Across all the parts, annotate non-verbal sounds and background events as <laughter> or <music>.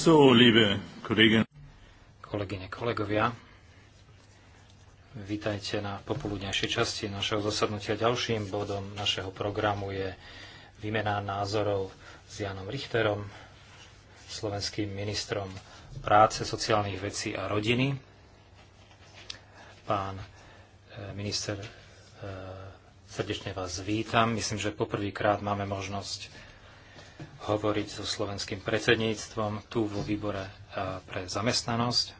So, liebe Kolegyne, kolegovia, vítajte na popoludnejšej časti našeho zasadnutia. Ďalším bodom našeho programu je výmena názorov s Janom Richterom, slovenským ministrom práce, sociálnych vecí a rodiny. Pán e, minister, e, srdečne vás vítam. Myslím, že poprvýkrát máme možnosť hovoriť so slovenským predsedníctvom tu vo výbore pre zamestnanosť.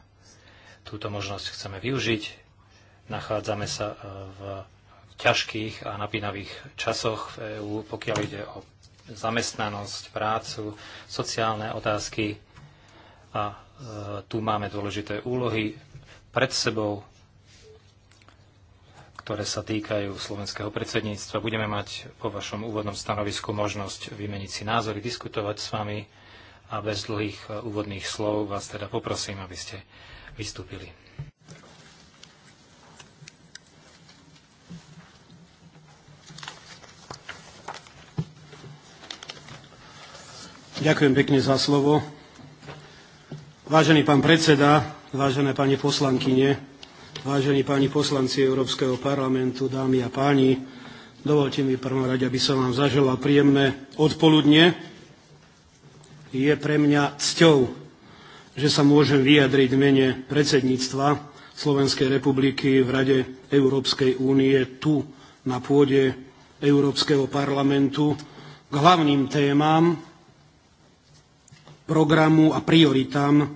Túto možnosť chceme využiť. Nachádzame sa e, v ťažkých a napínavých časoch v EÚ, pokiaľ ide o zamestnanosť, prácu, sociálne otázky. A e, tu máme dôležité úlohy pred sebou ktoré sa týkajú slovenského predsedníctva. Budeme mať po vašom úvodnom stanovisku možnosť vymeniť si názory, diskutovať s vami a bez dlhých e, úvodných slov vás teda poprosím, aby ste vystúpili. Ďakujem pekne za slovo. Vážený pán predseda, vážené pani poslankyne, vážení páni poslanci Európskeho parlamentu, dámy a páni, dovolte mi prvom rade, aby som vám zažila príjemné odpoludne. Je pre mňa cťou, že sa môžem vyjadriť v mene predsedníctva Slovenskej republiky v Rade Európskej únie tu na pôde Európskeho parlamentu k hlavným témam programu a prioritám,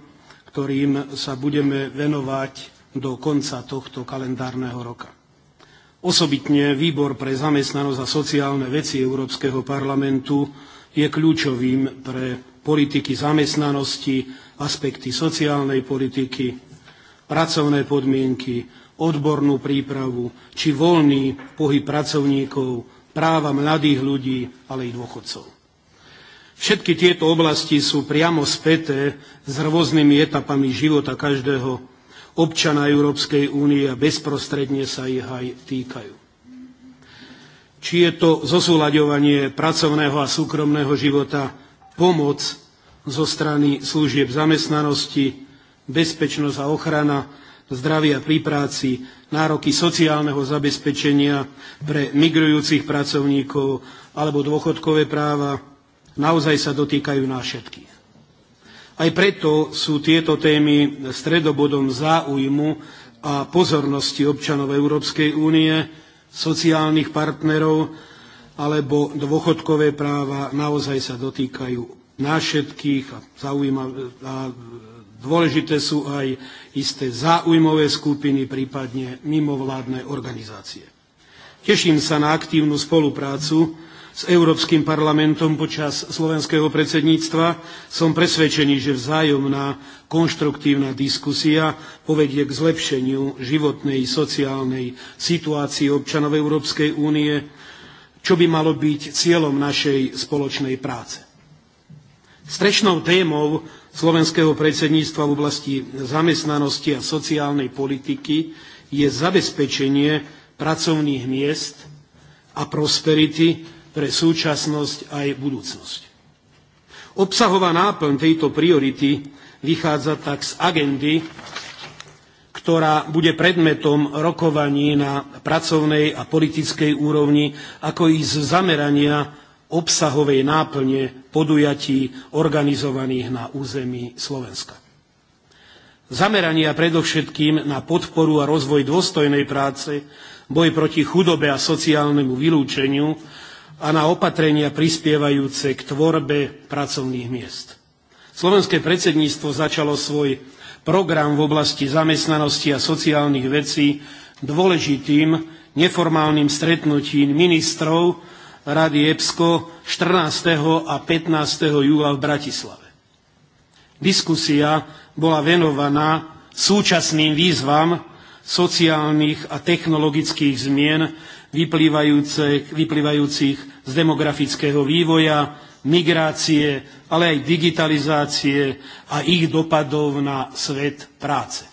ktorým sa budeme venovať do konca tohto kalendárneho roka. Osobitne výbor pre zamestnanosť a sociálne veci Európskeho parlamentu je kľúčovým pre politiky zamestnanosti, aspekty sociálnej politiky, pracovné podmienky, odbornú prípravu či voľný pohyb pracovníkov, práva mladých ľudí, ale i dôchodcov. Všetky tieto oblasti sú priamo späté s rôznymi etapami života každého občana Európskej únie a bezprostredne sa ich aj týkajú. Či je to zosúľaďovanie pracovného a súkromného života, pomoc zo strany služieb zamestnanosti, bezpečnosť a ochrana, zdravia pri práci, nároky sociálneho zabezpečenia pre migrujúcich pracovníkov alebo dôchodkové práva, naozaj sa dotýkajú nás všetkých. Aj preto sú tieto témy stredobodom záujmu a pozornosti občanov Európskej únie, sociálnych partnerov alebo dôchodkové práva naozaj sa dotýkajú nás všetkých a, a dôležité sú aj isté záujmové skupiny, prípadne mimovládne organizácie. Teším sa na aktívnu spoluprácu s Európskym parlamentom počas slovenského predsedníctva, som presvedčený, že vzájomná konštruktívna diskusia povedie k zlepšeniu životnej i sociálnej situácii občanov Európskej únie, čo by malo byť cieľom našej spoločnej práce. Strešnou témou slovenského predsedníctva v oblasti zamestnanosti a sociálnej politiky je zabezpečenie pracovných miest a prosperity pre súčasnosť aj budúcnosť. Obsahová náplň tejto priority vychádza tak z agendy, ktorá bude predmetom rokovaní na pracovnej a politickej úrovni, ako i z zamerania obsahovej náplne podujatí organizovaných na území Slovenska. Zamerania predovšetkým na podporu a rozvoj dôstojnej práce, boj proti chudobe a sociálnemu vylúčeniu, a na opatrenia prispievajúce k tvorbe pracovných miest. Slovenské predsedníctvo začalo svoj program v oblasti zamestnanosti a sociálnych vecí dôležitým neformálnym stretnutím ministrov Rady EPSCO 14. a 15. júla v Bratislave. Diskusia bola venovaná súčasným výzvam sociálnych a technologických zmien vyplývajúcich z demografického vývoja, migrácie, ale aj digitalizácie a ich dopadov na svet práce.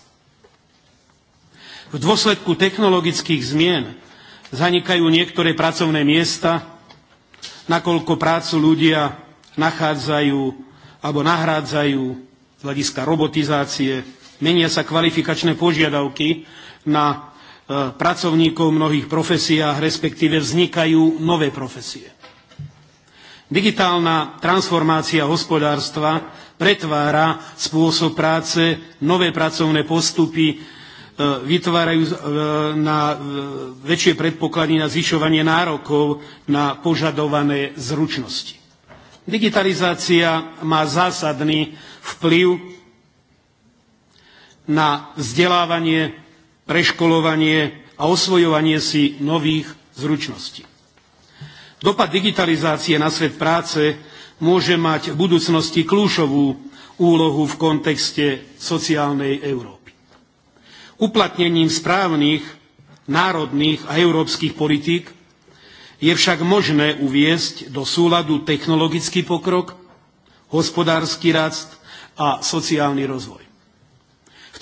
V dôsledku technologických zmien zanikajú niektoré pracovné miesta, nakoľko prácu ľudia nachádzajú alebo nahrádzajú z hľadiska robotizácie, menia sa kvalifikačné požiadavky na E, pracovníkov v mnohých profesiách, respektíve vznikajú nové profesie. Digitálna transformácia hospodárstva pretvára spôsob práce, nové pracovné postupy e, vytvárajú e, na väčšie predpoklady na zvyšovanie nárokov na požadované zručnosti. Digitalizácia má zásadný vplyv na vzdelávanie preškolovanie a osvojovanie si nových zručností. Dopad digitalizácie na svet práce môže mať v budúcnosti kľúčovú úlohu v kontexte sociálnej Európy. Uplatnením správnych národných a európskych politík je však možné uviesť do súladu technologický pokrok, hospodársky rast a sociálny rozvoj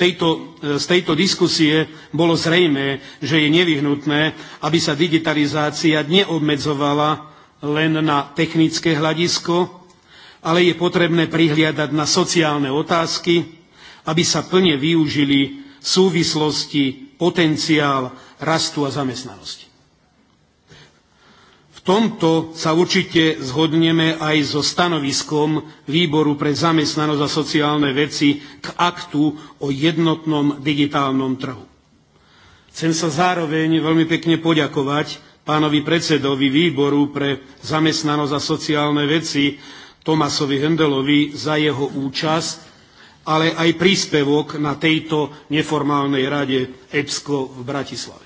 tejto, e, z tejto diskusie bolo zrejmé, že je nevyhnutné, aby sa digitalizácia neobmedzovala len na technické hľadisko, ale je potrebné prihliadať na sociálne otázky, aby sa plne využili súvislosti, potenciál rastu a zamestnanosti. V tomto sa určite zhodneme aj so stanoviskom Výboru pre zamestnanosť a sociálne veci k aktu o jednotnom digitálnom trhu. Chcem sa zároveň veľmi pekne poďakovať pánovi predsedovi Výboru pre zamestnanosť a sociálne veci Tomasovi Hendelovi za jeho účasť, ale aj príspevok na tejto neformálnej rade EPSCO v Bratislave.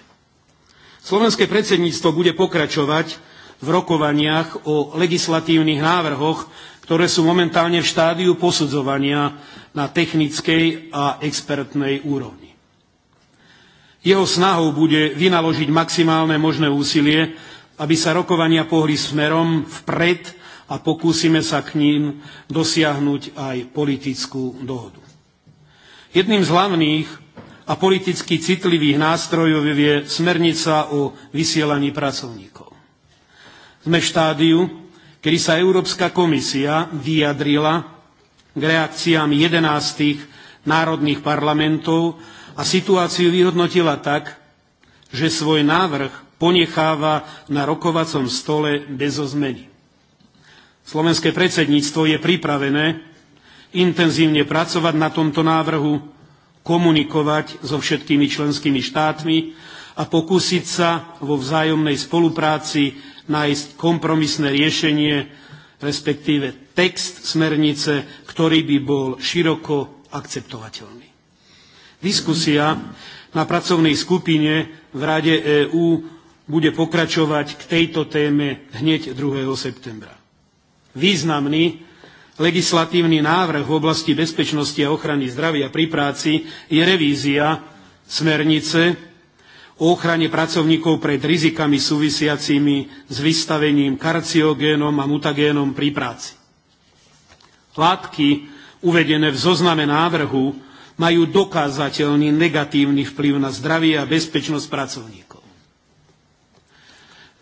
Slovenské predsedníctvo bude pokračovať v rokovaniach o legislatívnych návrhoch, ktoré sú momentálne v štádiu posudzovania na technickej a expertnej úrovni. Jeho snahou bude vynaložiť maximálne možné úsilie, aby sa rokovania pohli smerom vpred a pokúsime sa k ním dosiahnuť aj politickú dohodu. Jedným z hlavných a politicky citlivých nástrojov je smernica o vysielaní pracovníkov. Sme v štádiu, kedy sa Európska komisia vyjadrila k reakciám 11 národných parlamentov a situáciu vyhodnotila tak, že svoj návrh ponecháva na rokovacom stole bez zmeny. Slovenské predsedníctvo je pripravené intenzívne pracovať na tomto návrhu, komunikovať so všetkými členskými štátmi a pokúsiť sa vo vzájomnej spolupráci nájsť kompromisné riešenie, respektíve text smernice, ktorý by bol široko akceptovateľný. Diskusia na pracovnej skupine v Rade EÚ bude pokračovať k tejto téme hneď 2. septembra. Významný legislatívny návrh v oblasti bezpečnosti a ochrany zdravia pri práci je revízia smernice o ochrane pracovníkov pred rizikami súvisiacimi s vystavením karciogénom a mutagénom pri práci. Látky uvedené v zozname návrhu majú dokázateľný negatívny vplyv na zdravie a bezpečnosť pracovníkov.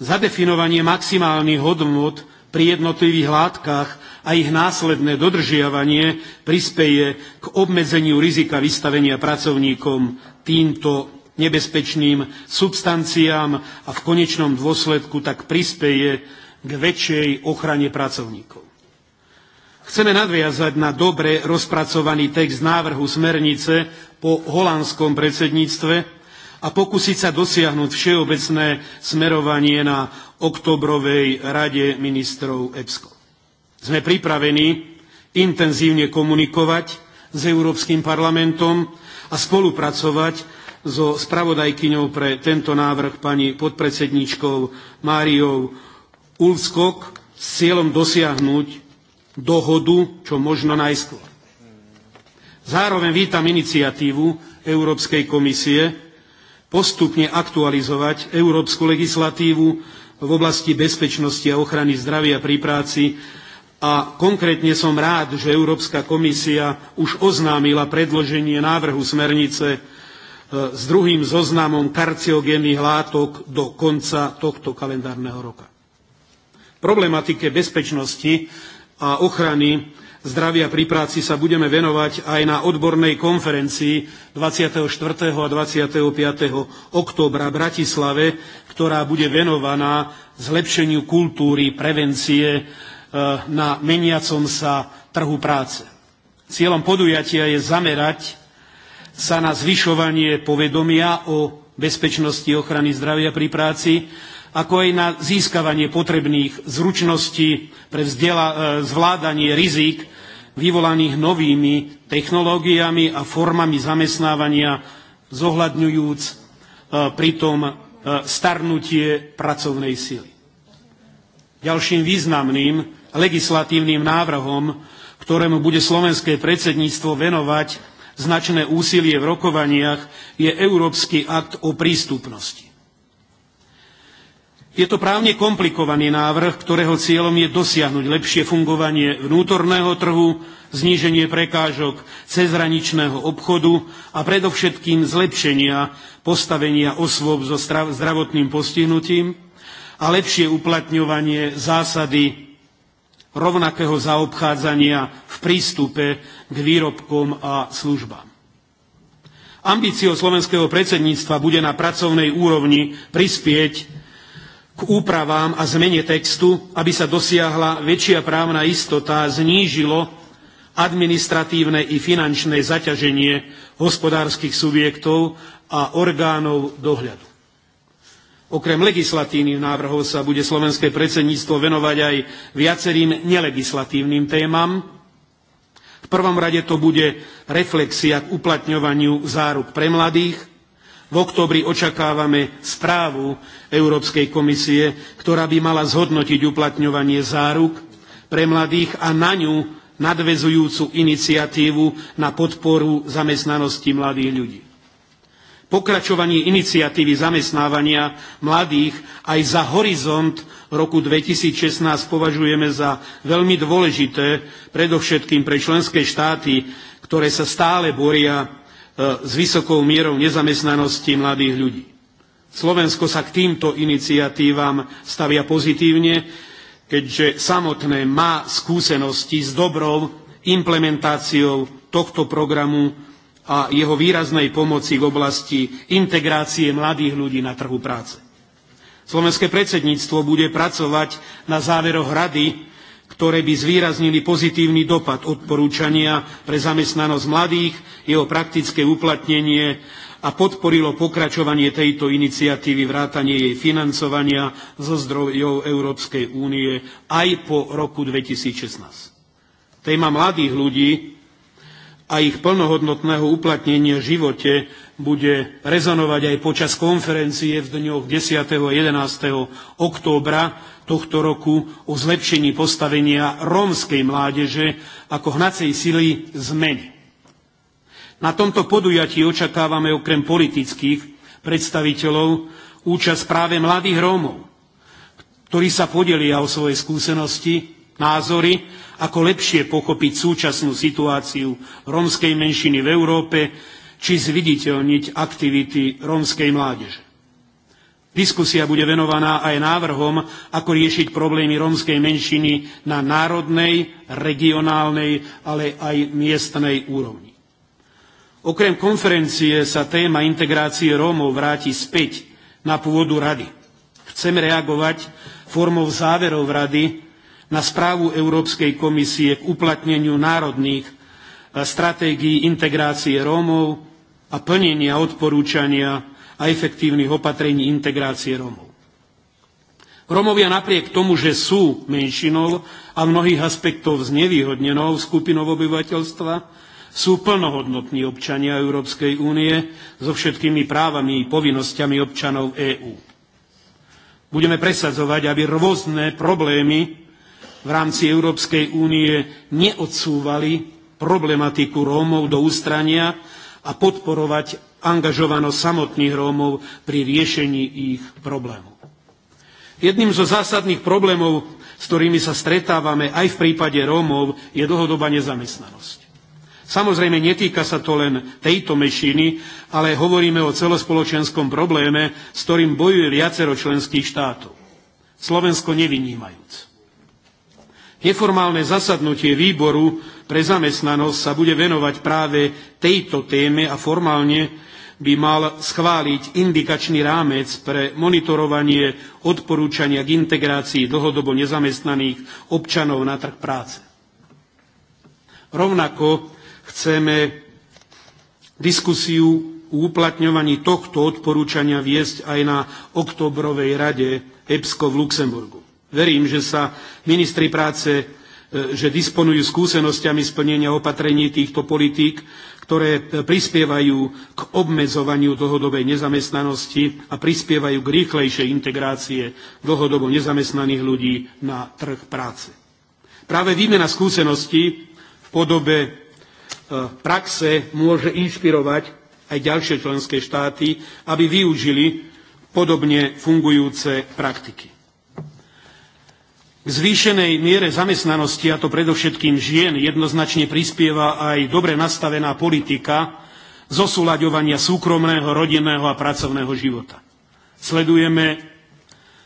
Zadefinovanie maximálnych hodnot pri jednotlivých látkach a ich následné dodržiavanie prispeje k obmedzeniu rizika vystavenia pracovníkom týmto nebezpečným substanciám a v konečnom dôsledku tak prispeje k väčšej ochrane pracovníkov. Chceme nadviazať na dobre rozpracovaný text návrhu smernice po holandskom predsedníctve a pokúsiť sa dosiahnuť všeobecné smerovanie na oktobrovej rade ministrov EPSCO. Sme pripravení intenzívne komunikovať s Európskym parlamentom a spolupracovať so spravodajkyňou pre tento návrh pani podpredsedníčkou Máriou Ulskok s cieľom dosiahnuť dohodu čo možno najskôr. Zároveň vítam iniciatívu Európskej komisie postupne aktualizovať európsku legislatívu v oblasti bezpečnosti a ochrany zdravia pri práci a konkrétne som rád, že Európska komisia už oznámila predloženie návrhu smernice E, s druhým zoznamom karciogénnych látok do konca tohto kalendárneho roka. Problematike bezpečnosti a ochrany zdravia pri práci sa budeme venovať aj na odbornej konferencii 24. a 25. októbra v Bratislave, ktorá bude venovaná zlepšeniu kultúry prevencie e, na meniacom sa trhu práce. Cieľom podujatia je zamerať sa na zvyšovanie povedomia o bezpečnosti ochrany zdravia pri práci, ako aj na získavanie potrebných zručností pre vzdiela- e, zvládanie rizik vyvolaných novými technológiami a formami zamestnávania, zohľadňujúc e, pritom e, starnutie pracovnej sily. Ďalším významným legislatívnym návrhom, ktorému bude slovenské predsedníctvo venovať značné úsilie v rokovaniach, je Európsky akt o prístupnosti. Je to právne komplikovaný návrh, ktorého cieľom je dosiahnuť lepšie fungovanie vnútorného trhu, zníženie prekážok cezhraničného obchodu a predovšetkým zlepšenia postavenia osôb so zdravotným postihnutím a lepšie uplatňovanie zásady rovnakého zaobchádzania v prístupe k výrobkom a službám. Ambíciou slovenského predsedníctva bude na pracovnej úrovni prispieť k úpravám a zmene textu, aby sa dosiahla väčšia právna istota a znížilo administratívne i finančné zaťaženie hospodárskych subjektov a orgánov dohľadu. Okrem legislatívnych návrhov sa bude slovenské predsedníctvo venovať aj viacerým nelegislatívnym témam. V prvom rade to bude reflexia k uplatňovaniu záruk pre mladých. V oktobri očakávame správu Európskej komisie, ktorá by mala zhodnotiť uplatňovanie záruk pre mladých a na ňu nadvezujúcu iniciatívu na podporu zamestnanosti mladých ľudí pokračovanie iniciatívy zamestnávania mladých aj za horizont roku 2016 považujeme za veľmi dôležité, predovšetkým pre členské štáty, ktoré sa stále boria e, s vysokou mierou nezamestnanosti mladých ľudí. Slovensko sa k týmto iniciatívam stavia pozitívne, keďže samotné má skúsenosti s dobrou implementáciou tohto programu a jeho výraznej pomoci v oblasti integrácie mladých ľudí na trhu práce. Slovenské predsedníctvo bude pracovať na záveroch rady, ktoré by zvýraznili pozitívny dopad odporúčania pre zamestnanosť mladých, jeho praktické uplatnenie a podporilo pokračovanie tejto iniciatívy vrátanie jej financovania zo zdrojov Európskej únie aj po roku 2016. Téma mladých ľudí a ich plnohodnotného uplatnenia v živote bude rezonovať aj počas konferencie v dňoch 10. a 11. októbra tohto roku o zlepšení postavenia rómskej mládeže ako hnacej sily zmeny. Na tomto podujatí očakávame okrem politických predstaviteľov účasť práve mladých Rómov, ktorí sa podelia o svoje skúsenosti názory, ako lepšie pochopiť súčasnú situáciu rómskej menšiny v Európe, či zviditeľniť aktivity rómskej mládeže. Diskusia bude venovaná aj návrhom, ako riešiť problémy rómskej menšiny na národnej, regionálnej, ale aj miestnej úrovni. Okrem konferencie sa téma integrácie Rómov vráti späť na pôdu rady. Chcem reagovať formou záverov rady na správu Európskej komisie k uplatneniu národných e, stratégií integrácie Rómov a plnenia odporúčania a efektívnych opatrení integrácie Rómov. Rómovia napriek tomu, že sú menšinou a v mnohých aspektoch znevýhodnenou skupinou obyvateľstva, sú plnohodnotní občania Európskej únie so všetkými právami i povinnosťami občanov EÚ. Budeme presadzovať, aby rôzne problémy v rámci Európskej únie neodsúvali problematiku Rómov do ústrania a podporovať angažovanosť samotných Rómov pri riešení ich problémov. Jedným zo zásadných problémov, s ktorými sa stretávame aj v prípade Rómov, je dlhodobá nezamestnanosť. Samozrejme, netýka sa to len tejto mešiny, ale hovoríme o celospoločenskom probléme, s ktorým bojuje viacero členských štátov. Slovensko nevynímajúc. Neformálne zasadnutie výboru pre zamestnanosť sa bude venovať práve tejto téme a formálne by mal schváliť indikačný rámec pre monitorovanie odporúčania k integrácii dlhodobo nezamestnaných občanov na trh práce. Rovnako chceme diskusiu o uplatňovaní tohto odporúčania viesť aj na oktobrovej rade EPSCO v Luxemburgu. Verím, že sa ministri práce e, že disponujú skúsenostiami splnenia opatrení týchto politík, ktoré prispievajú k obmedzovaniu dlhodobej nezamestnanosti a prispievajú k rýchlejšej integrácie dlhodobo nezamestnaných ľudí na trh práce. Práve výmena skúseností v podobe e, praxe môže inšpirovať aj ďalšie členské štáty, aby využili podobne fungujúce praktiky. K zvýšenej miere zamestnanosti, a to predovšetkým žien, jednoznačne prispieva aj dobre nastavená politika zosúľaďovania súkromného, rodinného a pracovného života. Sledujeme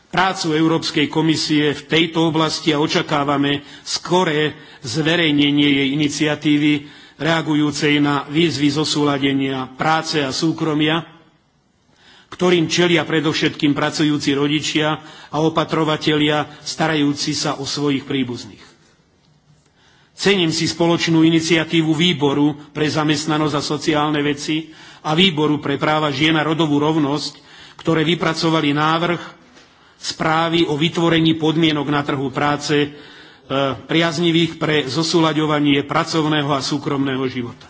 prácu Európskej komisie v tejto oblasti a očakávame skoré zverejnenie jej iniciatívy reagujúcej na výzvy zosúladenia práce a súkromia, ktorým čelia predovšetkým pracujúci rodičia a opatrovatelia starajúci sa o svojich príbuzných. Cením si spoločnú iniciatívu Výboru pre zamestnanosť a sociálne veci a Výboru pre práva žien a rodovú rovnosť, ktoré vypracovali návrh správy o vytvorení podmienok na trhu práce e, priaznivých pre zosúľaďovanie pracovného a súkromného života.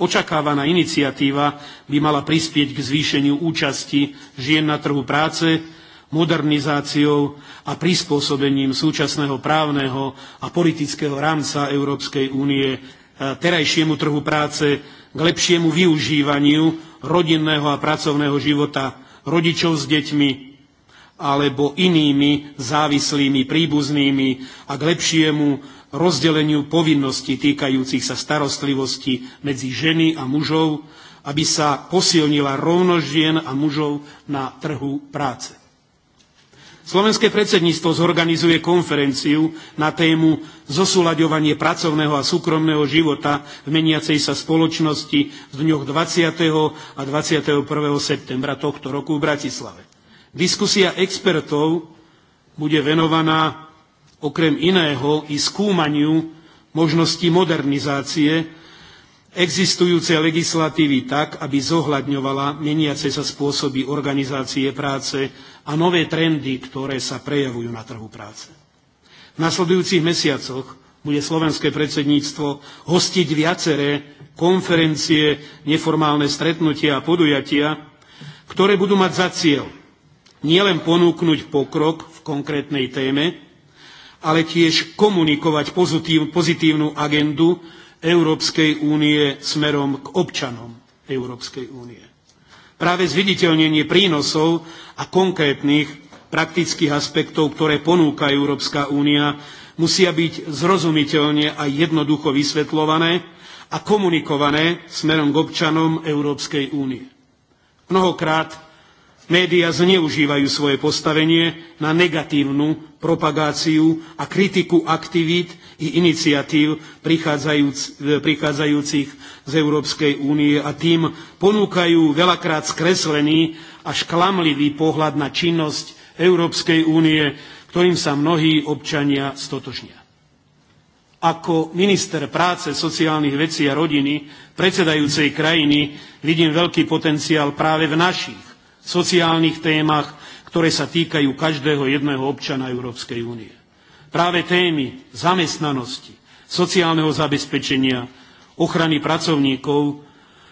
Očakávaná iniciatíva by mala prispieť k zvýšeniu účasti žien na trhu práce, modernizáciou a prispôsobením súčasného právneho a politického rámca Európskej únie eh, terajšiemu trhu práce, k lepšiemu využívaniu rodinného a pracovného života rodičov s deťmi alebo inými závislými príbuznými a k lepšiemu rozdeleniu povinností týkajúcich sa starostlivosti medzi ženy a mužov, aby sa posilnila rovnosť žien a mužov na trhu práce. Slovenské predsedníctvo zorganizuje konferenciu na tému zosúľaďovanie pracovného a súkromného života v meniacej sa spoločnosti v dňoch 20. a 21. septembra tohto roku v Bratislave. Diskusia expertov bude venovaná okrem iného i skúmaniu možnosti modernizácie existujúcej legislatívy tak, aby zohľadňovala meniace sa spôsoby organizácie práce a nové trendy, ktoré sa prejavujú na trhu práce. V nasledujúcich mesiacoch bude slovenské predsedníctvo hostiť viaceré konferencie, neformálne stretnutia a podujatia, ktoré budú mať za cieľ nielen ponúknuť pokrok v konkrétnej téme, ale tiež komunikovať pozitív, pozitívnu agendu Európskej únie smerom k občanom Európskej únie. Práve zviditeľnenie prínosov a konkrétnych praktických aspektov, ktoré ponúka Európska únia, musia byť zrozumiteľne a jednoducho vysvetľované a komunikované smerom k občanom Európskej únie. Mnohokrát Média zneužívajú svoje postavenie na negatívnu propagáciu a kritiku aktivít i iniciatív prichádzajúc, prichádzajúcich z Európskej únie a tým ponúkajú veľakrát skreslený až klamlivý pohľad na činnosť Európskej únie, ktorým sa mnohí občania stotožnia. Ako minister práce, sociálnych vecí a rodiny predsedajúcej krajiny vidím veľký potenciál práve v našich sociálnych témach, ktoré sa týkajú každého jedného občana Európskej únie. Práve témy zamestnanosti, sociálneho zabezpečenia, ochrany pracovníkov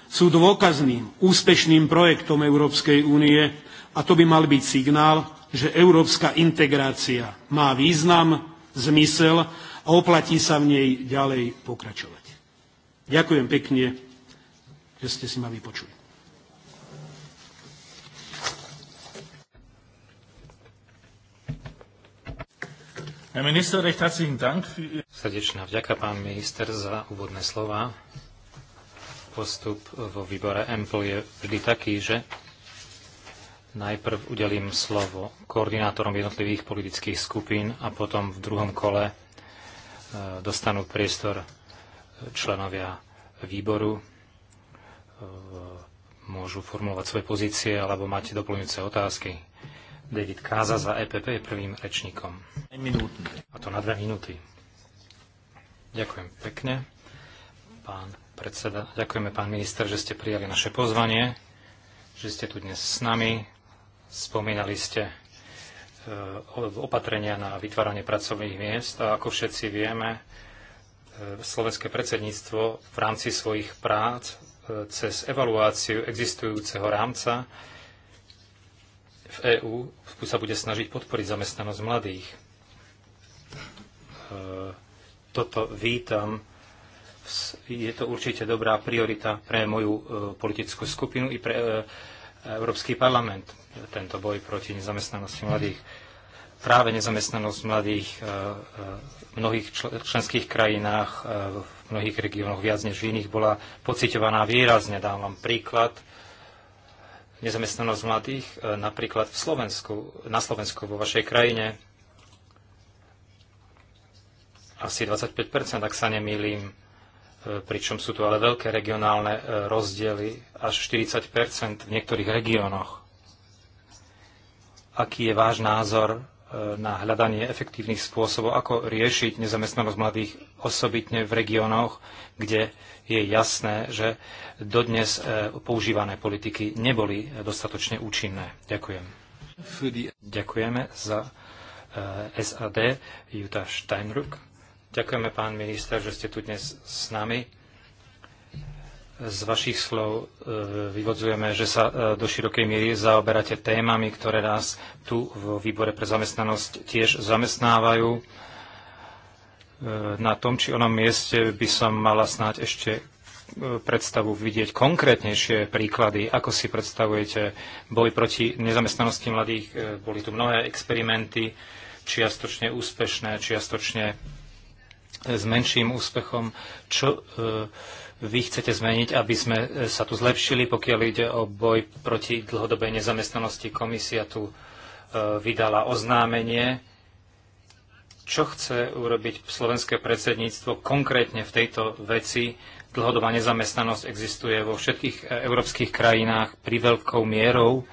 sú dôkazným, úspešným projektom Európskej únie a to by mal byť signál, že európska integrácia má význam, zmysel a oplatí sa v nej ďalej pokračovať. Ďakujem pekne, že ste si ma vypočuli. Herr Minister, recht herzlichen Dank. Srdečná vďaka, pán minister, za úvodné slova. Postup vo výbore EMPL je vždy taký, že najprv udelím slovo koordinátorom jednotlivých politických skupín a potom v druhom kole e, dostanú priestor členovia výboru. E, môžu formulovať svoje pozície alebo mať doplňujúce otázky. David Káza za EPP je prvým rečníkom. A to na dve minúty. Ďakujem pekne, pán predseda. Ďakujeme, pán minister, že ste prijali naše pozvanie, že ste tu dnes s nami. Spomínali ste e, opatrenia na vytváranie pracovných miest a ako všetci vieme, e, slovenské predsedníctvo v rámci svojich prác e, cez evaluáciu existujúceho rámca v EÚ sa bude snažiť podporiť zamestnanosť mladých. E, toto vítam. Je to určite dobrá priorita pre moju e, politickú skupinu i pre e, Európsky parlament, tento boj proti nezamestnanosti mladých. Práve nezamestnanosť mladých v mnohých členských krajinách, v mnohých regiónoch viac než v iných bola pociťovaná výrazne. Dám vám príklad – nezamestnanosť mladých, e, napríklad v Slovensku, na Slovensku, vo vašej krajine, asi 25%, ak sa nemýlim, e, pričom sú tu ale veľké regionálne e, rozdiely, až 40% v niektorých regiónoch. Aký je váš názor E, na hľadanie efektívnych spôsobov, ako riešiť nezamestnanosť mladých osobitne v regiónoch, kde je jasné, že dodnes e, používané politiky neboli dostatočne účinné. Ďakujem. Ďakujeme za e, SAD Juta Steinruck. Ďakujeme, pán minister, že ste tu dnes s nami. Z vašich slov e, vyvodzujeme, že sa e, do širokej miery zaoberáte témami, ktoré nás tu v výbore pre zamestnanosť tiež zamestnávajú. E, na tom či onom mieste by som mala snáď ešte predstavu vidieť konkrétnejšie príklady, ako si predstavujete boj proti nezamestnanosti mladých. Boli tu mnohé experimenty, čiastočne úspešné, čiastočne s menším úspechom. Čo e, vy chcete zmeniť, aby sme e, sa tu zlepšili, pokiaľ ide o boj proti dlhodobej nezamestnanosti. Komisia tu e, vydala oznámenie. Čo chce urobiť slovenské predsedníctvo konkrétne v tejto veci? Dlhodobá nezamestnanosť existuje vo všetkých e, európskych krajinách pri veľkou mierou.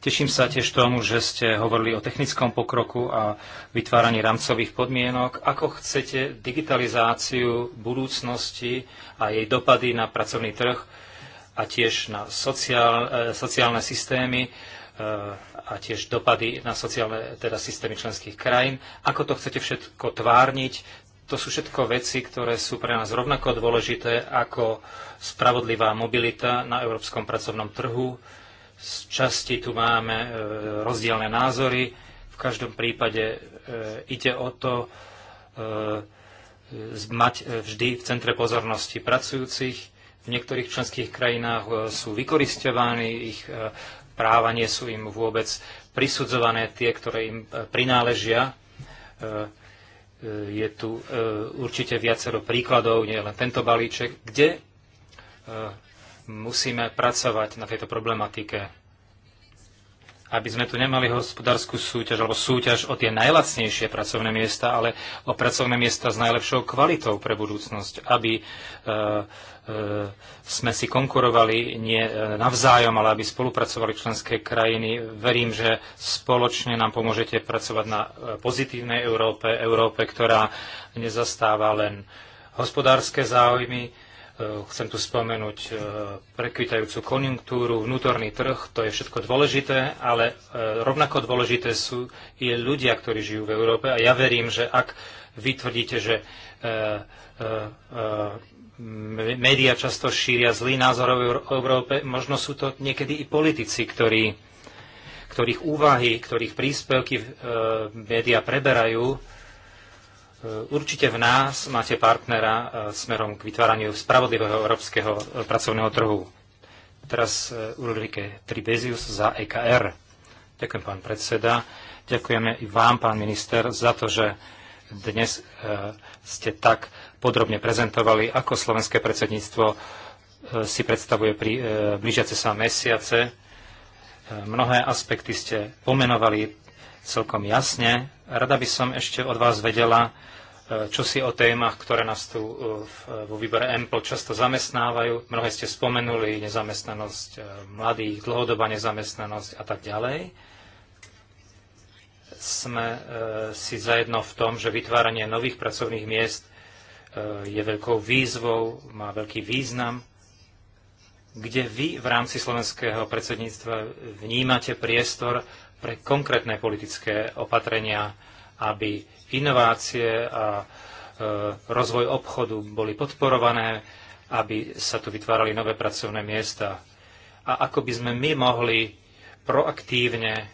Teším sa tiež tomu, že ste hovorili o technickom pokroku a vytváraní rámcových podmienok. Ako chcete digitalizáciu budúcnosti a jej dopady na pracovný trh a tiež na sociál, e, sociálne systémy e, a tiež dopady na sociálne teda systémy členských krajín. Ako to chcete všetko tvárniť? To sú všetko veci, ktoré sú pre nás rovnako dôležité ako spravodlivá mobilita na európskom pracovnom trhu, z časti tu máme e, rozdielne názory. V každom prípade e, ide o to e, mať vždy v centre pozornosti pracujúcich. V niektorých členských krajinách sú vykoristovaní, ich práva nie sú im vôbec prisudzované, tie, ktoré im prináležia. Je tu určite viacero príkladov, nie len tento balíček, kde Musíme pracovať na tejto problematike, aby sme tu nemali hospodárskú súťaž alebo súťaž o tie najlacnejšie pracovné miesta, ale o pracovné miesta s najlepšou kvalitou pre budúcnosť, aby e, e sme si konkurovali nie e, navzájom, ale aby spolupracovali členské krajiny. Verím, že spoločne nám pomôžete pracovať na e, pozitívnej Európe, Európe, ktorá nezastáva len hospodárske záujmy, Eh, chcem tu spomenúť eh, prekvitajúcu konjunktúru, vnútorný trh, to je všetko dôležité, ale eh, rovnako dôležité sú i ľudia, ktorí žijú v Európe a ja verím, že ak vy tvrdíte, že média často šíria zlý názor o Európe, možno sú to niekedy i politici, ktorí, ktorých úvahy, ktorých príspevky médiá preberajú, Eh, určite v nás máte partnera eh, smerom k vytváraniu spravodlivého európskeho eh, pracovného trhu. Teraz Ulrike Tribezius za EKR. Ďakujem, pán predseda. Ďakujeme i vám, pán minister, za to, že dnes ste tak podrobne prezentovali, ako slovenské predsedníctvo si predstavuje pri blížiace sa mesiace. Mnohé aspekty ste pomenovali celkom jasne. Rada by som ešte od vás vedela, čo si o témach, ktoré nás tu e, vo výbore EMPL často zamestnávajú. Mnohé ste spomenuli, nezamestnanosť e, mladých, dlhodobá nezamestnanosť a tak ďalej. Sme e, si zajedno v tom, že vytváranie nových pracovných miest je veľkou výzvou, má veľký význam kde vy v rámci slovenského predsedníctva vnímate priestor pre konkrétne politické opatrenia, aby inovácie a e, rozvoj obchodu boli podporované, aby sa tu vytvárali nové pracovné miesta. A ako by sme my mohli proaktívne e,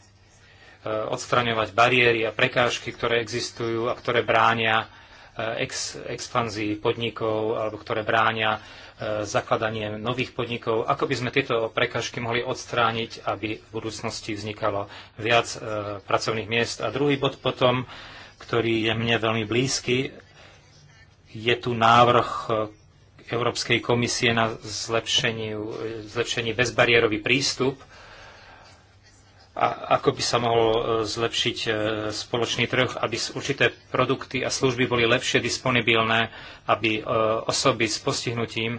odstraňovať bariéry a prekážky, ktoré existujú a ktoré bránia e, ex, expanzii podnikov alebo ktoré bránia zakladanie nových podnikov. Ako by sme tieto prekážky mohli odstrániť, aby v budúcnosti vznikalo viac pracovných miest? A druhý bod potom ktorý je mne veľmi blízky. Je tu návrh Európskej komisie na zlepšení bezbariérový prístup a ako by sa mohol e, zlepšiť e, spoločný trh, aby určité produkty a služby boli lepšie disponibilné, aby e, osoby s postihnutím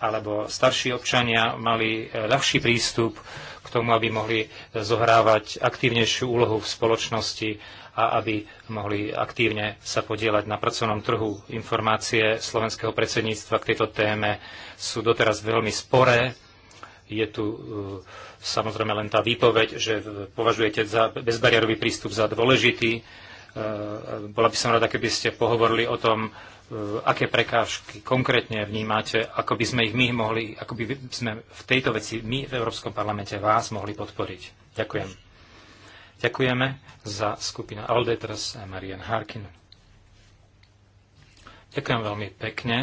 alebo starší občania mali eh, ľahší prístup k tomu, aby mohli zohrávať aktívnejšiu úlohu v spoločnosti a aby mohli aktívne sa podielať na pracovnom trhu. Informácie slovenského predsedníctva k tejto téme sú doteraz veľmi sporé. Je tu eh, samozrejme len tá výpoveď, že považujete za bezbariérový prístup za dôležitý. Eh, bola by som rada, keby ste pohovorili o tom, aké prekážky konkrétne vnímate, ako by sme ich my mohli, ako by sme v tejto veci my v Európskom parlamente vás mohli podporiť. Ďakujem. Ďakujeme za skupina Alde, teraz Marian Harkin. Ďakujem veľmi pekne.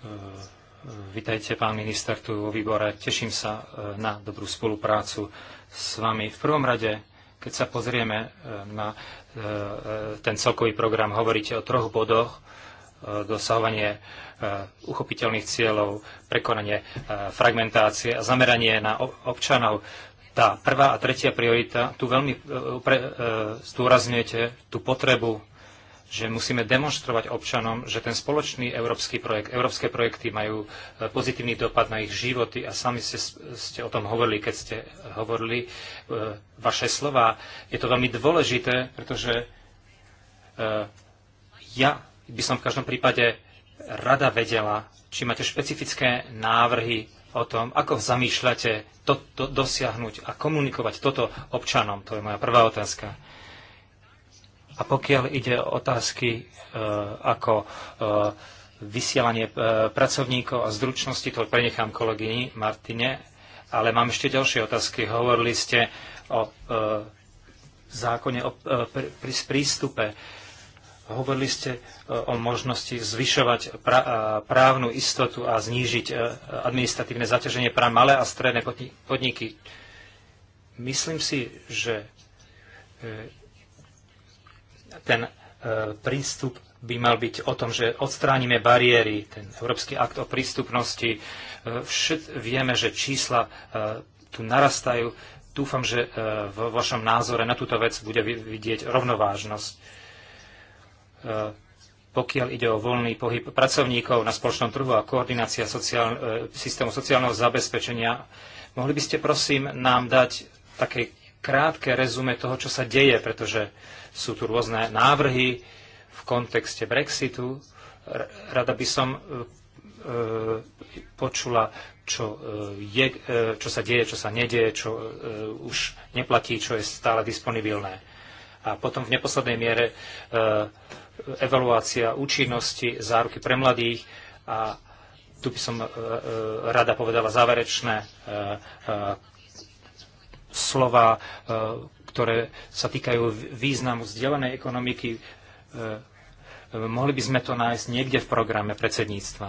E, e, Vítajte pán minister, tu vo výbore. Teším sa e, na dobrú spoluprácu s vami. V prvom rade keď sa pozrieme na ten celkový program, hovoríte o troch bodoch, dosahovanie e, uchopiteľných cieľov, prekonanie e, fragmentácie a zameranie na občanov. Tá prvá a tretia priorita, tu veľmi e, zdôrazňujete tú potrebu, že musíme demonstrovať občanom, že ten spoločný európsky projekt, európske projekty majú pozitívny dopad na ich životy a sami ste, ste o tom hovorili, keď ste hovorili vaše slova. Je to veľmi dôležité, pretože ja by som v každom prípade rada vedela, či máte špecifické návrhy o tom, ako zamýšľate to, to dosiahnuť a komunikovať toto občanom. To je moja prvá otázka. A pokiaľ ide o otázky e, ako e, vysielanie e, pracovníkov a zručnosti, to prenechám kolegyni Martine, ale mám ešte ďalšie otázky. Hovorili ste o e, zákone o e, pr- prístupe Hovorili ste e, o možnosti zvyšovať e, právnu istotu a znížiť e, administratívne zaťaženie pre malé a stredné podniky. Myslím si, že ten prístup by mal byť o tom, že odstránime bariéry, ten Európsky akt o prístupnosti. Všet, vieme, že čísla tu narastajú. Dúfam, že v vašom názore na túto vec bude vidieť rovnovážnosť E, pokiaľ ide o voľný pohyb pracovníkov na spoločnom trhu a koordinácia sociál, e, systému sociálneho zabezpečenia. Mohli by ste prosím nám dať také krátke rezume toho, čo sa deje, pretože sú tu rôzne návrhy v kontexte Brexitu. Rada by som e, počula, čo, je, čo sa deje, čo sa nedieje, čo už neplatí, čo je stále disponibilné. A potom v neposlednej miere evaluácia účinnosti záruky pre mladých a tu by som e, e, rada povedala záverečné e, slova, ktoré sa týkajú významu vzdelanej ekonomiky. Mohli by sme to nájsť niekde v programe predsedníctva.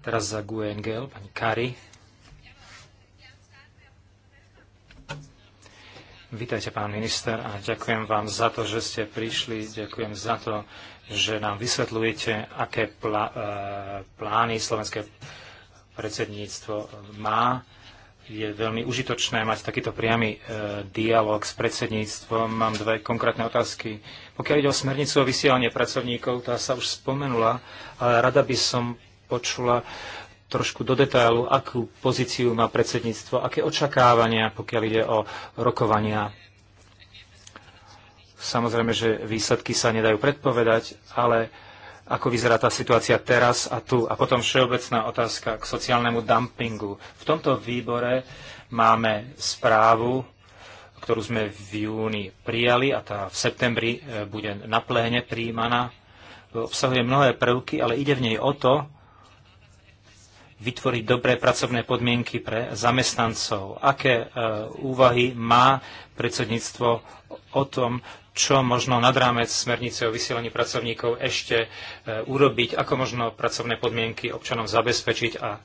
Teraz za GUE NGL, pani Kari. Vítajte, pán minister, a ďakujem vám za to, že ste prišli. Ďakujem za to, že nám vysvetľujete, aké plá, e, plány slovenské predsedníctvo má. Je veľmi užitočné mať takýto priamy e, dialog s predsedníctvom. Mám dve konkrétne otázky. Pokiaľ ide o smernicu o vysielanie pracovníkov, tá sa už spomenula, ale rada by som počula trošku do detailu, akú pozíciu má predsedníctvo, aké očakávania, pokiaľ ide o rokovania. Samozrejme, že výsledky sa nedajú predpovedať, ale ako vyzerá tá situácia teraz a tu. A potom všeobecná otázka k sociálnemu dumpingu. V tomto výbore máme správu, ktorú sme v júni prijali a tá v septembri e, bude na pléne príjmaná. Obsahuje mnohé prvky, ale ide v nej o to, vytvoriť dobré pracovné podmienky pre zamestnancov. Aké e, úvahy má predsedníctvo o tom, čo možno nad rámec smernice o vysielaní pracovníkov ešte e, urobiť, ako možno pracovné podmienky občanom zabezpečiť a e,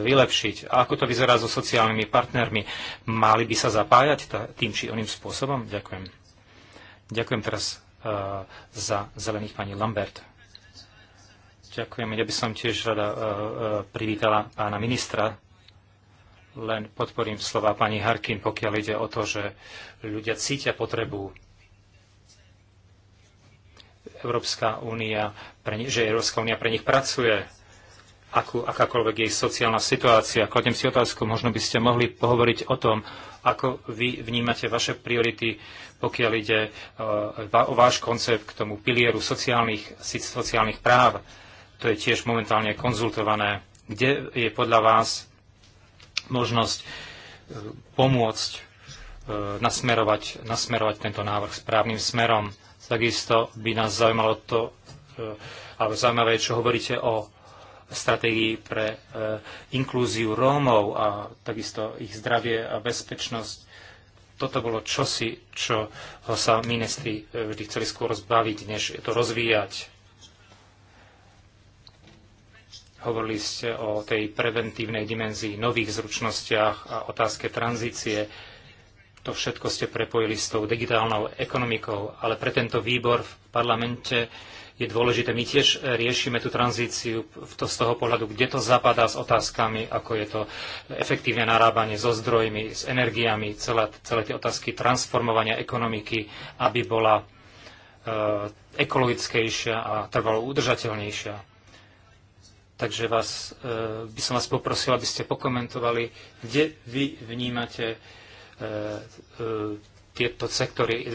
vylepšiť. A ako to vyzerá so sociálnymi partnermi? Mali by sa zapájať tým či oným spôsobom? Ďakujem. Ďakujem teraz e, za zelených pani Lambert. Ďakujem. Ja by som tiež rada e, e, privítala pána ministra. Len podporím slova pani Harkin, pokiaľ ide o to, že ľudia cítia potrebu Európska únia, že Európska únia pre nich pracuje, akú, akákoľvek jej sociálna situácia. Kladem si otázku, možno by ste mohli pohovoriť o tom, ako vy vnímate vaše priority, pokiaľ ide o e, váš koncept k tomu pilieru sociálnych, sociálnych práv to je tiež momentálne konzultované. Kde je podľa vás možnosť e, pomôcť e, nasmerovať, nasmerovať tento návrh správnym smerom. Takisto by nás zaujímalo to, e, alebo zaujímavé, čo hovoríte o stratégii pre inklúziu Rómov a takisto ich zdravie a bezpečnosť. Toto bolo čosi, čo sa ministri vždy chceli skôr zbaviť, než to rozvíjať. Hovorili ste o tej preventívnej dimenzii, nových zručnostiach a otázke tranzície. To všetko ste prepojili s tou digitálnou ekonomikou, ale pre tento výbor v parlamente je dôležité. My tiež riešime tú tranzíciu to z toho pohľadu, kde to zapadá s otázkami, ako je to efektívne narábanie so zdrojmi, s energiami, celé, celé tie otázky transformovania ekonomiky, aby bola e, ekologickejšia a trvalo udržateľnejšia Takže vás, e, by som vás poprosil, aby ste pokomentovali, kde vy vnímate e, e, tieto sektory,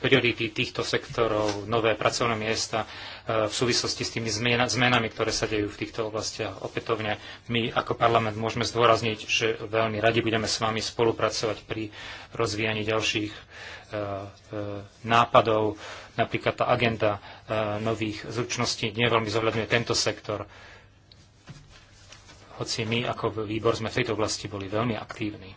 priority týchto sektorov, nové pracovné miesta v súvislosti s tými zmenami, ktoré sa dejú v týchto oblastiach. Opätovne my ako parlament môžeme zdôrazniť, že veľmi radi budeme s vami spolupracovať pri rozvíjaní ďalších nápadov. Napríklad tá agenda nových zručností nie veľmi zohľadňuje tento sektor hoci my ako výbor sme v tejto oblasti boli veľmi aktívni.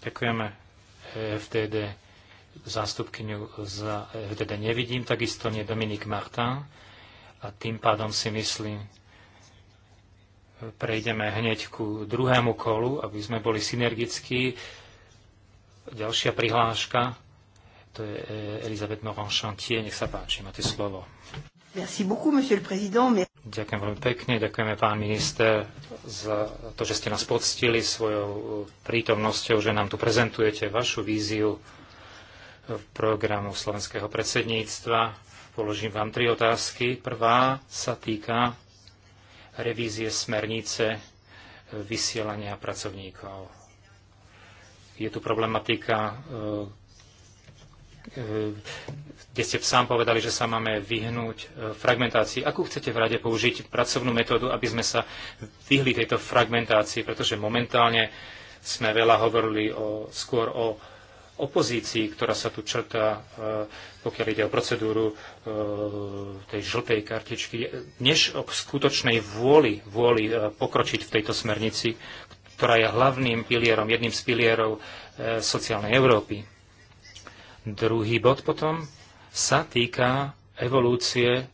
Ďakujeme eh, FDD zástupkyňu za FDD nevidím, takisto nie Dominik Martin a tým pádom si myslím, prejdeme hneď ku druhému kolu, aby sme boli synergickí. Ďalšia prihláška, to je eh, Elizabeth moran Chantier, nech sa páči, máte slovo. Ďakujem veľmi pekne, ďakujeme pán minister za to, že ste nás poctili svojou prítomnosťou, že nám tu prezentujete vašu víziu v programu slovenského predsedníctva. Položím vám tri otázky. Prvá sa týka revízie smernice vysielania pracovníkov. Je tu problematika e, Mhm. kde ste sám povedali, že sa máme vyhnúť e, fragmentácii. Akú chcete v rade použiť pracovnú metódu, aby sme sa vyhli tejto fragmentácii, pretože momentálne sme veľa hovorili o, skôr o opozícii, ktorá sa tu črtá, e, pokiaľ ide o procedúru e, tej žltej kartičky, než o skutočnej vôli, vôli pokročiť v tejto smernici, ktorá je hlavným pilierom, jedným z pilierov sociálnej Európy. Druhý bod potom sa týka evolúcie e,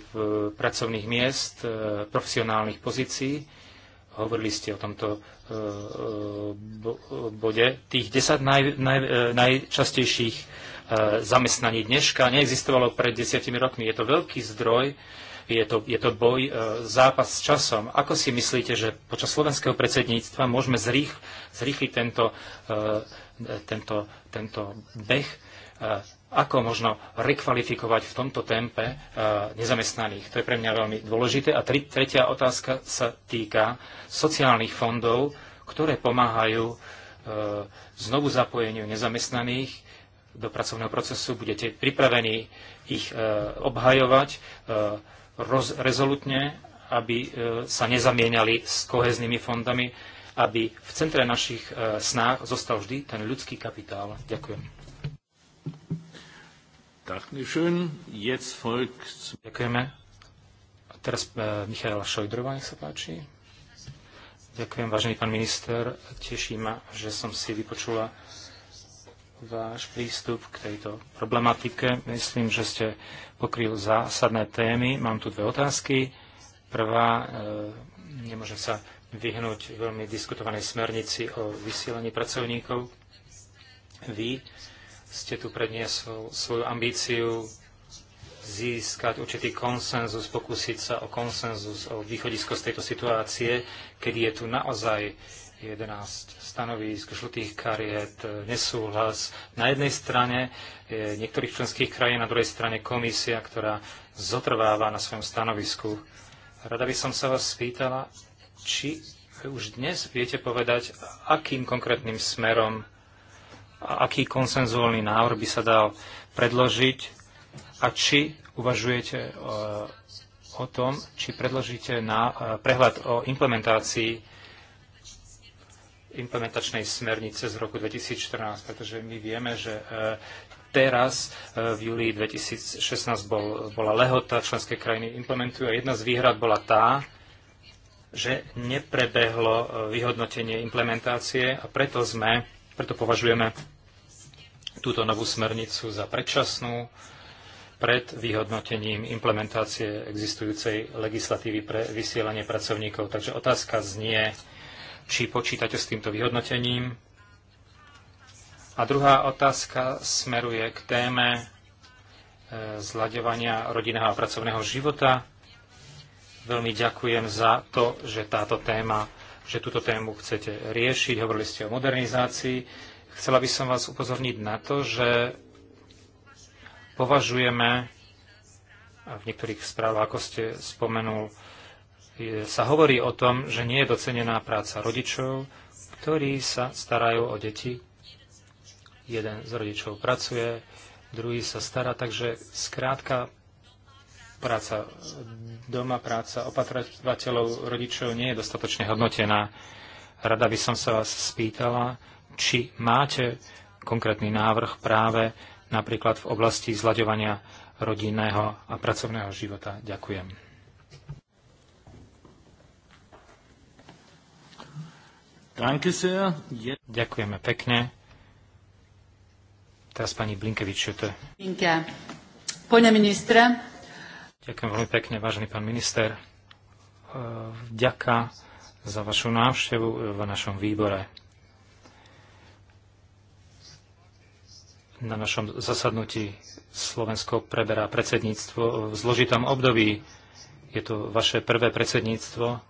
v pracovných miest, e, profesionálnych pozícií. Hovorili ste o tomto e, bode. Tých 10 naj, naj, najčastejších zamestnaní dneška neexistovalo pred desiatimi rokmi. Je to veľký zdroj je to, je to boj, zápas s časom. Ako si myslíte, že počas slovenského predsedníctva môžeme zrých, zrýchliť tento tento, tento beh, eh, ako možno rekvalifikovať v tomto tempe eh, nezamestnaných. To je pre mňa veľmi dôležité. A tri, tretia otázka sa týka sociálnych fondov, ktoré pomáhajú eh, znovu zapojeniu nezamestnaných do pracovného procesu. Budete pripravení ich obhajovať rezolutne, aby sa nezamieniali s koheznými fondami aby v centre našich e, snách zostal vždy ten ľudský kapitál. Ďakujem. Ďakujeme. A teraz uh, Michaela Šojdrova, nech sa páči. Ďakujem, vážený pán minister. Teší ma, že som si vypočula váš prístup k tejto problematike. Myslím, že ste pokryl zásadné témy. Mám tu dve otázky. Prvá, uh, nemôžem sa vyhnúť veľmi diskutovanej smernici o vysielaní pracovníkov. Vy ste tu predniesol svoju ambíciu získať určitý konsenzus, pokúsiť sa o konsenzus, o východisko z tejto situácie, kedy je tu naozaj 11 stanovísk, žltých kariet, nesúhlas. Na jednej strane eh, niektorých členských krajín, na druhej strane komisia, ktorá zotrváva na svojom stanovisku. Rada by som sa vás spýtala, či už dnes viete povedať, akým konkrétnym smerom a aký konsenzuálny návrh by sa dal predložiť a či uvažujete eh, o tom, či predložíte na eh, prehľad o implementácii implementačnej smernice z roku 2014, pretože my vieme, že eh, teraz v júli 2016 bol, bola lehota, členské krajiny implementujú a jedna z výhrad bola tá, že neprebehlo e, vyhodnotenie implementácie a preto sme, preto považujeme túto novú smernicu za predčasnú pred vyhodnotením implementácie existujúcej legislatívy pre vysielanie pracovníkov. Takže otázka znie, či počítate s týmto vyhodnotením. A druhá otázka smeruje k téme e, zľadevania rodinného a pracovného života Veľmi ďakujem za to, že táto téma, že túto tému chcete riešiť. Hovorili ste o modernizácii. Chcela by som vás upozorniť na to, že považujeme v niektorých správach, ako ste spomenul, sa hovorí o tom, že nie je docenená práca rodičov, ktorí sa starajú o deti. Jeden z rodičov pracuje, druhý sa stará, takže skrátka práca doma, práca opatrovateľov, rodičov nie je dostatočne hodnotená. Rada by som sa vás spýtala, či máte konkrétny návrh práve napríklad v oblasti zlaďovania rodinného a pracovného života. Ďakujem. Ďakujeme pekne. Teraz pani Blinkevičiute. Blinke. Pane ministre, Ďakujem veľmi pekne, vážený pán minister. E, Ďaká za vašu návštevu v našom výbore. Na našom zasadnutí Slovensko preberá predsedníctvo v zložitom období. Je to vaše prvé predsedníctvo.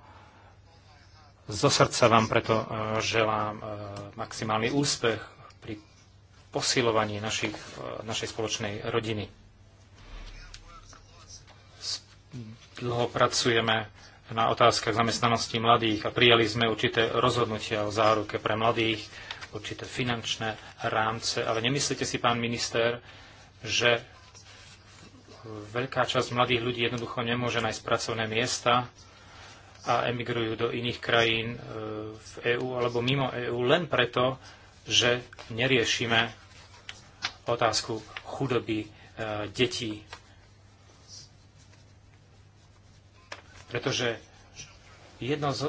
Zo srdca vám preto e, želám e, maximálny úspech pri posilovaní našich, našej spoločnej rodiny. dlho pracujeme na otázkach zamestnanosti mladých a prijali sme určité rozhodnutia o záruke pre mladých, určité finančné rámce. Ale nemyslíte si, pán minister, že veľká časť mladých ľudí jednoducho nemôže nájsť pracovné miesta a emigrujú do iných krajín e, v EÚ alebo mimo EÚ len preto, že neriešime otázku chudoby e, detí pretože jedno z, e,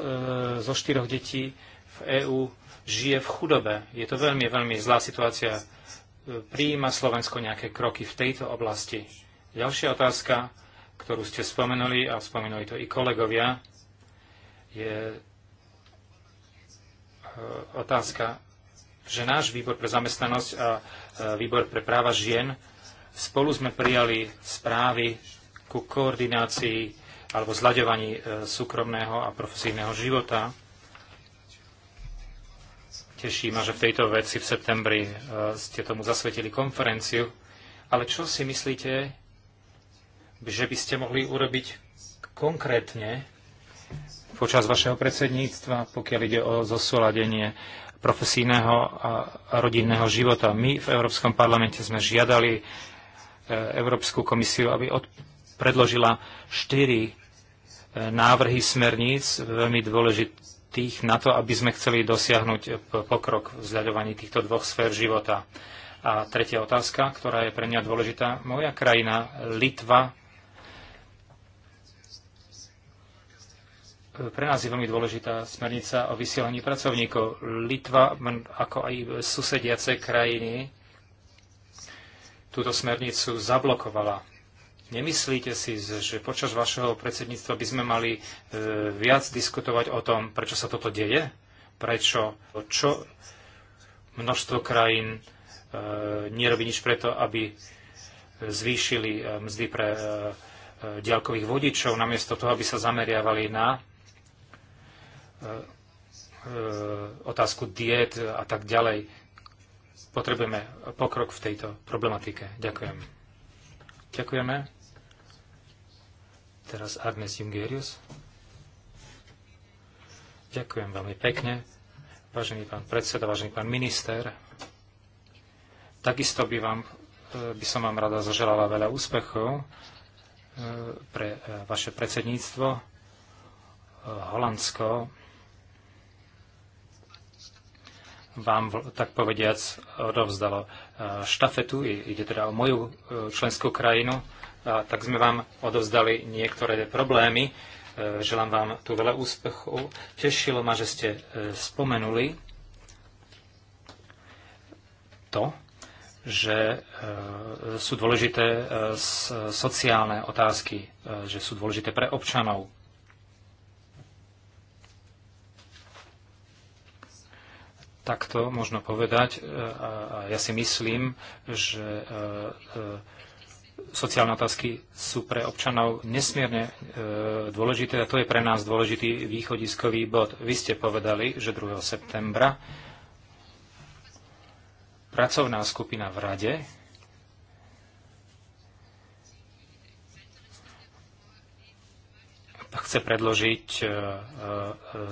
zo štyroch detí v EÚ žije v chudobe. Je to veľmi, veľmi zlá situácia. E, Prijíma Slovensko nejaké kroky v tejto oblasti? Ďalšia otázka, ktorú ste spomenuli, a spomenuli to i kolegovia, je e, otázka, že náš výbor pre zamestnanosť a e, výbor pre práva žien spolu sme prijali správy ku koordinácii alebo zľaďovaní e, súkromného a profesijného života. Teší ma, že v tejto veci v septembri e, ste tomu zasvetili konferenciu. Ale čo si myslíte, že by ste mohli urobiť konkrétne počas vašeho predsedníctva, pokiaľ ide o zosúladenie profesijného a rodinného života. My v Európskom parlamente sme žiadali e, Európsku komisiu, aby predložila štyri e, návrhy smerníc, veľmi dôležitých na to, aby sme chceli dosiahnuť pokrok v zľadovaní týchto dvoch sfér života. A tretia otázka, ktorá je pre mňa dôležitá. Moja krajina, Litva, pre nás je veľmi dôležitá smernica o vysielaní pracovníkov. Litva, ako aj susediace krajiny, túto smernicu zablokovala Nemyslíte si, že počas vašeho predsedníctva by sme mali e, viac diskutovať o tom, prečo sa toto deje? Prečo? Čo množstvo krajín e, nerobí nič preto, aby zvýšili e, mzdy pre diaľkových vodičov, namiesto toho, aby sa zameriavali na otázku diet a tak ďalej. Potrebujeme pokrok v tejto problematike. Ďakujem. Ďakujeme. Teraz Agnes Jungerius. Ďakujem veľmi pekne. Vážený pán predseda, vážený pán minister, takisto by, vám, e, by som vám rada zaželala veľa úspechov e, pre e, vaše predsedníctvo. Holandsko vám, tak povediac, odovzdalo štafetu. Ide teda o moju členskú krajinu tak sme vám odovzdali niektoré problémy. E, želám vám tu veľa úspechov. Tešilo ma, že ste e, spomenuli to, že e, sú dôležité sociálne otázky, že sú dôležité pre občanov. Takto možno povedať. A ja si myslím, že sociálne otázky sú pre občanov nesmierne e, dôležité a to je pre nás dôležitý východiskový bod. Vy ste povedali, že 2. septembra pracovná skupina v Rade chce predložiť e,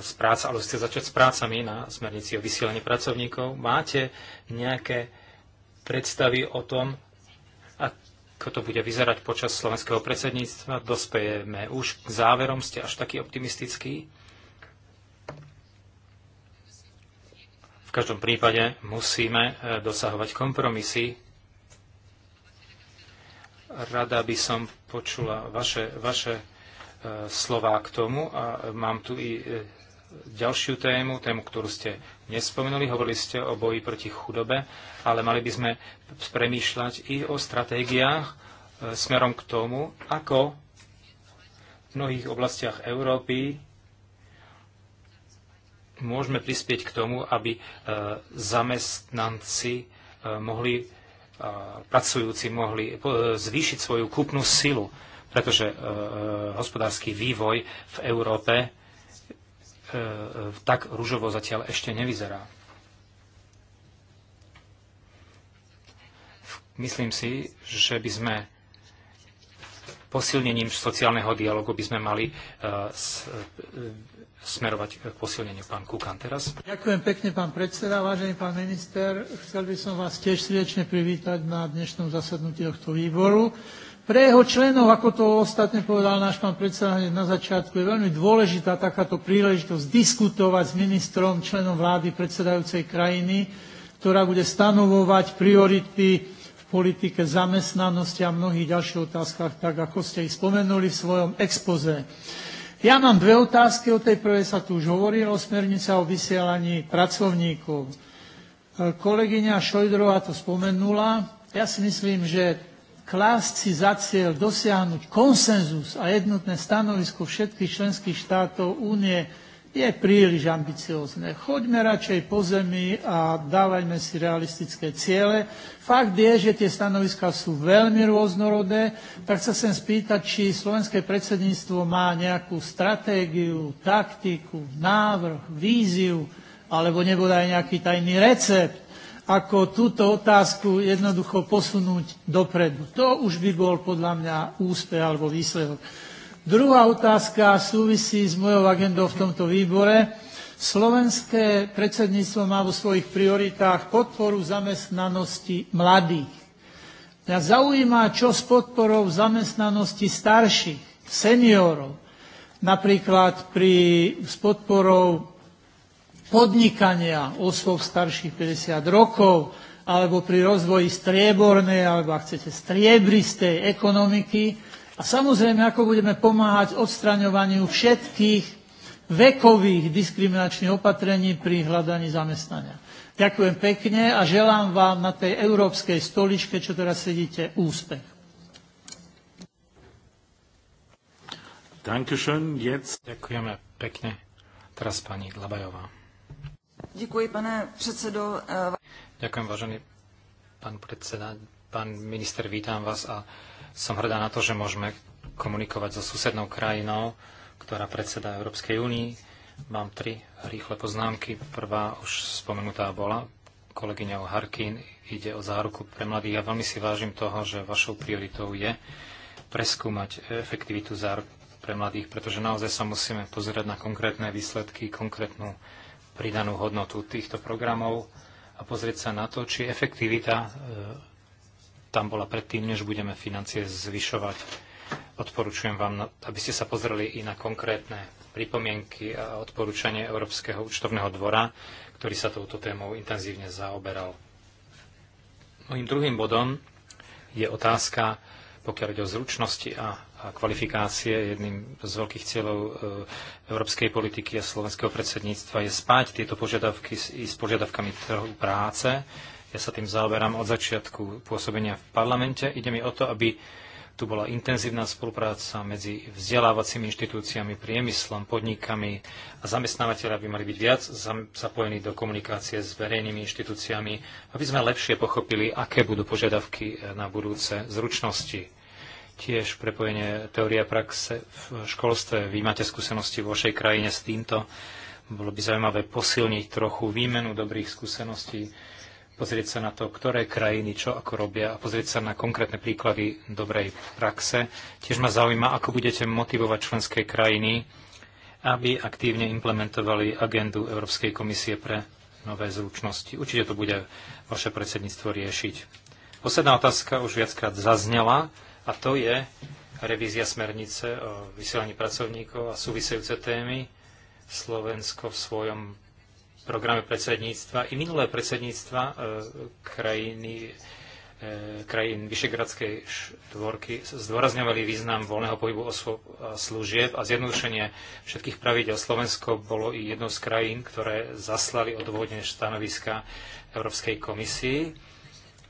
e, z alebo chce začať s prácami na smernici o vysielaní pracovníkov. Máte nejaké predstavy o tom, ako to bude vyzerať počas slovenského predsedníctva. Dospejeme už k záverom, ste až taký optimistický. V každom prípade musíme e, dosahovať kompromisy. Rada by som počula vaše, vaše e, slova k tomu a mám tu i e, ďalšiu tému, tému, ktorú ste nespomenuli. Hovorili ste o boji proti chudobe, ale mali by sme premýšľať i o stratégiách e, smerom k tomu, ako v mnohých oblastiach Európy môžeme prispieť k tomu, aby e, zamestnanci e, mohli, pracujúci mohli zvýšiť svoju kúpnu silu, pretože hospodársky vývoj v Európe E, tak ružovo zatiaľ ešte nevyzerá. Myslím si, že by sme posilnením sociálneho dialogu by sme mali e, e, smerovať k posilneniu. Pán Kukan teraz. Ďakujem pekne, pán predseda, vážený pán minister. Chcel by som vás tiež srdečne privítať na dnešnom zasadnutí tohto výboru. Pre jeho členov, ako to ostatne povedal náš pán predseda hneď na začiatku, je veľmi dôležitá takáto príležitosť diskutovať s ministrom, členom vlády predsedajúcej krajiny, ktorá bude stanovovať priority v politike zamestnanosti a mnohých ďalších otázkach, tak ako ste ich spomenuli v svojom expoze. Ja mám dve otázky, o tej prvej sa tu už hovorilo, smernica o vysielaní pracovníkov. Kolegyňa Šojdrová to spomenula. Ja si myslím, že klásť si za cieľ dosiahnuť konsenzus a jednotné stanovisko všetkých členských štátov únie je príliš ambiciózne. Choďme radšej po zemi a dávajme si realistické ciele. Fakt je, že tie stanoviská sú veľmi rôznorodé, tak sa sem spýtať, či slovenské predsedníctvo má nejakú stratégiu, taktiku, návrh, víziu, alebo nebude aj nejaký tajný recept, ako túto otázku jednoducho posunúť dopredu. To už by bol podľa mňa úspech alebo výsledok. Druhá otázka súvisí s mojou agendou v tomto výbore. Slovenské predsedníctvo má vo svojich prioritách podporu zamestnanosti mladých. Mňa zaujíma, čo s podporou zamestnanosti starších, seniorov, napríklad pri, s podporou podnikania osôb starších 50 rokov, alebo pri rozvoji striebornej, alebo ak chcete, striebristej ekonomiky. A samozrejme, ako budeme pomáhať odstraňovaniu všetkých vekových diskriminačných opatrení pri hľadaní zamestnania. Ďakujem pekne a želám vám na tej európskej stoličke, čo teraz sedíte, úspech. Ďakujeme pekne. Teraz pani Dlabajová. Ďakujem, pane predsedo. Ďakujem, vážený pán predseda. Pán minister, vítam vás a som hrdá na to, že môžeme komunikovať so susednou krajinou, ktorá predseda Európskej únii. Mám tri rýchle poznámky. Prvá už spomenutá bola kolegyňou Harkin. Ide o záruku pre mladých. Ja veľmi si vážim toho, že vašou prioritou je preskúmať efektivitu záruk pre mladých, pretože naozaj sa musíme pozerať na konkrétne výsledky, konkrétnu pridanú hodnotu týchto programov a pozrieť sa na to, či efektivita e, tam bola predtým, než budeme financie zvyšovať. Odporúčujem vám, aby ste sa pozreli i na konkrétne pripomienky a odporúčanie Európskeho účtovného dvora, ktorý sa touto témou intenzívne zaoberal. Mojím druhým bodom je otázka, pokiaľ ide o zručnosti a a kvalifikácie. Jedným z veľkých cieľov e, európskej politiky a slovenského predsedníctva je spáť tieto požiadavky s, s požiadavkami trhu práce. Ja sa tým zaoberám od začiatku pôsobenia v parlamente. Ide mi o to, aby tu bola intenzívna spolupráca medzi vzdelávacími inštitúciami, priemyslom, podnikami a zamestnávateľi by mali byť viac zapojení do komunikácie s verejnými inštitúciami, aby sme lepšie pochopili, aké budú požiadavky e, na budúce zručnosti tiež prepojenie teória praxe v školstve. Vy máte skúsenosti vo vašej krajine s týmto. Bolo by zaujímavé posilniť trochu výmenu dobrých skúseností, pozrieť sa na to, ktoré krajiny čo ako robia a pozrieť sa na konkrétne príklady dobrej praxe. Tiež ma zaujíma, ako budete motivovať členské krajiny, aby aktívne implementovali agendu Európskej komisie pre nové zručnosti. Určite to bude vaše predsedníctvo riešiť. Posledná otázka už viackrát zaznela a to je revízia smernice o vysielaní pracovníkov a súvisejúce témy. Slovensko v svojom programe predsedníctva i minulé predsedníctva e, krajiny e, krajín Vyšegradskej štvorky zdôrazňovali význam voľného pohybu osôb a služieb a zjednodušenie všetkých pravidel. Slovensko bolo i jednou z krajín, ktoré zaslali odvodne stanoviska Európskej komisii.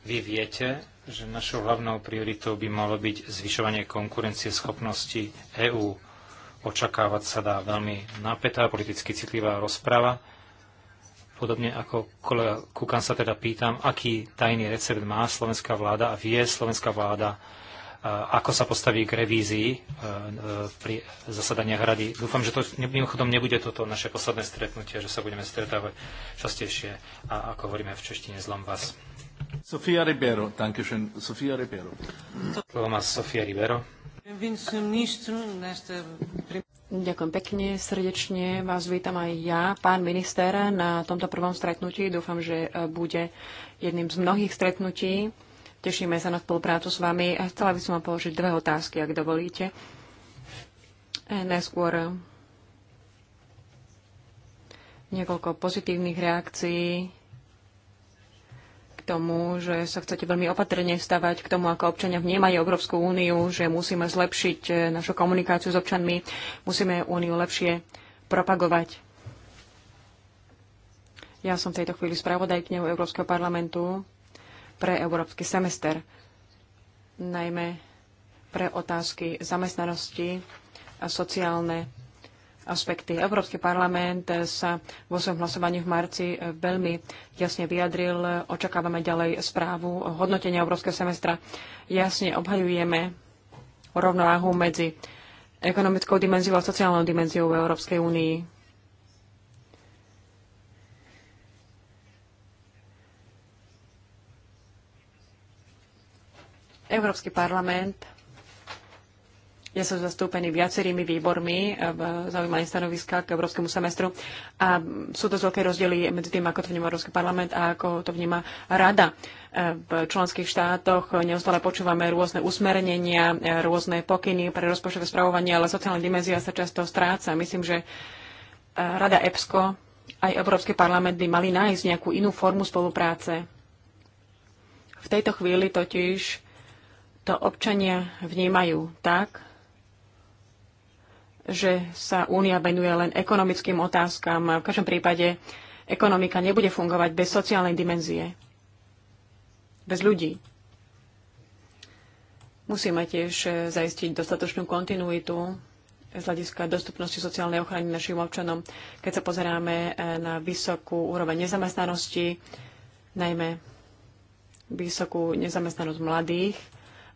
Vy viete, že našou hlavnou prioritou by malo byť zvyšovanie konkurencie schopnosti EÚ. Očakávať sa dá veľmi napätá, politicky citlivá rozprava. Podobne ako kolega Kukan sa teda pýtam, aký tajný recept má slovenská vláda a vie slovenská vláda, ako sa postaví k revízii pri zasadaniach rady. Dúfam, že to mimochodom nebude toto naše posledné stretnutie, že sa budeme stretávať častejšie a ako hovoríme v češtine, zlom vás. Sofia Ribeiro, Sofia Ribeiro. Thomas Sofia Ribeiro. Ďakujem pekne, srdečne vás vítam aj ja, pán minister, na tomto prvom stretnutí. Dúfam, že e, bude jedným z mnohých stretnutí. Tešíme sa na spoluprácu s vami a chcela by som vám položiť dve otázky, ak dovolíte. E, najskôr niekoľko pozitívnych reakcií tomu, že sa chcete veľmi opatrne stavať k tomu, ako občania vnímajú Európsku úniu, že musíme zlepšiť eh, našu komunikáciu s občanmi, musíme úniu lepšie propagovať. Ja som v tejto chvíli spravodajkňou Európskeho parlamentu pre Európsky semester, najmä pre otázky zamestnanosti a sociálne aspekty. Európsky parlament sa vo svojom hlasovaní v marci e, veľmi jasne vyjadril. E, očakávame ďalej správu o hodnotenia Európskeho semestra. Jasne obhajujeme rovnováhu medzi ekonomickou dimenziou a sociálnou dimenziou v Európskej únii. Európsky parlament ja som zastúpený viacerými výbormi e, v zaujímavých stanoviská k európskemu semestru a sú to veľké rozdiely medzi tým, ako to vníma Európsky parlament a ako to vníma Rada. E, v členských štátoch neustále počúvame rôzne usmernenia, e, rôzne pokyny pre rozpočtové spravovanie, ale sociálna dimenzia sa často stráca. Myslím, že Rada EPSCO aj Európsky parlament by mali nájsť nejakú inú formu spolupráce. V tejto chvíli totiž to občania vnímajú tak, že sa Únia venuje len ekonomickým otázkam. V každom prípade ekonomika nebude fungovať bez sociálnej dimenzie, bez ľudí. Musíme tiež eh, zaistiť dostatočnú kontinuitu z hľadiska dostupnosti sociálnej ochrany našim občanom, keď sa pozeráme eh, na vysokú úroveň nezamestnanosti, najmä vysokú nezamestnanosť mladých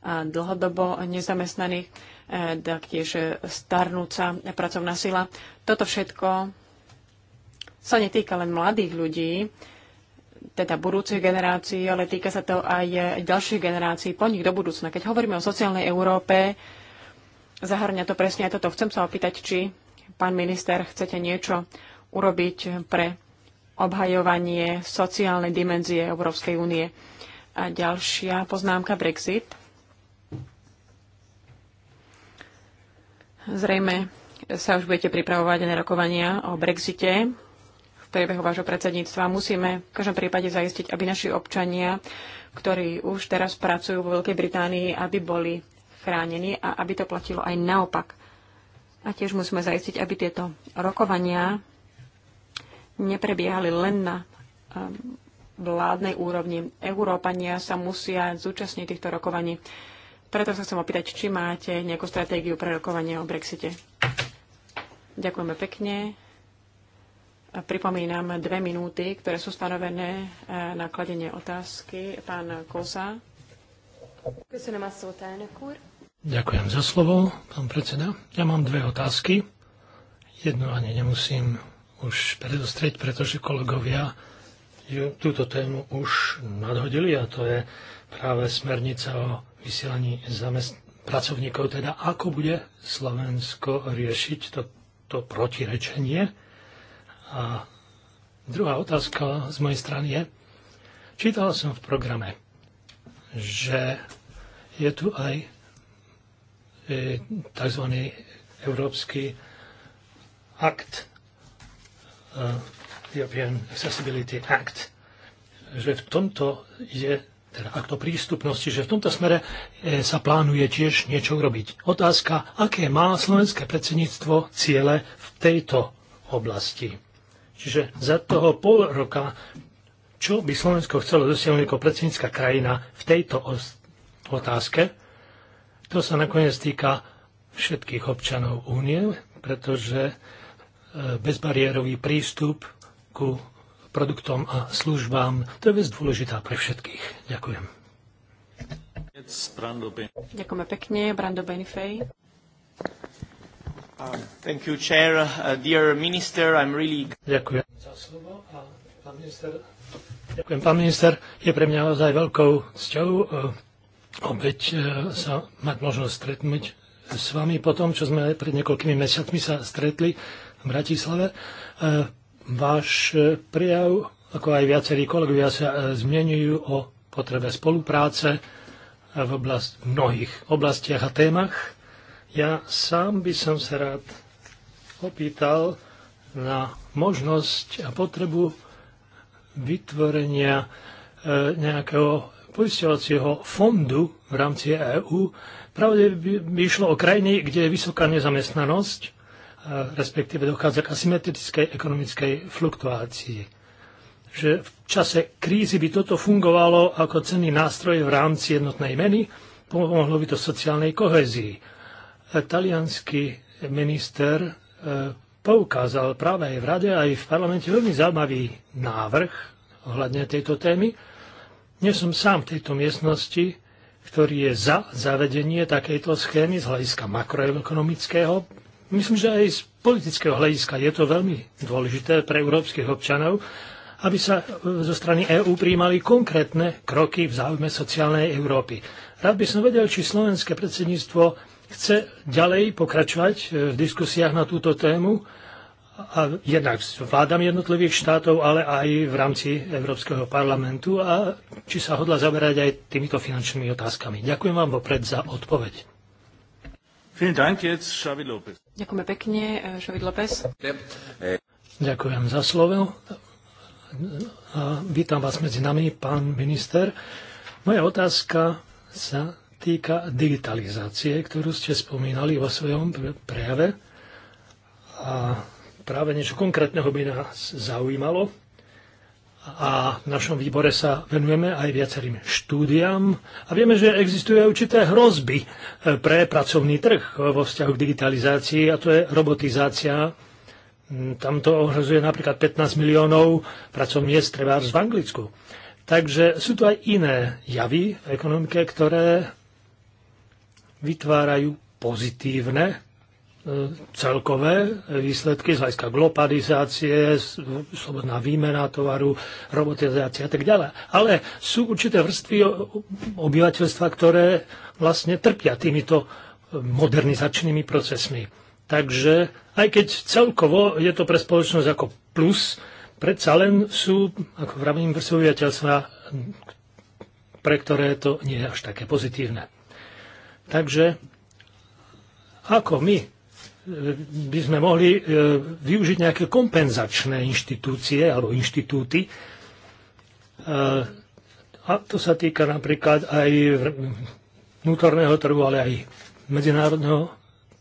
a dlhodobo nezamestnaných E, taktiež starnúca pracovná sila. Toto všetko sa netýka len mladých ľudí, teda budúcich generácií, ale týka sa to aj ďalších generácií po nich do budúcna. Keď hovoríme o sociálnej Európe, zahrňa to presne aj toto. Chcem sa opýtať, či pán minister chcete niečo urobiť pre obhajovanie sociálnej dimenzie Európskej únie. A ďalšia poznámka Brexit. Zrejme sa už budete pripravovať na rokovania o Brexite v priebehu vášho predsedníctva. Musíme v každom prípade zaistiť, aby naši občania, ktorí už teraz pracujú vo Veľkej Británii, aby boli chránení a aby to platilo aj naopak. A tiež musíme zaistiť, aby tieto rokovania neprebiehali len na ehm, vládnej úrovni. Európania sa musia zúčastniť týchto rokovaní. Preto sa chcem opýtať, či máte nejakú stratégiu pre rokovanie o Brexite. Ďakujeme pekne. Pripomínam dve minúty, ktoré sú stanovené e, na kladenie otázky. Pán Kosa. Ďakujem za slovo, pán predseda. Ja mám dve otázky. Jednu ani nemusím už predostrieť, pretože kolegovia túto tému už nadhodili a to je práve smernica o vysielaní zamest- pracovníkov, teda ako bude Slovensko riešiť to, to protirečenie. A druhá otázka z mojej strany je, čítal som v programe, že je tu aj e, tzv. európsky akt, e, European Accessibility Act, že v tomto je teda akto prístupnosti, že v tomto smere e, sa plánuje tiež niečo urobiť. Otázka, aké má slovenské predsedníctvo ciele v tejto oblasti. Čiže za toho pol roka, čo by Slovensko chcelo dosiahnuť ako predsednícka krajina v tejto otázke, to sa nakoniec týka všetkých občanov únie, pretože e, bezbariérový prístup ku produktom a službám, to je vec dôležitá pre všetkých. Ďakujem. Ďakujeme pekne, Brando Benifej. Um, thank you, Chair. Uh, dear Minister, I'm really... Ďakujem za slovo a pán minister, ďakujem, pán minister, je pre mňa naozaj veľkou cťou uh, opäť uh, sa mať možnosť stretnúť s vami po tom, čo sme pred niekoľkými mesiacmi sa stretli v Bratislave. Uh, váš prijav ako aj viacerí kolegovia, sa e, zmienujú o potrebe spolupráce v oblast, mnohých oblastiach a témach. Ja sám by som sa rád opýtal na možnosť a potrebu vytvorenia e, nejakého poisťovacieho fondu v rámci EÚ. Pravde by išlo o krajiny, kde je vysoká nezamestnanosť respektíve dochádza k asymetrickej ekonomickej fluktuácii. Že v čase krízy by toto fungovalo ako cenný nástroj v rámci jednotnej meny, pomohlo by to sociálnej kohezii. E, talianský minister e, poukázal práve aj v rade, aj v parlamente veľmi zaujímavý návrh ohľadne tejto témy. Nie som sám v tejto miestnosti, ktorý je za zavedenie takejto schémy z hľadiska makroekonomického, Myslím, že aj z politického hľadiska je to veľmi dôležité pre európskych občanov, aby sa e, zo strany EÚ prijímali konkrétne kroky v záujme sociálnej Európy. Rád by som vedel, či slovenské predsedníctvo chce ďalej pokračovať e, v diskusiách na túto tému, a jednak s vládami jednotlivých štátov, ale aj v rámci Európskeho parlamentu a či sa hodla zaberať aj týmito finančnými otázkami. Ďakujem vám vopred za odpoveď. Ďakujeme pekne, Šavid eh, López. Ďakujem za slovo. A vítam vás medzi nami, pán minister. Moja otázka sa týka digitalizácie, ktorú ste spomínali vo svojom prejave. A práve niečo konkrétneho by nás zaujímalo a v našom výbore sa venujeme aj viacerým štúdiam a vieme, že existujú určité hrozby e, pre pracovný trh vo vzťahu k digitalizácii a to je robotizácia. Mm, tam to ohrozuje napríklad 15 miliónov pracovných miest treba v Anglicku. Takže sú tu aj iné javy v ekonomike, ktoré vytvárajú pozitívne celkové výsledky z hľadiska globalizácie, slobodná výmena tovaru, robotizácia a tak ďalej. Ale sú určité vrstvy obyvateľstva, ktoré vlastne trpia týmito modernizačnými procesmi. Takže aj keď celkovo je to pre spoločnosť ako plus, predsa len sú, ako vravím, vrstvy obyvateľstva, pre ktoré to nie je až také pozitívne. Takže ako my by sme mohli e, využiť nejaké kompenzačné inštitúcie alebo inštitúty. E, a to sa týka napríklad aj vnútorného trhu, ale aj medzinárodného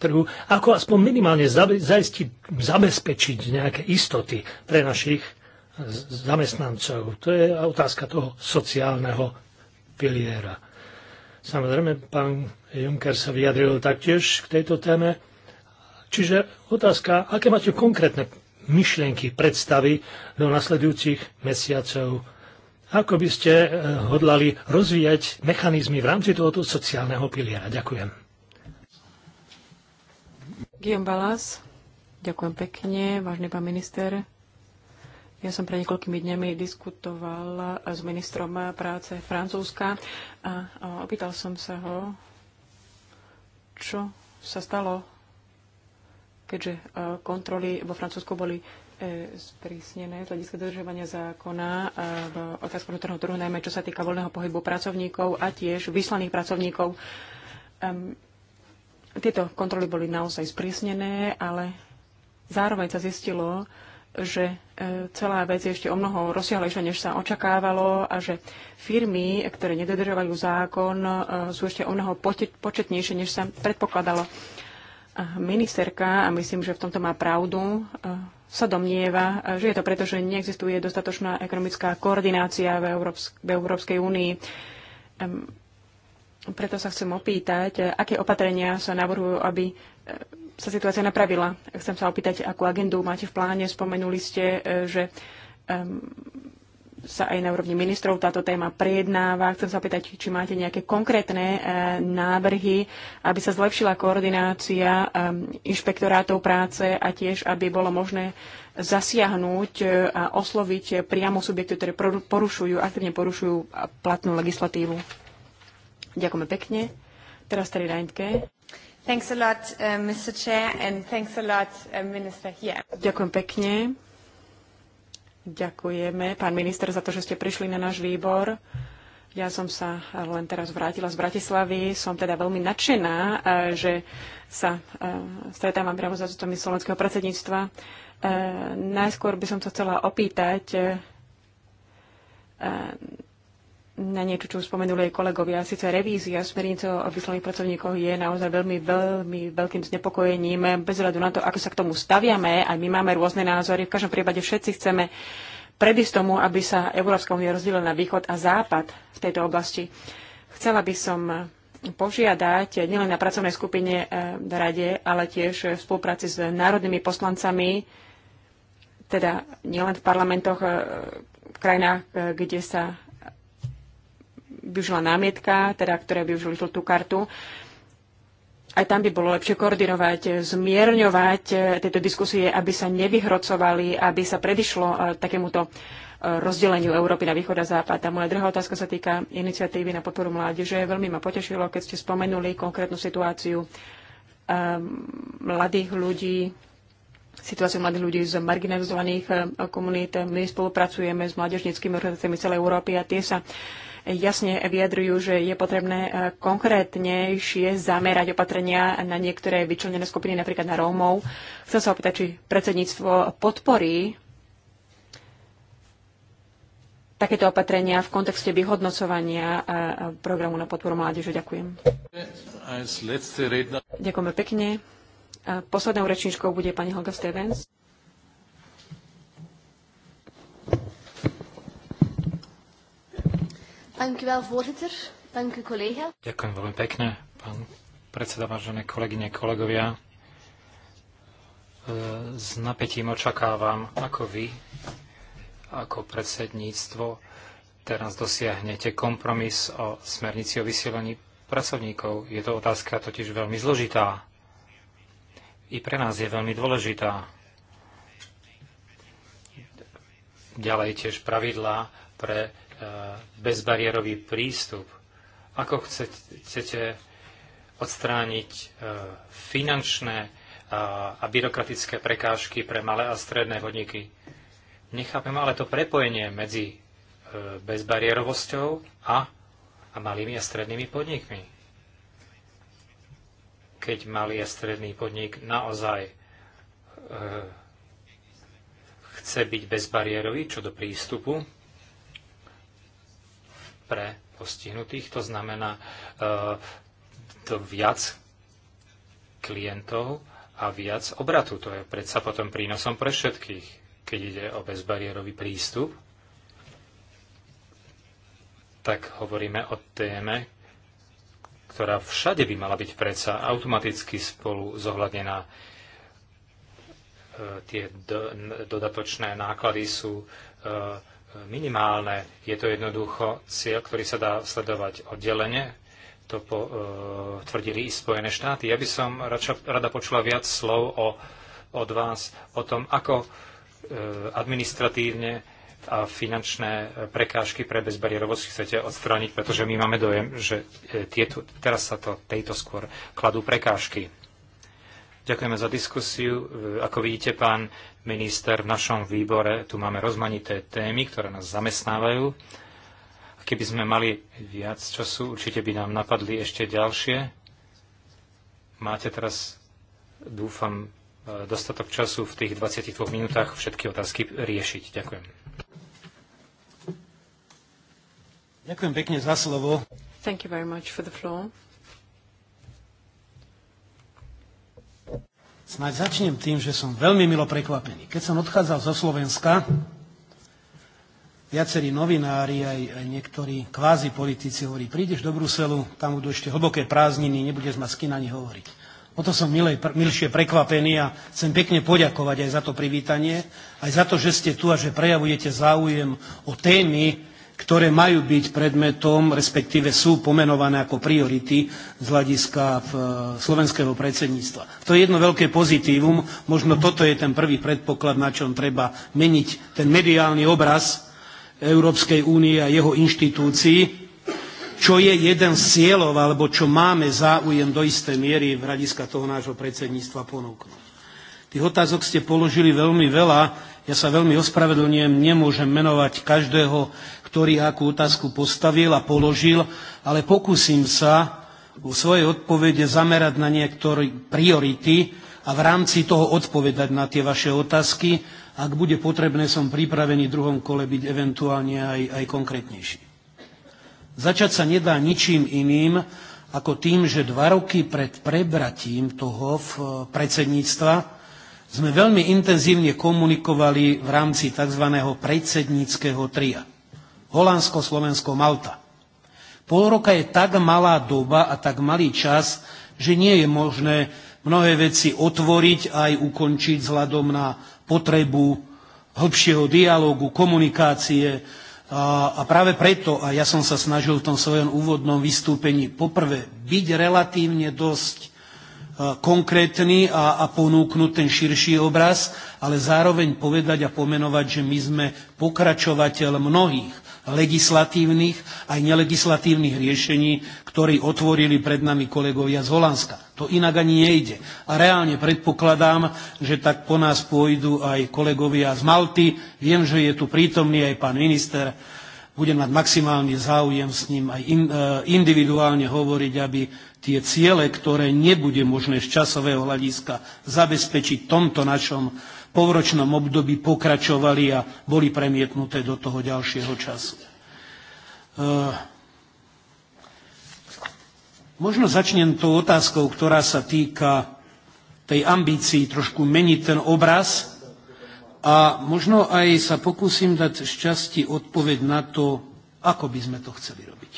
trhu. Ako aspoň minimálne zaistiť, zabezpečiť nejaké istoty pre našich zamestnancov. To je otázka toho sociálneho piliera. Samozrejme, pán Juncker sa vyjadril taktiež k tejto téme. Čiže otázka, aké máte konkrétne myšlienky, predstavy do nasledujúcich mesiacov? Ako by ste eh, hodlali rozvíjať mechanizmy v rámci tohoto sociálneho piliera? Ďakujem. Guillaume Balas, ďakujem pekne, vážny pán minister. Ja som pre niekoľkými dňami diskutoval s ministrom práce Francúzska a opýtal som sa ho, čo sa stalo keďže e, kontroly vo Francúzsku boli e, sprísnené z hľadiska dodržovania zákona e, v otázku vnútorného trhu, najmä čo sa týka voľného pohybu pracovníkov a tiež vyslaných pracovníkov. Tieto kontroly boli naozaj sprísnené, ale zároveň sa zistilo, že celá vec je ešte o mnoho rozsiahlejšia, než sa očakávalo a že firmy, ktoré nedodržovajú zákon, sú ešte o mnoho početnejšie, než sa predpokladalo. Ministerka, a myslím, že v tomto má pravdu, e, sa domnieva, e, že je to preto, že neexistuje dostatočná ekonomická koordinácia v, Európs- v Európskej únii. Preto sa chcem opýtať, e, aké opatrenia sa navrhujú, aby sa situácia napravila. Chcem sa opýtať, akú agendu máte v pláne. Spomenuli ste, že sa aj na úrovni ministrov táto téma prejednáva. Chcem sa pýtať, či máte nejaké konkrétne e, návrhy, aby sa zlepšila koordinácia e, inšpektorátov práce a tiež, aby bolo možné zasiahnuť e, a osloviť priamo subjekty, ktoré porušujú, aktívne porušujú platnú legislatívu. Ďakujeme pekne. Teraz tady Reintke. Thanks a lot, uh, Mr. Chair, and thanks a lot, uh, Minister here. Ďakujem pekne. Ďakujeme, pán minister, za to, že ste prišli na náš výbor. Ja som sa len teraz vrátila z Bratislavy. Som teda veľmi nadšená, e, že sa e, stretávam priamo za zastupcami slovenského predsedníctva. E, najskôr by som sa chcela opýtať, na niečo, čo spomenuli aj kolegovia. Sice revízia smernice o vyslaných pracovníkoch je naozaj veľmi, veľmi veľkým znepokojením, bez hľadu na to, ako sa k tomu staviame. Aj my máme rôzne názory. V každom prípade všetci chceme predísť tomu, aby sa Európska únia rozdielila na východ a západ v tejto oblasti. Chcela by som požiadať nielen na pracovnej skupine eh, v rade, ale tiež v spolupráci s národnými poslancami, teda nielen v parlamentoch eh, v krajinách, eh, kde sa využila námietka, teda ktoré využili tú kartu, aj tam by bolo lepšie koordinovať, zmierňovať e, tieto diskusie, aby sa nevyhrocovali, aby sa predišlo e, takémuto e, rozdeleniu Európy na východ a západ. A moja druhá otázka sa týka iniciatívy na podporu mládeže. Veľmi ma potešilo, keď ste spomenuli konkrétnu situáciu mladých ľudí, situáciu mladých ľudí z marginalizovaných komunít. My spolupracujeme s mládežníckými organizáciami celej Európy a tie sa jasne vyjadrujú, že je potrebné e, konkrétnejšie zamerať opatrenia na niektoré vyčlenené skupiny, napríklad na Rómov. Chcem sa opýtať, či predsedníctvo podporí takéto opatrenia v kontexte vyhodnocovania e, programu na podporu mládeže. Ďakujem. Ďakujeme pekne. Poslednou rečničkou bude pani Holga Stevens. Dank u wel, voorzitter. Dank u, collega. Ďakujem veľmi pekne, pán predseda, vážené kolegyne, kolegovia. E, s napätím očakávam, ako vy, ako predsedníctvo, teraz dosiahnete kompromis o smernici o vysielaní pracovníkov. Je to otázka totiž veľmi zložitá. I pre nás je veľmi dôležitá. Ďalej tiež pravidlá pre E, bezbariérový prístup, ako chcete odstrániť e, finančné e, a byrokratické prekážky pre malé a stredné podniky. Nechápem ale to prepojenie medzi bezbariérovosťou a, a malými a strednými podnikmi. Keď malý a stredný podnik naozaj e, chce byť bezbariérový čo do prístupu, pre postihnutých. To znamená e, to viac klientov a viac obratu. To je predsa potom prínosom pre všetkých, keď ide o bezbariérový prístup. Tak hovoríme o téme, ktorá všade by mala byť predsa automaticky spolu zohľadnená e, tie do, dodatočné náklady sú e, minimálne. Je to jednoducho cieľ, ktorý sa dá sledovať oddelenie. To po, e, tvrdili i Spojené štáty. Ja by som rača, rada počula viac slov o, od vás o tom, ako e, administratívne a finančné prekážky pre bezbarierovosť chcete odstrániť, pretože my máme dojem, že e, tieto, teraz sa to tejto skôr kladú prekážky. Ďakujeme za diskusiu. E, ako vidíte, pán minister, v našom výbore tu máme rozmanité témy, ktoré nás zamestnávajú. A keby sme mali viac času, určite by nám napadli ešte ďalšie. Máte teraz, dúfam, e, dostatok času v tých 22 minútach všetky otázky riešiť. Ďakujem. Ďakujem pekne za slovo. Thank you very much for the floor. Snaď začnem tým, že som veľmi milo prekvapený. Keď som odchádzal zo Slovenska, viacerí novinári, aj, aj niektorí kvázi politici hovorí, prídeš do Bruselu, tam budú ešte hlboké prázdniny, nebudeš ma s ani hovoriť. O to som milej, milšie prekvapený a chcem pekne poďakovať aj za to privítanie, aj za to, že ste tu a že prejavujete záujem o témy, ktoré majú byť predmetom, respektíve sú pomenované ako priority z hľadiska e, slovenského predsedníctva. To je jedno veľké pozitívum, možno toto je ten prvý predpoklad, na čom treba meniť ten mediálny obraz Európskej únie a jeho inštitúcií, čo je jeden z cieľov, alebo čo máme záujem do istej miery v hľadiska toho nášho predsedníctva ponúknuť. Tých otázok ste položili veľmi veľa. Ja sa veľmi ospravedlňujem, nemôžem menovať každého ktorý akú otázku postavil a položil, ale pokúsim sa vo svojej odpovede zamerať na niektoré priority a v rámci toho odpovedať na tie vaše otázky. Ak bude potrebné, som pripravený v druhom kole byť eventuálne aj, aj konkrétnejší. Začať sa nedá ničím iným, ako tým, že dva roky pred prebratím toho eh, predsedníctva sme veľmi intenzívne komunikovali v rámci tzv. predsedníckého tria. Holandsko, Slovensko, Malta. Pol roka je tak malá doba a tak malý čas, že nie je možné mnohé veci otvoriť a aj ukončiť vzhľadom na potrebu hĺbšieho dialógu, komunikácie. A, práve preto, a ja som sa snažil v tom svojom úvodnom vystúpení poprvé byť relatívne dosť e, konkrétny a, a ponúknuť ten širší obraz, ale zároveň povedať a pomenovať, že my sme pokračovateľ mnohých legislatívnych aj nelegislatívnych riešení, ktorí otvorili pred nami kolegovia z Holandska. To inak ani nejde. A reálne predpokladám, že tak po nás pôjdu aj kolegovia z Malty. Viem, že je tu prítomný aj pán minister. Budem mať maximálny záujem s ním aj in, e, individuálne hovoriť, aby tie ciele, ktoré nebude možné z časového hľadiska zabezpečiť tomto našom polročnom období pokračovali a boli premietnuté do toho ďalšieho času. E, možno začnem tou otázkou, ktorá sa týka tej ambícii trošku meniť ten obraz a možno aj sa pokúsim dať z časti odpoveď na to, ako by sme to chceli robiť.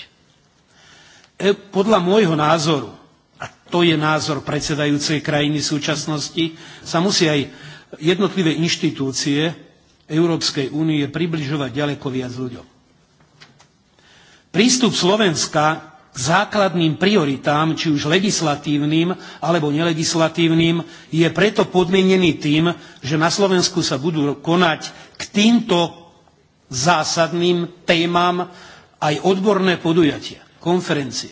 E, podľa môjho názoru, a to je názor predsedajúcej krajiny súčasnosti, sa musí aj jednotlivé inštitúcie Európskej únie približovať ďaleko viac ľuďom. Prístup Slovenska k základným prioritám, či už legislatívnym alebo nelegislatívnym, je preto podmienený tým, že na Slovensku sa budú konať k týmto zásadným témam aj odborné podujatia, konferencie,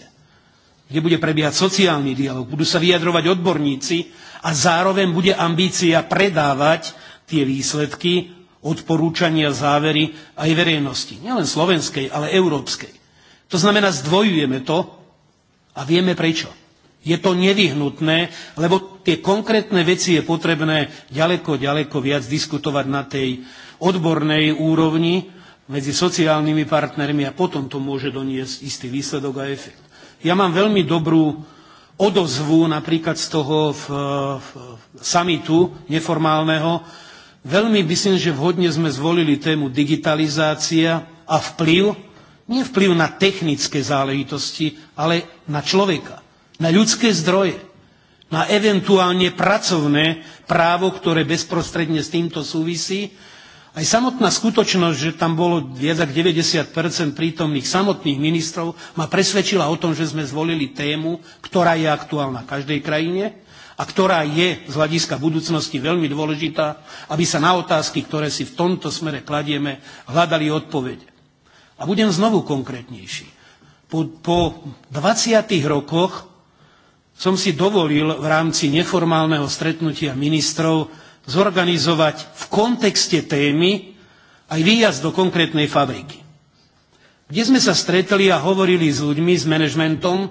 kde bude prebiehať sociálny dialog, budú sa vyjadrovať odborníci a zároveň bude ambícia predávať tie výsledky, odporúčania, závery aj verejnosti. Nielen slovenskej, ale európskej. To znamená, zdvojujeme to a vieme prečo. Je to nevyhnutné, lebo tie konkrétne veci je potrebné ďaleko, ďaleko viac diskutovať na tej odbornej úrovni medzi sociálnymi partnermi a potom to môže doniesť istý výsledok a efekt. Ja mám veľmi dobrú odozvu napríklad z toho v, v, samitu neformálneho. Veľmi myslím, že vhodne sme zvolili tému digitalizácia a vplyv, nie vplyv na technické záležitosti, ale na človeka, na ľudské zdroje, na eventuálne pracovné právo, ktoré bezprostredne s týmto súvisí aj samotná skutočnosť, že tam bolo viac ako 90 prítomných samotných ministrov, ma presvedčila o tom, že sme zvolili tému, ktorá je aktuálna v každej krajine a ktorá je z hľadiska budúcnosti veľmi dôležitá, aby sa na otázky, ktoré si v tomto smere kladieme, hľadali odpovede. A budem znovu konkrétnejší. Po, po 20 rokoch som si dovolil v rámci neformálneho stretnutia ministrov zorganizovať v kontexte témy aj výjazd do konkrétnej fabriky, kde sme sa stretli a hovorili s ľuďmi, s manažmentom,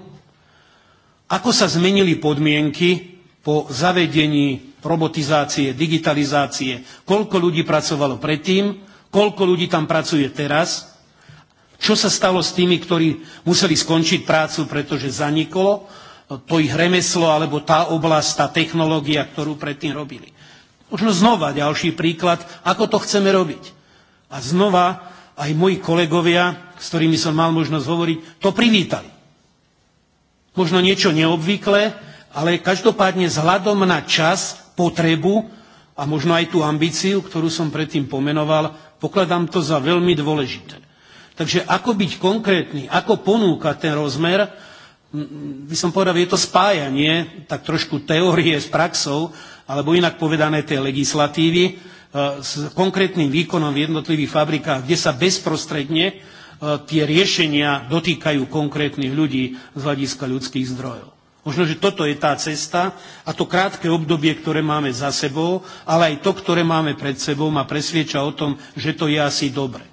ako sa zmenili podmienky po zavedení robotizácie, digitalizácie, koľko ľudí pracovalo predtým, koľko ľudí tam pracuje teraz, čo sa stalo s tými, ktorí museli skončiť prácu, pretože zaniklo to ich remeslo alebo tá oblasť, tá technológia, ktorú predtým robili. Možno znova ďalší príklad, ako to chceme robiť. A znova aj moji kolegovia, s ktorými som mal možnosť hovoriť, to privítali. Možno niečo neobvyklé, ale každopádne vzhľadom na čas, potrebu a možno aj tú ambíciu, ktorú som predtým pomenoval, pokladám to za veľmi dôležité. Takže ako byť konkrétny, ako ponúkať ten rozmer, mm, mm, by som povedal, je to spájanie, tak trošku teórie s praxou, alebo inak povedané tej legislatívy, e, s konkrétnym výkonom v jednotlivých fabrikách, kde sa bezprostredne e, tie riešenia dotýkajú konkrétnych ľudí z hľadiska ľudských zdrojov. Možno, že toto je tá cesta a to krátke obdobie, ktoré máme za sebou, ale aj to, ktoré máme pred sebou, ma presvieča o tom, že to je asi dobre.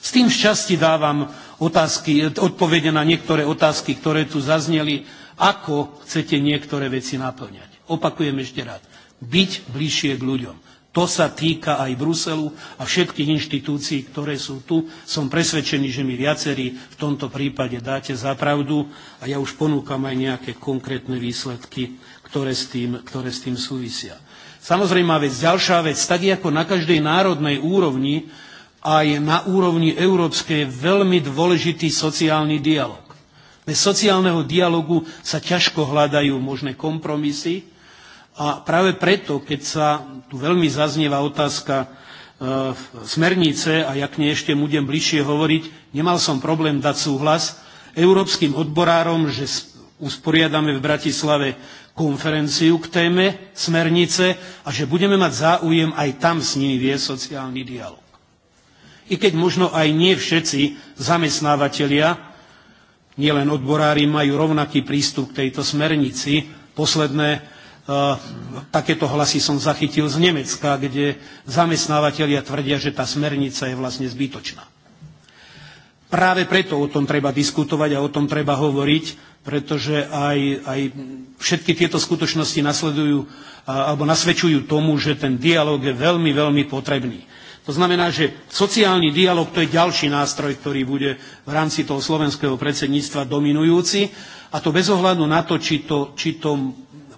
S tým šťastí dávam otázky, odpovede na niektoré otázky, ktoré tu zazneli, ako chcete niektoré veci naplňať. Opakujem ešte raz byť bližšie k ľuďom. To sa týka aj Bruselu a všetkých inštitúcií, ktoré sú tu. Som presvedčený, že mi viacerí v tomto prípade dáte za pravdu a ja už ponúkam aj nejaké konkrétne výsledky, ktoré s tým, ktoré s tým súvisia. Samozrejme, vec, ďalšia vec, tak ako na každej národnej úrovni, aj na úrovni európskej je veľmi dôležitý sociálny dialog. Bez sociálneho dialogu sa ťažko hľadajú možné kompromisy, a práve preto, keď sa tu veľmi zaznieva otázka e, smernice, a ja k nej ešte budem bližšie hovoriť, nemal som problém dať súhlas európskym odborárom, že usporiadame v Bratislave konferenciu k téme smernice a že budeme mať záujem aj tam s nimi vie sociálny dialog. I keď možno aj nie všetci zamestnávateľia, nielen odborári, majú rovnaký prístup k tejto smernici. Posledné Takéto hlasy som zachytil z Nemecka, kde zamestnávateľia tvrdia, že tá smernica je vlastne zbytočná. Práve preto o tom treba diskutovať a o tom treba hovoriť, pretože aj, aj všetky tieto skutočnosti nasledujú alebo nasvedčujú tomu, že ten dialog je veľmi, veľmi potrebný. To znamená, že sociálny dialog to je ďalší nástroj, ktorý bude v rámci toho slovenského predsedníctva dominujúci a to bez ohľadu na to, či to, či to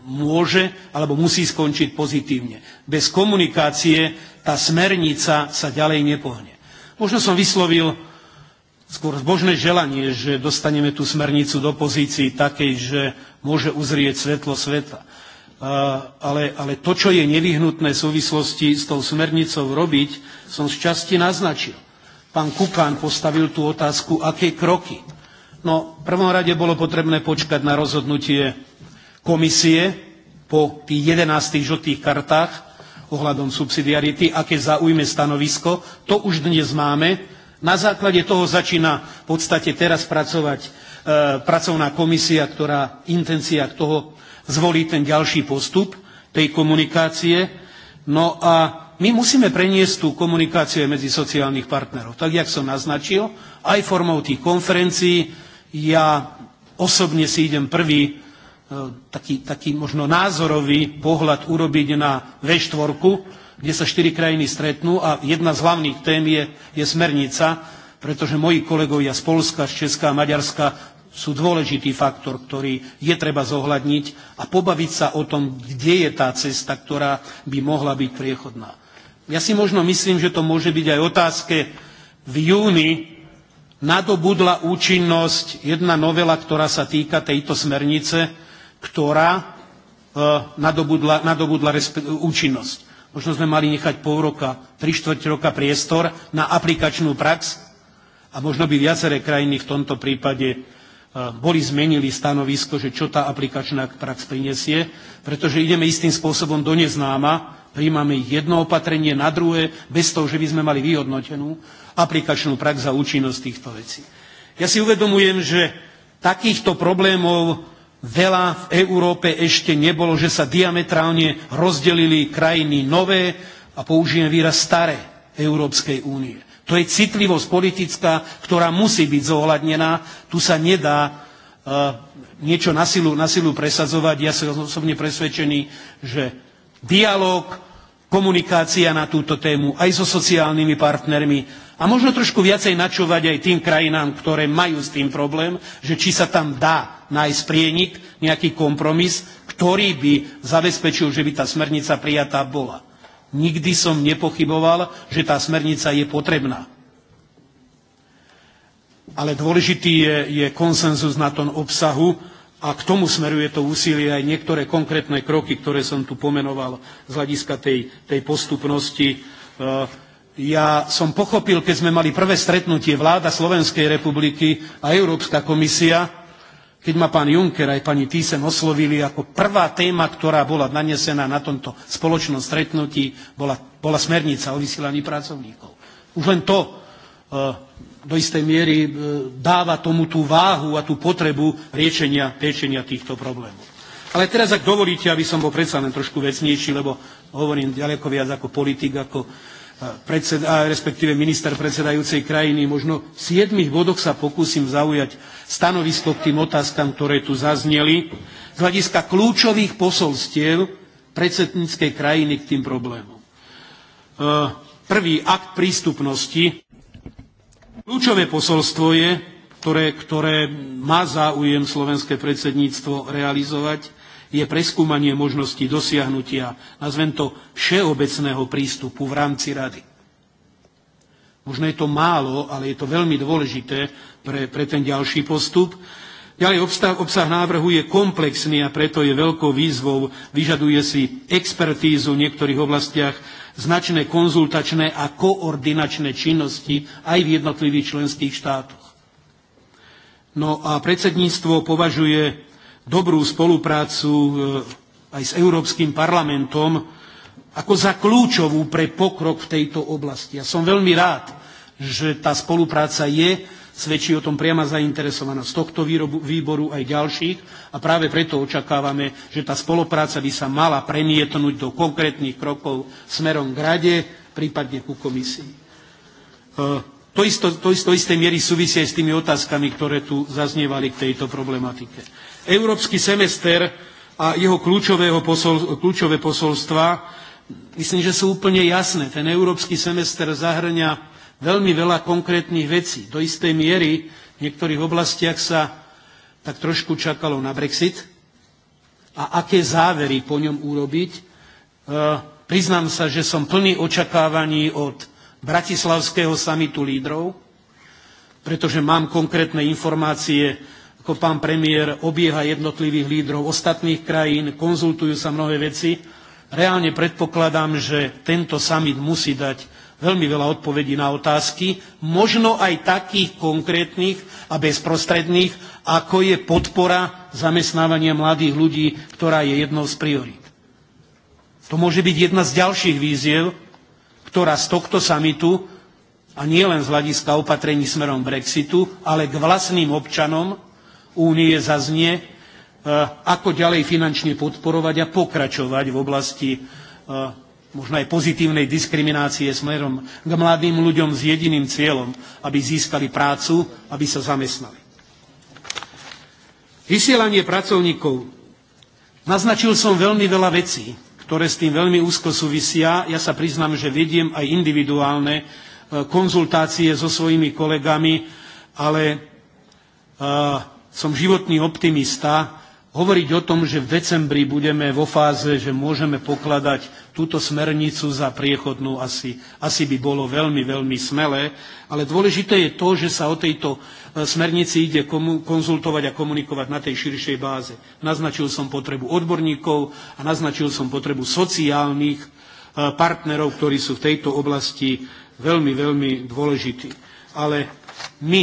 môže alebo musí skončiť pozitívne. Bez komunikácie tá smernica sa ďalej nepohne. Možno som vyslovil skôr zbožné želanie, že dostaneme tú smernicu do pozícii takej, že môže uzrieť svetlo sveta. Ale, ale to, čo je nevyhnutné v súvislosti s tou smernicou robiť, som z časti naznačil. Pán Kukán postavil tú otázku, aké kroky. No, v prvom rade bolo potrebné počkať na rozhodnutie komisie po tých 11 žltých kartách ohľadom subsidiarity, aké zaujme stanovisko. To už dnes máme. Na základe toho začína v podstate teraz pracovať e, pracovná komisia, ktorá intencia toho zvolí ten ďalší postup tej komunikácie. No a my musíme preniesť tú komunikáciu medzi sociálnych partnerov. Tak, jak som naznačil, aj formou tých konferencií. Ja osobne si idem prvý E, taký, taký možno názorový pohľad urobiť na V4, kde sa štyri krajiny stretnú a jedna z hlavných tém je, je smernica, pretože moji kolegovia z Polska, z Česka a Maďarska sú dôležitý faktor, ktorý je treba zohľadniť a pobaviť sa o tom, kde je tá cesta, ktorá by mohla byť priechodná. Ja si možno myslím, že to môže byť aj otázke. V júni nadobudla účinnosť jedna novela, ktorá sa týka tejto smernice, ktorá e, nadobudla, nadobudla účinnosť. Možno sme mali nechať pol roka, tri štvrť roka priestor na aplikačnú prax a možno by viaceré krajiny v tomto prípade e, boli zmenili stanovisko, že čo tá aplikačná prax prinesie, pretože ideme istým spôsobom do neznáma, príjmame jedno opatrenie na druhé, bez toho, že by sme mali vyhodnotenú aplikačnú prax a účinnosť týchto vecí. Ja si uvedomujem, že takýchto problémov veľa v Európe ešte nebolo, že sa diametrálne rozdelili krajiny nové a použijem výraz staré Európskej únie. To je citlivosť politická, ktorá musí byť zohľadnená. Tu sa nedá uh, niečo na silu, na silu presadzovať. Ja som osobne presvedčený, že dialog, komunikácia na túto tému aj so sociálnymi partnermi, a možno trošku viacej načúvať aj tým krajinám, ktoré majú s tým problém, že či sa tam dá nájsť prienik, nejaký kompromis, ktorý by zabezpečil, že by tá smernica prijatá bola. Nikdy som nepochyboval, že tá smernica je potrebná. Ale dôležitý je, je konsenzus na tom obsahu a k tomu smeruje to úsilie aj niektoré konkrétne kroky, ktoré som tu pomenoval z hľadiska tej, tej postupnosti e, ja som pochopil, keď sme mali prvé stretnutie vláda Slovenskej republiky a Európska komisia, keď ma pán Juncker aj pani Thyssen oslovili, ako prvá téma, ktorá bola nanesená na tomto spoločnom stretnutí, bola, bola smernica o vysielaní pracovníkov. Už len to e, do istej miery e, dáva tomu tú váhu a tú potrebu riešenia, riešenia týchto problémov. Ale teraz, ak dovolíte, aby som bol predsa len trošku vecnejší, lebo hovorím ďaleko viac ako politik, ako, predsed, respektíve minister predsedajúcej krajiny. Možno v siedmých bodoch sa pokúsim zaujať stanovisko k tým otázkam, ktoré tu zazneli, z hľadiska kľúčových posolstiev predsedníckej krajiny k tým problémom. E, prvý akt prístupnosti. Kľúčové posolstvo je, ktoré, ktoré má záujem slovenské predsedníctvo realizovať, je preskúmanie možnosti dosiahnutia, nazvem to, všeobecného prístupu v rámci rady. Možno je to málo, ale je to veľmi dôležité pre, pre ten ďalší postup. Ďalej obsah, obsah návrhu je komplexný a preto je veľkou výzvou, vyžaduje si expertízu v niektorých oblastiach, značné konzultačné a koordinačné činnosti aj v jednotlivých členských štátoch. No a predsedníctvo považuje dobrú spoluprácu e, aj s Európskym parlamentom ako za kľúčovú pre pokrok v tejto oblasti. Ja som veľmi rád, že tá spolupráca je, svedčí o tom priama zainteresovaná z tohto výrobu, výboru aj ďalších a práve preto očakávame, že tá spolupráca by sa mala premietnúť do konkrétnych krokov smerom k rade, prípadne ku komisii. E, to, isto, to, isto, to isté miery súvisie s tými otázkami, ktoré tu zaznievali k tejto problematike. Európsky semester a jeho kľúčového posol, kľúčové posolstva, myslím, že sú úplne jasné. Ten európsky semester zahrňa veľmi veľa konkrétnych vecí. Do istej miery v niektorých oblastiach sa tak trošku čakalo na Brexit a aké závery po ňom urobiť. E, priznám sa, že som plný očakávaní od bratislavského samitu lídrov, pretože mám konkrétne informácie ako pán premiér obieha jednotlivých lídrov ostatných krajín, konzultujú sa mnohé veci. Reálne predpokladám, že tento summit musí dať veľmi veľa odpovedí na otázky, možno aj takých konkrétnych a bezprostredných, ako je podpora zamestnávania mladých ľudí, ktorá je jednou z priorít. To môže byť jedna z ďalších víziev, ktorá z tohto samitu, a nie len z hľadiska opatrení smerom Brexitu, ale k vlastným občanom, únie zaznie, e, ako ďalej finančne podporovať a pokračovať v oblasti e, možno aj pozitívnej diskriminácie smerom k mladým ľuďom s jediným cieľom, aby získali prácu, aby sa zamestnali. Vysielanie pracovníkov. Naznačil som veľmi veľa vecí, ktoré s tým veľmi úzko súvisia. Ja sa priznám, že vediem aj individuálne e, konzultácie so svojimi kolegami, ale som životný optimista, hovoriť o tom, že v decembri budeme vo fáze, že môžeme pokladať túto smernicu za priechodnú, asi, asi by bolo veľmi, veľmi smelé. Ale dôležité je to, že sa o tejto e, smernici ide konzultovať a komunikovať na tej širšej báze. Naznačil som potrebu odborníkov a naznačil som potrebu sociálnych e, partnerov, ktorí sú v tejto oblasti veľmi, veľmi dôležití. Ale my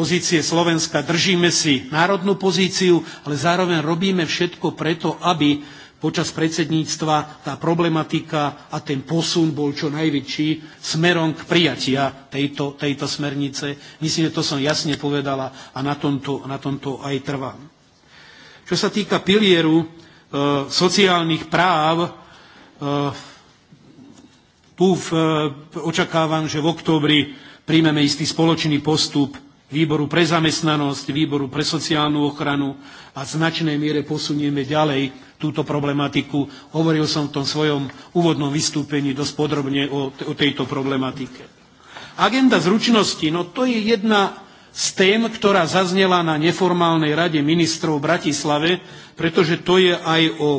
pozície Slovenska, držíme si národnú pozíciu, ale zároveň robíme všetko preto, aby počas predsedníctva tá problematika a ten posun bol čo najväčší smerom k prijatia tejto, tejto smernice. Myslím, že to som jasne povedala a na tomto, na tomto aj trvám. Čo sa týka pilieru e, sociálnych práv, e, tu v, e, očakávam, že v októbri príjmeme istý spoločný postup výboru pre zamestnanosť, výboru pre sociálnu ochranu a v značnej miere posunieme ďalej túto problematiku. Hovoril som v tom svojom úvodnom vystúpení dosť podrobne o, o tejto problematike. Agenda zručnosti, no to je jedna z tém, ktorá zaznela na neformálnej rade ministrov v Bratislave, pretože to je aj o, o e,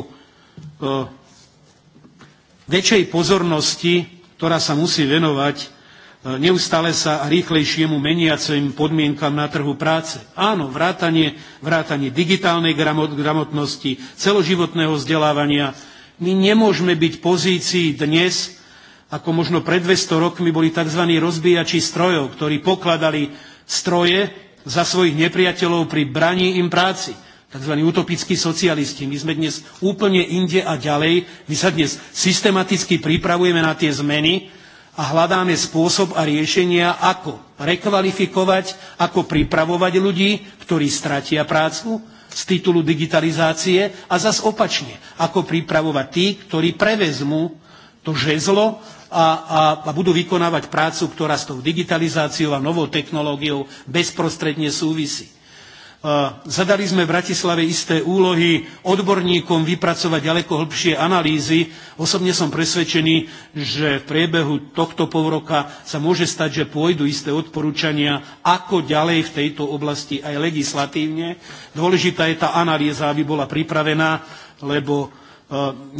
väčšej pozornosti, ktorá sa musí venovať neustále sa rýchlejšiemu meniacim podmienkam na trhu práce. Áno, vrátanie, vrátanie digitálnej gramotnosti, celoživotného vzdelávania. My nemôžeme byť v pozícii dnes, ako možno pred 200 rokmi boli tzv. rozbíjači strojov, ktorí pokladali stroje za svojich nepriateľov pri braní im práci tzv. utopickí socialisti. My sme dnes úplne inde a ďalej. My sa dnes systematicky pripravujeme na tie zmeny, a hľadáme spôsob a riešenia, ako rekvalifikovať, ako pripravovať ľudí, ktorí stratia prácu z titulu digitalizácie a zas opačne, ako pripravovať tí, ktorí prevezmú to žezlo a, a, a budú vykonávať prácu, ktorá s tou digitalizáciou a novou technológiou bezprostredne súvisí. Zadali sme v Bratislave isté úlohy odborníkom vypracovať ďaleko hlbšie analýzy. Osobne som presvedčený, že v priebehu tohto povroka sa môže stať, že pôjdu isté odporúčania, ako ďalej v tejto oblasti aj legislatívne. Dôležitá je tá analýza, aby bola pripravená, lebo e,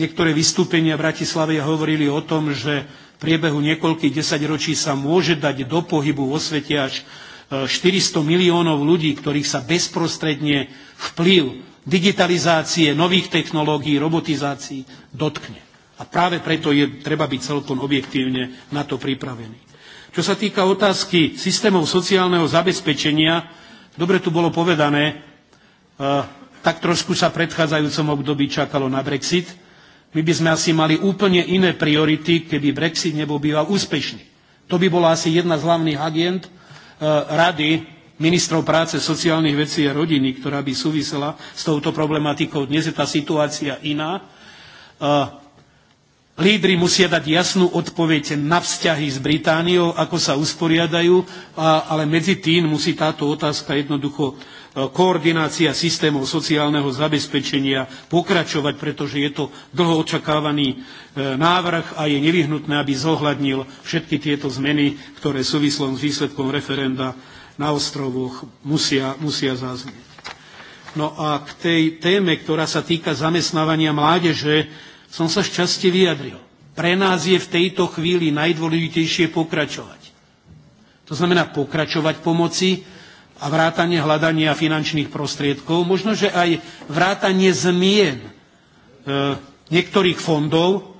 niektoré vystúpenia v Bratislave hovorili o tom, že v priebehu niekoľkých desaťročí sa môže dať do pohybu vo svete až 400 miliónov ľudí, ktorých sa bezprostredne vplyv digitalizácie, nových technológií, robotizácií dotkne. A práve preto je treba byť celkom objektívne na to pripravený. Čo sa týka otázky systémov sociálneho zabezpečenia, dobre tu bolo povedané, e, tak trošku sa predchádzajúcom období čakalo na Brexit. My by sme asi mali úplne iné priority, keby Brexit nebol býval úspešný. To by bola asi jedna z hlavných agent, E, Rady ministrov práce, sociálnych vecí a rodiny, ktorá by súvisela s touto problematikou. Dnes je tá situácia iná. E, lídry musia dať jasnú odpoveď na vzťahy s Britániou, ako sa usporiadajú, ale medzi tým musí táto otázka jednoducho E, koordinácia systémov sociálneho zabezpečenia pokračovať, pretože je to dlho očakávaný e, návrh a je nevyhnutné, aby zohľadnil všetky tieto zmeny, ktoré súvislom s výsledkom referenda na ostrovoch musia, musia zaznieť. No a k tej téme, ktorá sa týka zamestnávania mládeže, som sa šťastie vyjadril. Pre nás je v tejto chvíli najdôležitejšie pokračovať. To znamená pokračovať pomoci, a vrátanie hľadania finančných prostriedkov, možno, že aj vrátanie zmien e, niektorých fondov,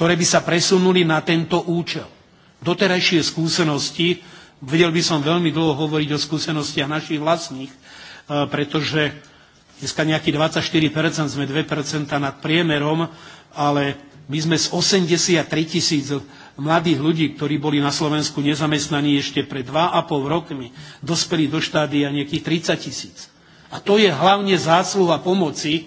ktoré by sa presunuli na tento účel. Doterajšie skúsenosti, vedel by som veľmi dlho hovoriť o skúsenostiach našich vlastných, e, pretože dneska nejaký 24%, sme 2% nad priemerom, ale my sme z 83 tisíc mladých ľudí, ktorí boli na Slovensku nezamestnaní ešte pred 2,5 rokmi, dospeli do štádia nejakých 30 tisíc. A to je hlavne zásluha pomoci e,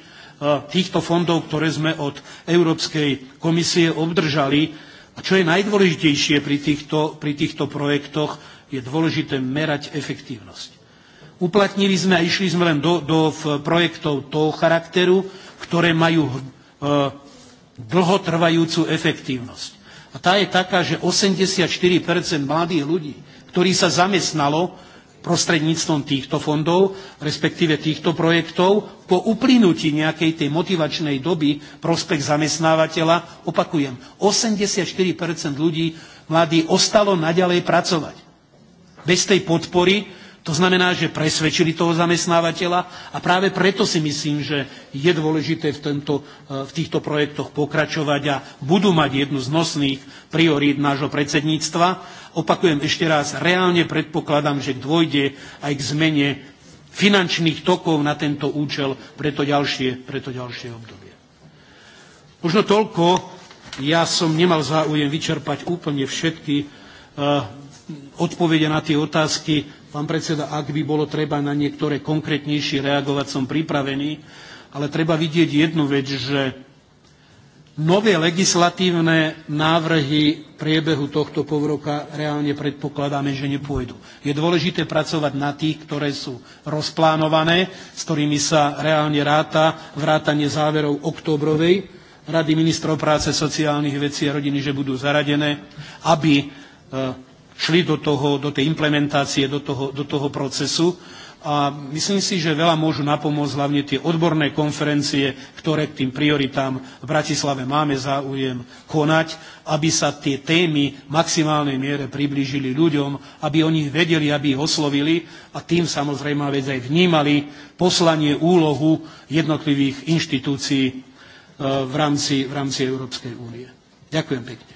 týchto fondov, ktoré sme od Európskej komisie obdržali. A čo je najdôležitejšie pri týchto, pri týchto projektoch, je dôležité merať efektívnosť. Uplatnili sme a išli sme len do, do projektov toho charakteru, ktoré majú e, dlhotrvajúcu efektívnosť. A tá je taká, že 84 mladých ľudí, ktorí sa zamestnalo prostredníctvom týchto fondov, respektíve týchto projektov, po uplynutí nejakej tej motivačnej doby prospech zamestnávateľa, opakujem, 84 ľudí mladí ostalo naďalej pracovať. Bez tej podpory to znamená, že presvedčili toho zamestnávateľa a práve preto si myslím, že je dôležité v, tento, e, v týchto projektoch pokračovať a budú mať jednu z nosných priorít nášho predsedníctva. Opakujem ešte raz, reálne predpokladám, že dôjde aj k zmene finančných tokov na tento účel pre to ďalšie, pre to ďalšie obdobie. Možno toľko, ja som nemal záujem vyčerpať úplne všetky e, odpovede na tie otázky Pán predseda, ak by bolo treba na niektoré konkrétnejšie reagovať, som pripravený, ale treba vidieť jednu vec, že nové legislatívne návrhy priebehu tohto povroka reálne predpokladáme, že nepôjdu. Je dôležité pracovať na tých, ktoré sú rozplánované, s ktorými sa reálne ráta vrátanie záverov oktobrovej Rady ministrov práce, sociálnych vecí a rodiny, že budú zaradené, aby e, šli do, toho, do tej implementácie, do toho, do toho procesu. A myslím si, že veľa môžu napomôcť hlavne tie odborné konferencie, ktoré k tým prioritám v Bratislave máme záujem konať, aby sa tie témy v maximálnej miere priblížili ľuďom, aby oni vedeli, aby ich oslovili a tým samozrejme vec aj vnímali poslanie úlohu jednotlivých inštitúcií eh, v rámci, v rámci Európskej únie. Ďakujem pekne.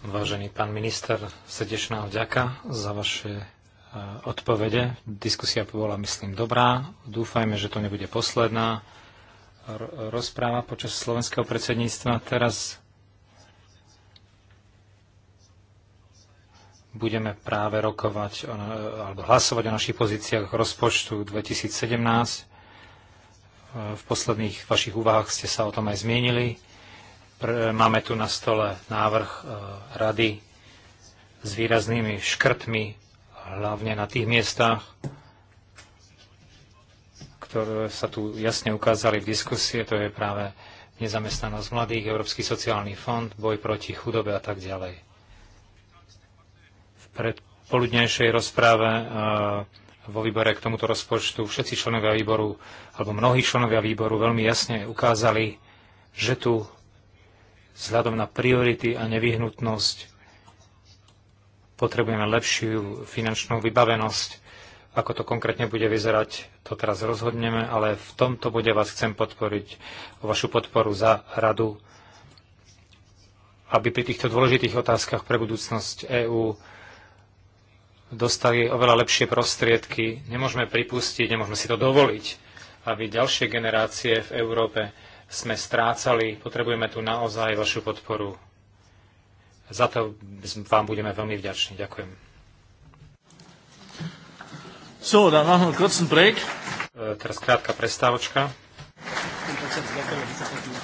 Vážený pán minister, srdečná vďaka za vaše e, odpovede. Diskusia bola, myslím, dobrá. Dúfajme, že to nebude posledná rozpráva počas slovenského predsedníctva. Teraz budeme práve rokovať alebo hlasovať o našich pozíciách rozpočtu 2017. E, v posledných vašich úvahách ste sa o tom aj zmienili Máme tu na stole návrh e, rady s výraznými škrtmi, hlavne na tých miestach, ktoré sa tu jasne ukázali v diskusie, to je práve nezamestnanosť mladých, Európsky sociálny fond, boj proti chudobe a tak ďalej. V predpoludnejšej rozpráve e, vo výbore k tomuto rozpočtu všetci členovia výboru, alebo mnohí členovia výboru veľmi jasne ukázali, že tu vzhľadom na priority a nevyhnutnosť potrebujeme lepšiu finančnú vybavenosť. Ako to konkrétne bude vyzerať, to teraz rozhodneme, ale v tomto bude vás chcem podporiť, vašu podporu za radu, aby pri týchto dôležitých otázkach pre budúcnosť EÚ dostali oveľa lepšie prostriedky. Nemôžeme pripustiť, nemôžeme si to dovoliť, aby ďalšie generácie v Európe sme strácali. Potrebujeme tu naozaj vašu podporu. Za to vám budeme veľmi vďační. Ďakujem. So, dann machen wir kurzen Break. E, teraz krátka prestávočka. Ďakujem.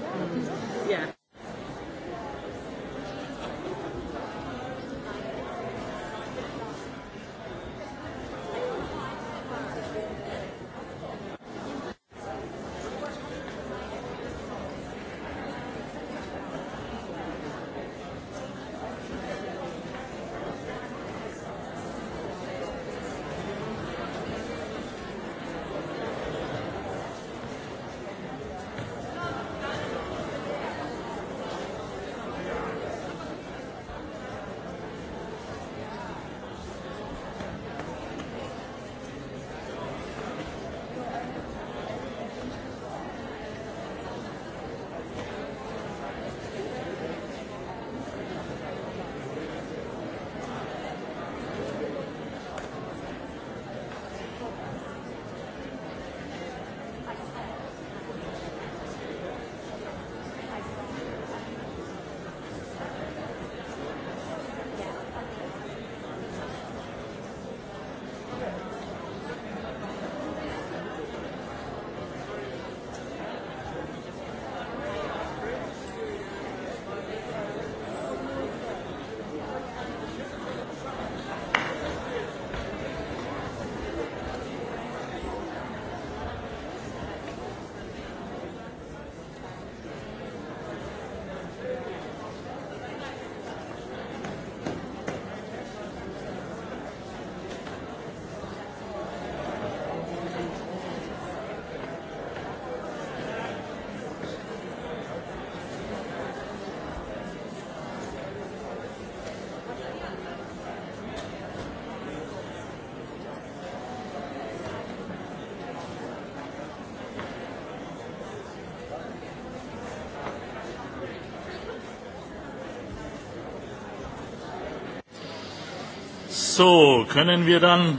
So, können wir dann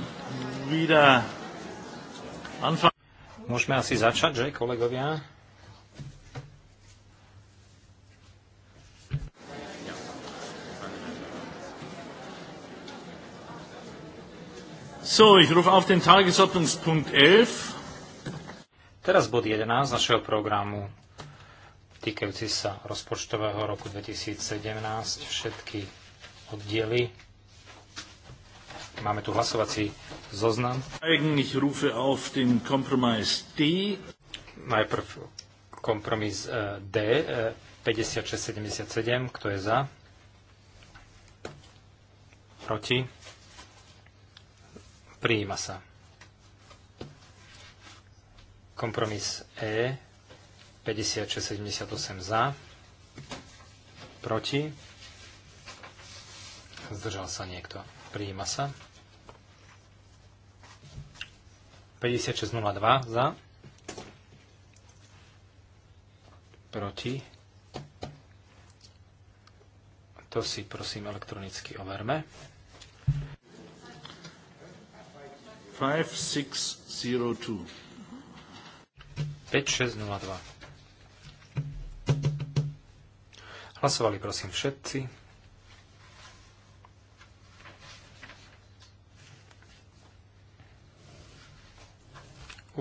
wieder anfangen? Môžeme asi začať, že, kolegovia? So, ich rufe auf den Tagesordnungspunkt 11. Teraz bod 11 našeho programu týkajúci sa rozpočtového roku 2017 všetky oddiely Máme tu hlasovací zoznam. Ich rufe auf den Kompromiss D. Najprv kompromis e, D 5677. E, Kto je za? Proti? Prijíma sa. Kompromis E 5678 za. Proti? Zdržal sa niekto. Prijíma sa. 5602 za. Proti. To si prosím elektronicky overme. 5602. 5602. Hlasovali prosím všetci.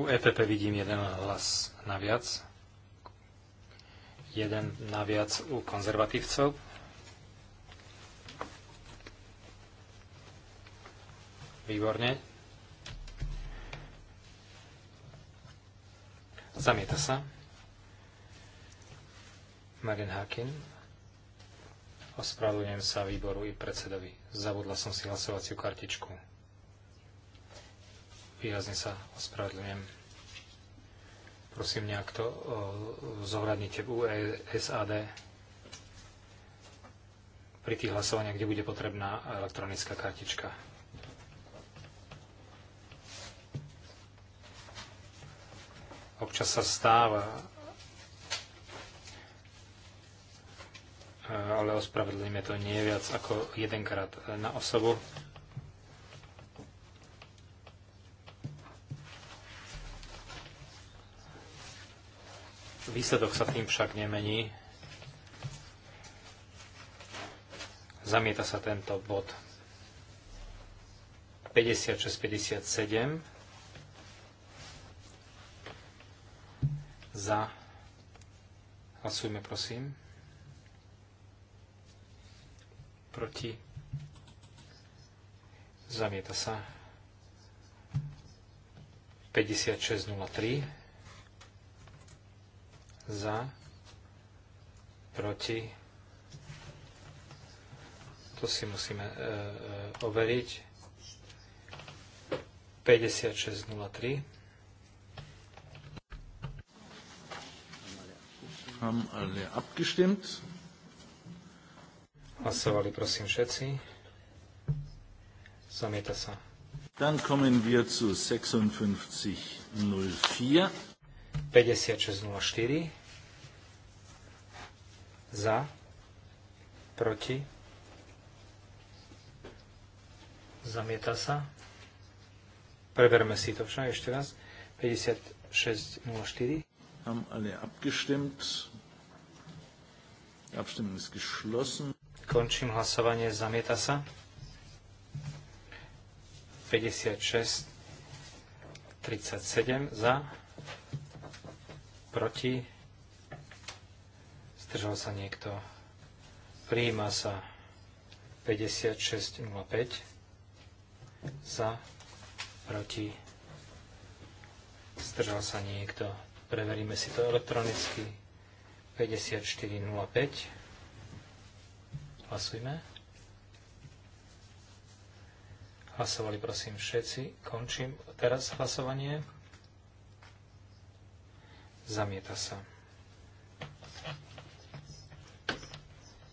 U EPP vidím jeden hlas naviac. Jeden naviac u konzervatívcov. Výborne. Zamieta sa. Marin Hakin. Ospravedlňujem sa výboru i predsedovi. Zabudla som si hlasovaciu kartičku. Výrazne sa ospravedlňujem. Prosím, nejak to zohradnite v USAD e pri tých hlasovaniach, kde bude potrebná elektronická kartička. Občas sa stáva, e, ale ospravedlňujeme to nie viac ako jedenkrát na osobu. Výsledok sa tým však nemení. Zamieta sa tento bod 56-57 za hlasujme prosím proti zamieta sa 5603 za, proti. To si musíme e, e, overiť. 56.03. Haben alle abgestimmt. Hlasovali prosím všetci. Zamieta sa. Dann kommen wir zu 56.04. 56.04. Za. Proti. Zamieta sa. Preberme si to však ešte raz. 56.04. Haben alle abgestimmt. Abstimmung ist geschlossen. Končím hlasovanie, zamieta sa. 56, 37 za, proti, Zdržal sa niekto? Príjima sa 56.05 za, proti. Zdržal sa niekto? Preveríme si to elektronicky. 54.05 Hlasujme. Hlasovali prosím všetci. Končím teraz hlasovanie. Zamieta sa.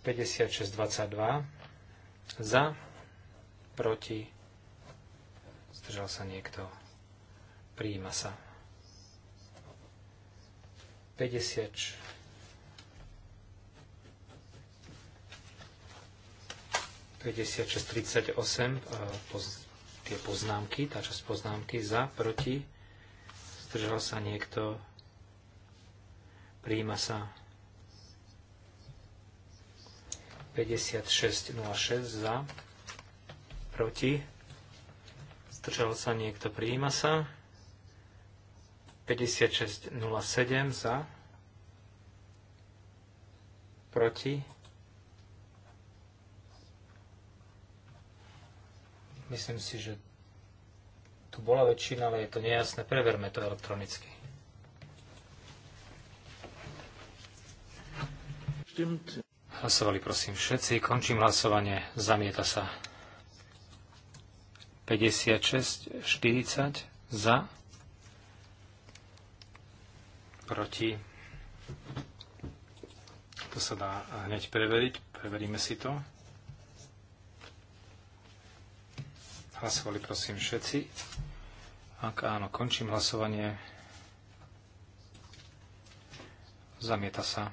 5622 za, proti, zdržal sa niekto, prijíma sa. 50 5638 e, poz, tie poznámky, tá časť poznámky za, proti, zdržal sa niekto, prijíma sa 5606 za, proti, zdržal sa niekto, prijíma sa. 5607 za, proti. Myslím si, že tu bola väčšina, ale je to nejasné. Preverme to elektronicky. Stimmt. Hlasovali prosím všetci. Končím hlasovanie. Zamieta sa. 56, 40 za. Proti. To sa dá hneď preveriť. Preveríme si to. Hlasovali prosím všetci. Ak áno, končím hlasovanie. Zamieta sa.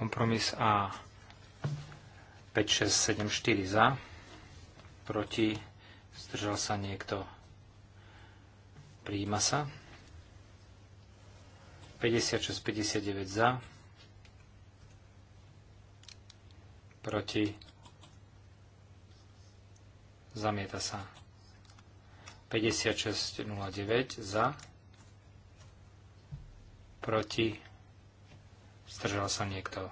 Kompromis A 5674 za, proti, zdržal sa niekto, prijíma sa. 56-59 za, proti, zamieta sa. 56-09 za, proti, Zdržal sa niekto.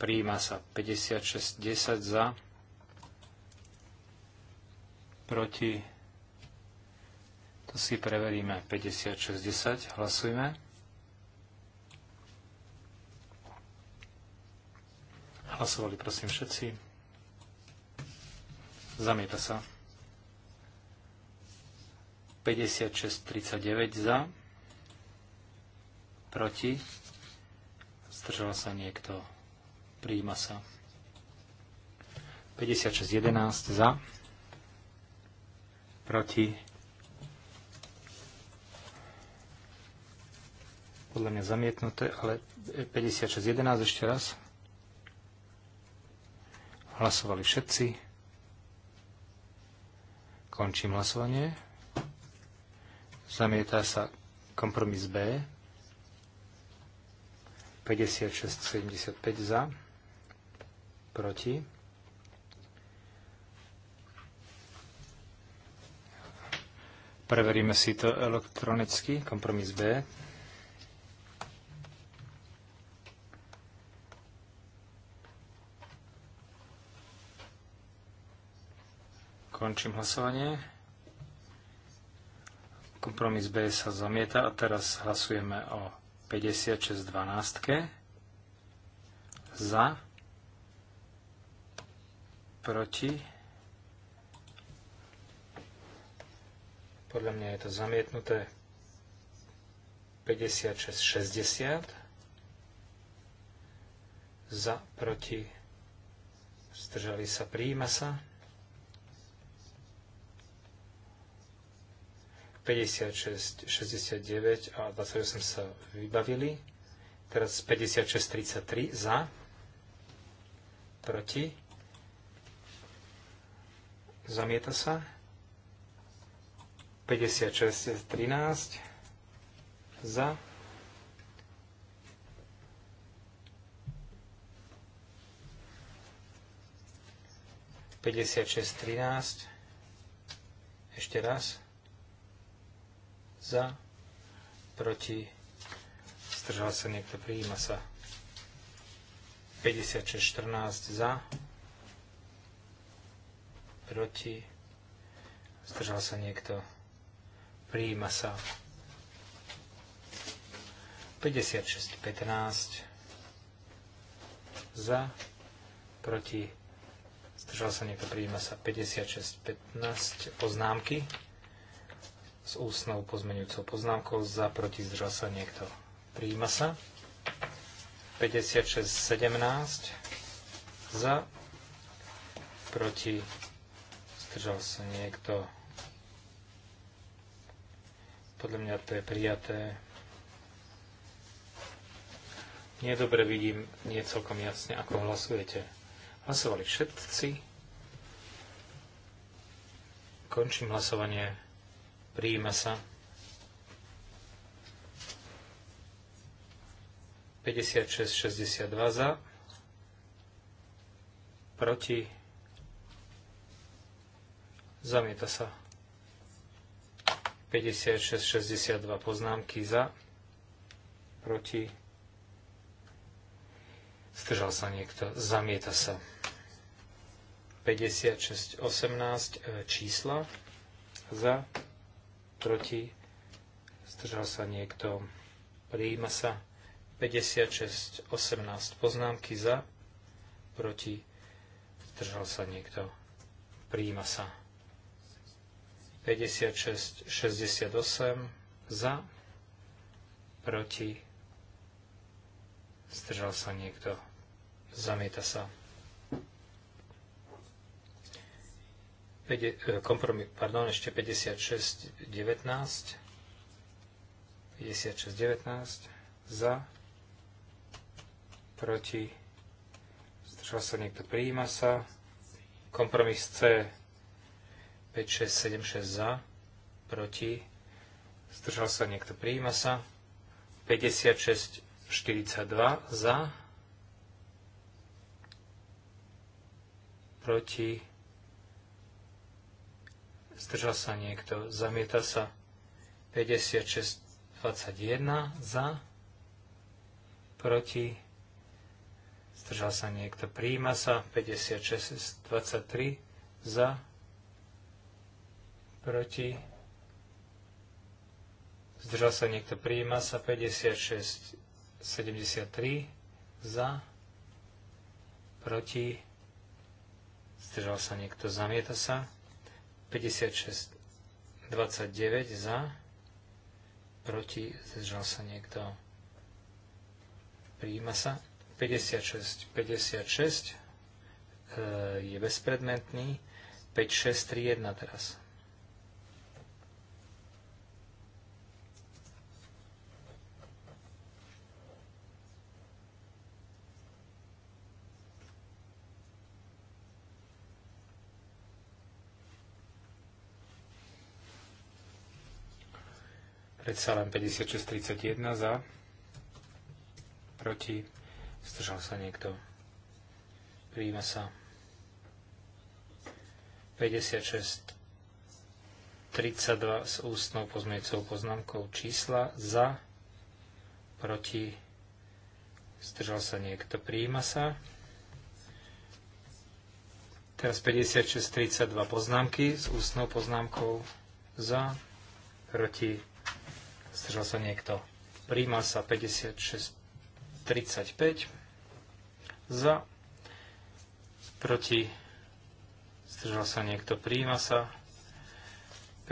Príjima sa 56, 10 za. Proti. To si preveríme. 56, 10. Hlasujme. Hlasovali prosím všetci. Zamieta sa. 56, 39 za. Proti Zdržal sa niekto? príjma sa. 56.11 za. Proti. Podľa mňa zamietnuté, ale 56.11 ešte raz. Hlasovali všetci. Končím hlasovanie. Zamieta sa kompromis B. 56-75 za, proti. Preveríme si to elektronicky, kompromis B. Končím hlasovanie. Kompromis B sa zamieta a teraz hlasujeme o 56 12 za proti podľa mňa je to zamietnuté 56 60 za proti zdržali sa príjima sa 56, 69 a 28 sa vybavili. Teraz 56, 33 za, proti, zamieta sa. 56, 13 za, Päťdesiat šesť, trinásť. Ešte raz za, proti, zdržal sa niekto, prijíma sa 56-14 za, proti, zdržal sa niekto, prijíma sa 56-15 za, proti, zdržal sa niekto, prijíma sa 56-15 poznámky s ústnou pozmeňujúcou poznámkou za proti zdržal sa niekto. Prijíma sa. 56, 17 za proti zdržal sa niekto. Podľa mňa to je prijaté. Nedobre vidím, nie celkom jasne, ako hlasujete. Hlasovali všetci. Končím hlasovanie. Prijíma sa. 56-62 za. Proti. Zamieta sa. 56-62 poznámky za. Proti. Zdržal sa niekto. Zamieta sa. 56-18 e, čísla za proti, zdržal sa niekto, prijíma sa 56, 18 poznámky za, proti, zdržal sa niekto, prijíma sa 56, 68 za, proti, zdržal sa niekto, zamieta sa E, kompromis, pardon, ešte 56, 19, 56, 19, za, proti, zdržal sa niekto, prijíma sa, kompromis C, 5, 6, 7, 6 za, proti, zdržal sa niekto, prijíma sa, 56, 42 za, proti, zdržal sa niekto, zamieta sa 5621 za, proti, zdržal sa niekto, príjima sa 5623 za, proti, zdržal sa niekto, príjma sa 5673 za, proti, zdržal sa niekto, zamieta sa 56, 29 za, proti, zdržal sa niekto. Prijíma sa. 56, 56 e, je bezpredmetný. 5, 6, 3, 1 teraz. Predsa len 56-31 za. Proti. Zdržal sa niekto. Príjima sa. 56 32 s ústnou pozmejúcou poznámkou čísla za. Proti. Zdržal sa niekto. Príjima sa. Teraz 56 32 poznámky s ústnou poznámkou za. Proti zdržal sa niekto. Príjma sa 56, 35 za, proti, zdržal sa niekto. Príjma sa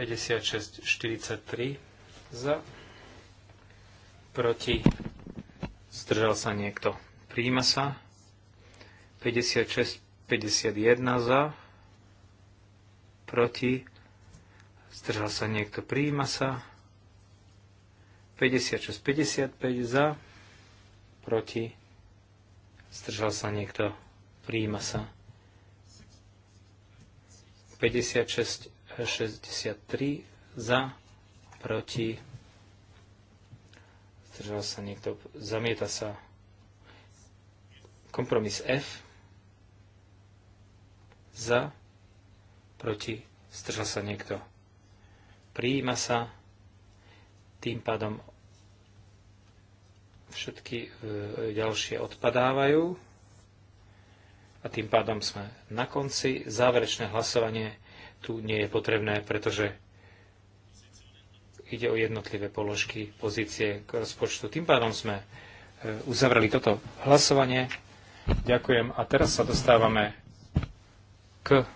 56, 43 za, proti, zdržal sa niekto. Príjma sa 56, 51 za, proti, zdržal sa niekto, príjma sa, 56, 55 za, proti, zdržal sa niekto, príjima sa. 56, 63 za, proti, zdržal sa niekto, zamieta sa. Kompromis F za, proti, zdržal sa niekto. Prijíma sa, tým pádom Všetky e, ďalšie odpadávajú. A tým pádom sme na konci. Záverečné hlasovanie tu nie je potrebné, pretože ide o jednotlivé položky, pozície k rozpočtu. Tým pádom sme e, uzavreli toto hlasovanie. Ďakujem. A teraz sa dostávame k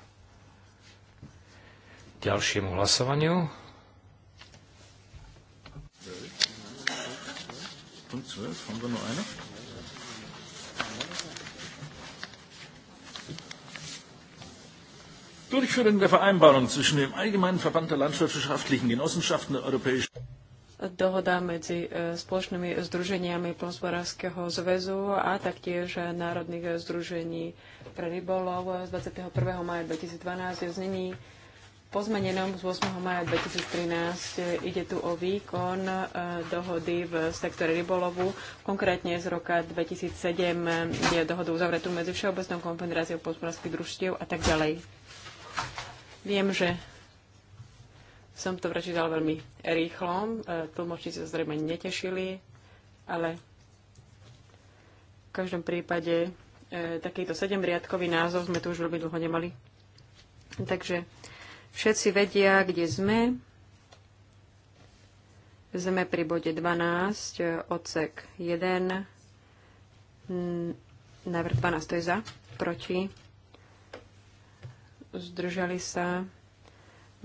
ďalšiemu hlasovaniu. Punkt 12, haben wir nur eine? Durchführung der Vereinbarung zwischen dem Allgemeinen Verband der landwirtschaftlichen Genossenschaften der Europäischen dohoda medzi e, spoločnými združeniami Plnospodárskeho zväzu a taktiež Národných združení pre rybolov z 21. maja 2012 je znení pozmenenom z 8. maja 2013. Ide tu o výkon e, dohody v sektore rybolovu. Konkrétne z roka 2007 je dohodu uzavretú medzi Všeobecnou konfederáciou podporských družstiev a tak ďalej. Viem, že som to prečítal veľmi rýchlo. E, tlmočníci sa zrejme netešili, ale v každom prípade e, takýto sedemriadkový názov sme tu už veľmi dlho nemali. Takže Všetci vedia, kde sme. Sme pri bode 12, odsek 1. Návrh 12, to je za, proti. Zdržali sa.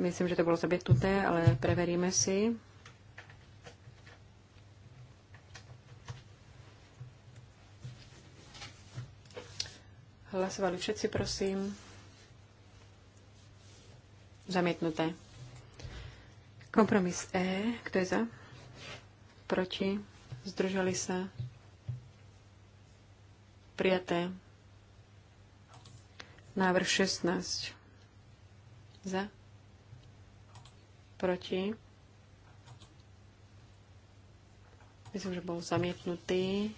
Myslím, že to bolo zabietnuté, ale preveríme si. Hlasovali všetci, prosím. Zamietnuté. Kompromis E. Kto je za? Proti? Zdržali sa? Prijaté. Návrh 16. Za? Proti? Myslím, že bol zamietnutý.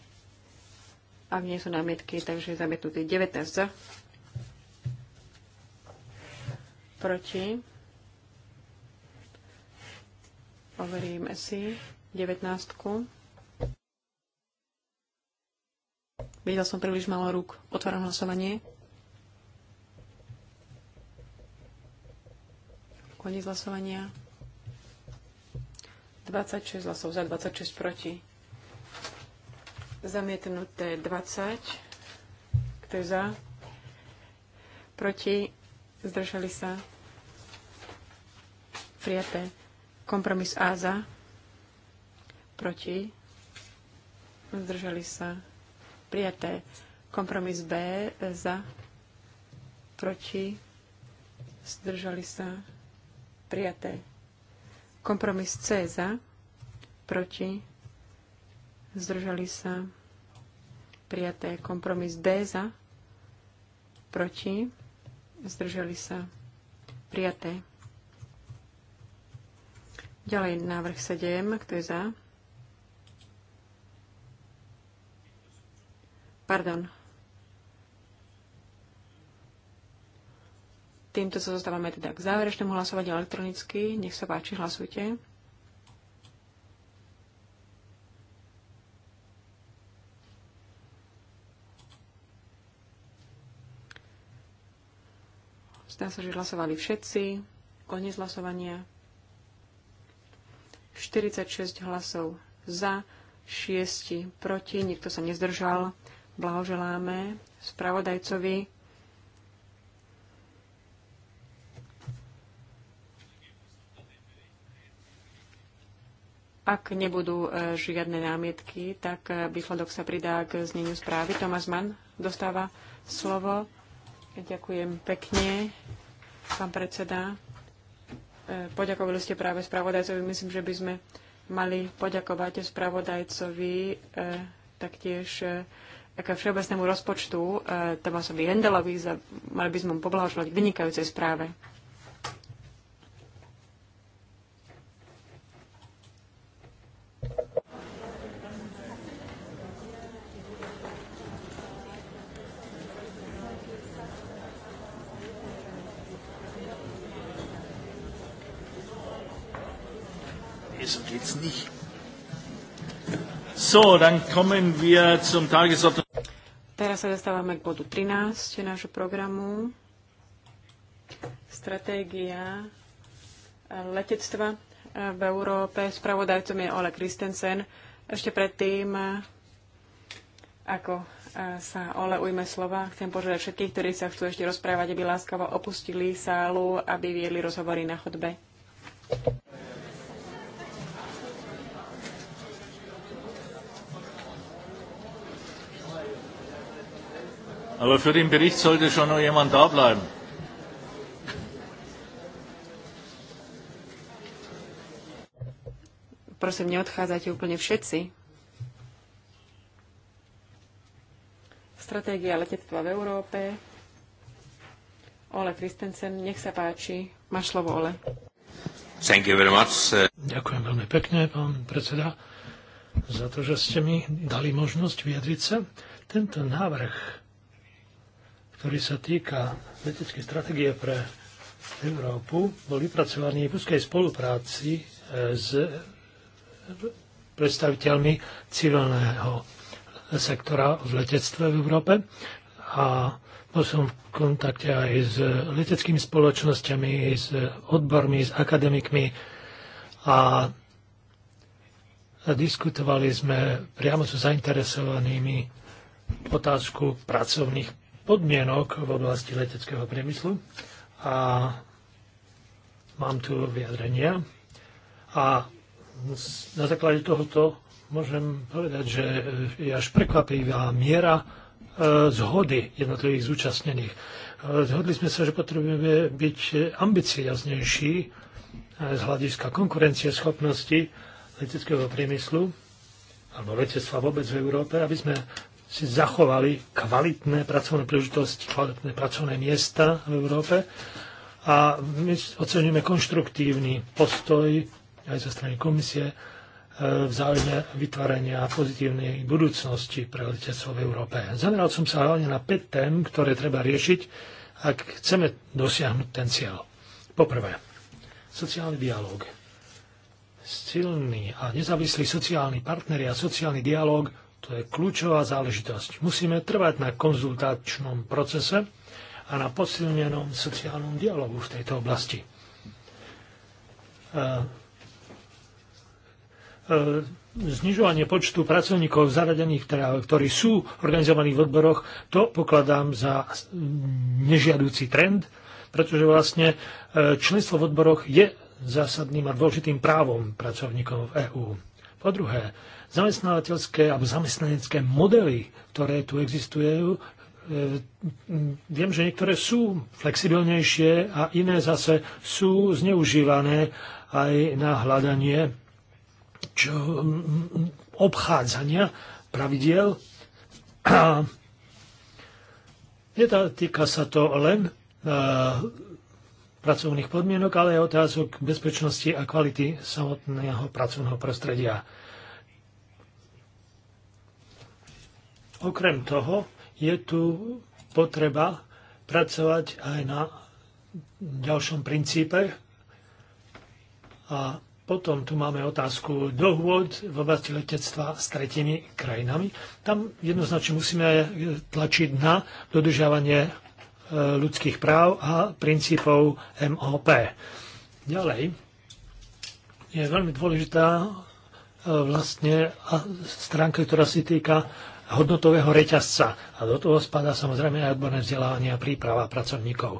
Ak nie sú námietky, takže zamietnutý 19 za proti. Overíme si 19. Videl som príliš malo rúk. Otváram hlasovanie. Koniec hlasovania. 26 hlasov za, 26 proti. Zamietnuté 20. Kto je za? Proti? Zdržali sa? prijaté. Kompromis A za, proti, zdržali sa, prijaté. Kompromis B e, za, proti, zdržali sa, prijaté. Kompromis C za, proti, zdržali sa, prijaté. Kompromis D za, proti, zdržali sa, prijaté. Ďalej návrh 7. Kto je za? Pardon. Týmto sa zostávame teda k záverečnému hlasovaniu elektronicky. Nech sa páči, hlasujte. Zdá sa, že hlasovali všetci. Koniec hlasovania. 46 hlasov za, 6 proti, nikto sa nezdržal. Blahoželáme spravodajcovi. Ak nebudú e, žiadne námietky, tak e, výsledok sa pridá k zneniu správy. Tomáš Mann dostáva slovo. Ďakujem pekne, pán predseda. Poďakovali ste práve spravodajcovi. Myslím, že by sme mali poďakovať spravodajcovi e, taktiež e, k všeobecnému rozpočtu e, Tomasovi Hendelovi. Za, mali by sme mu poblahoželať vynikajúcej správe. So, dann kommen wir zum Tagesordnung. Teraz sa dostávame k bodu 13 nášho programu. Stratégia eh, letectva eh, v Európe. Spravodajcom je Ole Kristensen. Ešte predtým, eh, ako sa Ole ujme slova. Chcem požiadať všetkých, ktorí sa chcú ešte rozprávať, aby láskavo opustili sálu, aby viedli rozhovory na chodbe. Aber für den Bericht sollte schon noch jemand da bleiben. Prosím, neodchádzajte úplne všetci. Stratégia letectva v Európe. Ole Kristensen, nech sa páči. Máš slovo, Ole. Thank you very much. Ďakujem veľmi pekne, pán predseda, za to, že ste mi dali možnosť vyjadriť sa. Tento návrh ktorý sa týka vedeckej stratégie pre Európu, bol vypracovaný v úzkej spolupráci e, s predstaviteľmi civilného sektora v letectve v Európe a bol som v kontakte aj s leteckými spoločnosťami, s odbormi, s akademikmi a diskutovali sme priamo so zainteresovanými otázku pracovných podmienok v oblasti leteckého priemyslu a mám tu vyjadrenia a na základe tohoto môžem povedať, že je až prekvapivá miera e, zhody jednotlivých zúčastnených. E, zhodli sme sa, že potrebujeme byť ambicioznejší e, z hľadiska konkurencie schopnosti leteckého priemyslu alebo letectva vôbec v Európe, aby sme si zachovali kvalitné pracovné príležitosti, kvalitné pracovné miesta v Európe a my oceňujeme konštruktívny postoj aj zo strany komisie e, v záujme vytvárania pozitívnej budúcnosti pre letectvo v Európe. Zameral som sa hlavne na 5 tém, ktoré treba riešiť, ak chceme dosiahnuť ten cieľ. Poprvé, sociálny dialog. Silný a nezávislý sociálny partner a sociálny dialog to je kľúčová záležitosť. Musíme trvať na konzultačnom procese a na posilnenom sociálnom dialogu v tejto oblasti. E, e, znižovanie počtu pracovníkov zaradených, teda, ktorí sú organizovaní v odboroch, to pokladám za nežiadúci trend, pretože vlastne e, členstvo v odboroch je zásadným a dôležitým právom pracovníkov EÚ. Po druhé, zamestnávateľské alebo zamestnanecké modely, ktoré tu existujú, eh, viem, že niektoré sú flexibilnejšie a iné zase sú zneužívané aj na hľadanie čo, obchádzania pravidiel. <clears throat> A týka sa to len eh, pracovných podmienok, ale aj otázok bezpečnosti a kvality samotného pracovného prostredia. Okrem toho je tu potreba pracovať aj na ďalšom princípe. A potom tu máme otázku dohôd v oblasti letectva s tretimi krajinami. Tam jednoznačne musíme tlačiť na dodržiavanie e, ľudských práv a princípov MOP. Ďalej je veľmi dôležitá e, vlastne stránka, ktorá si týka hodnotového reťazca. A do toho spadá samozrejme aj odborné vzdelávanie a príprava pracovníkov.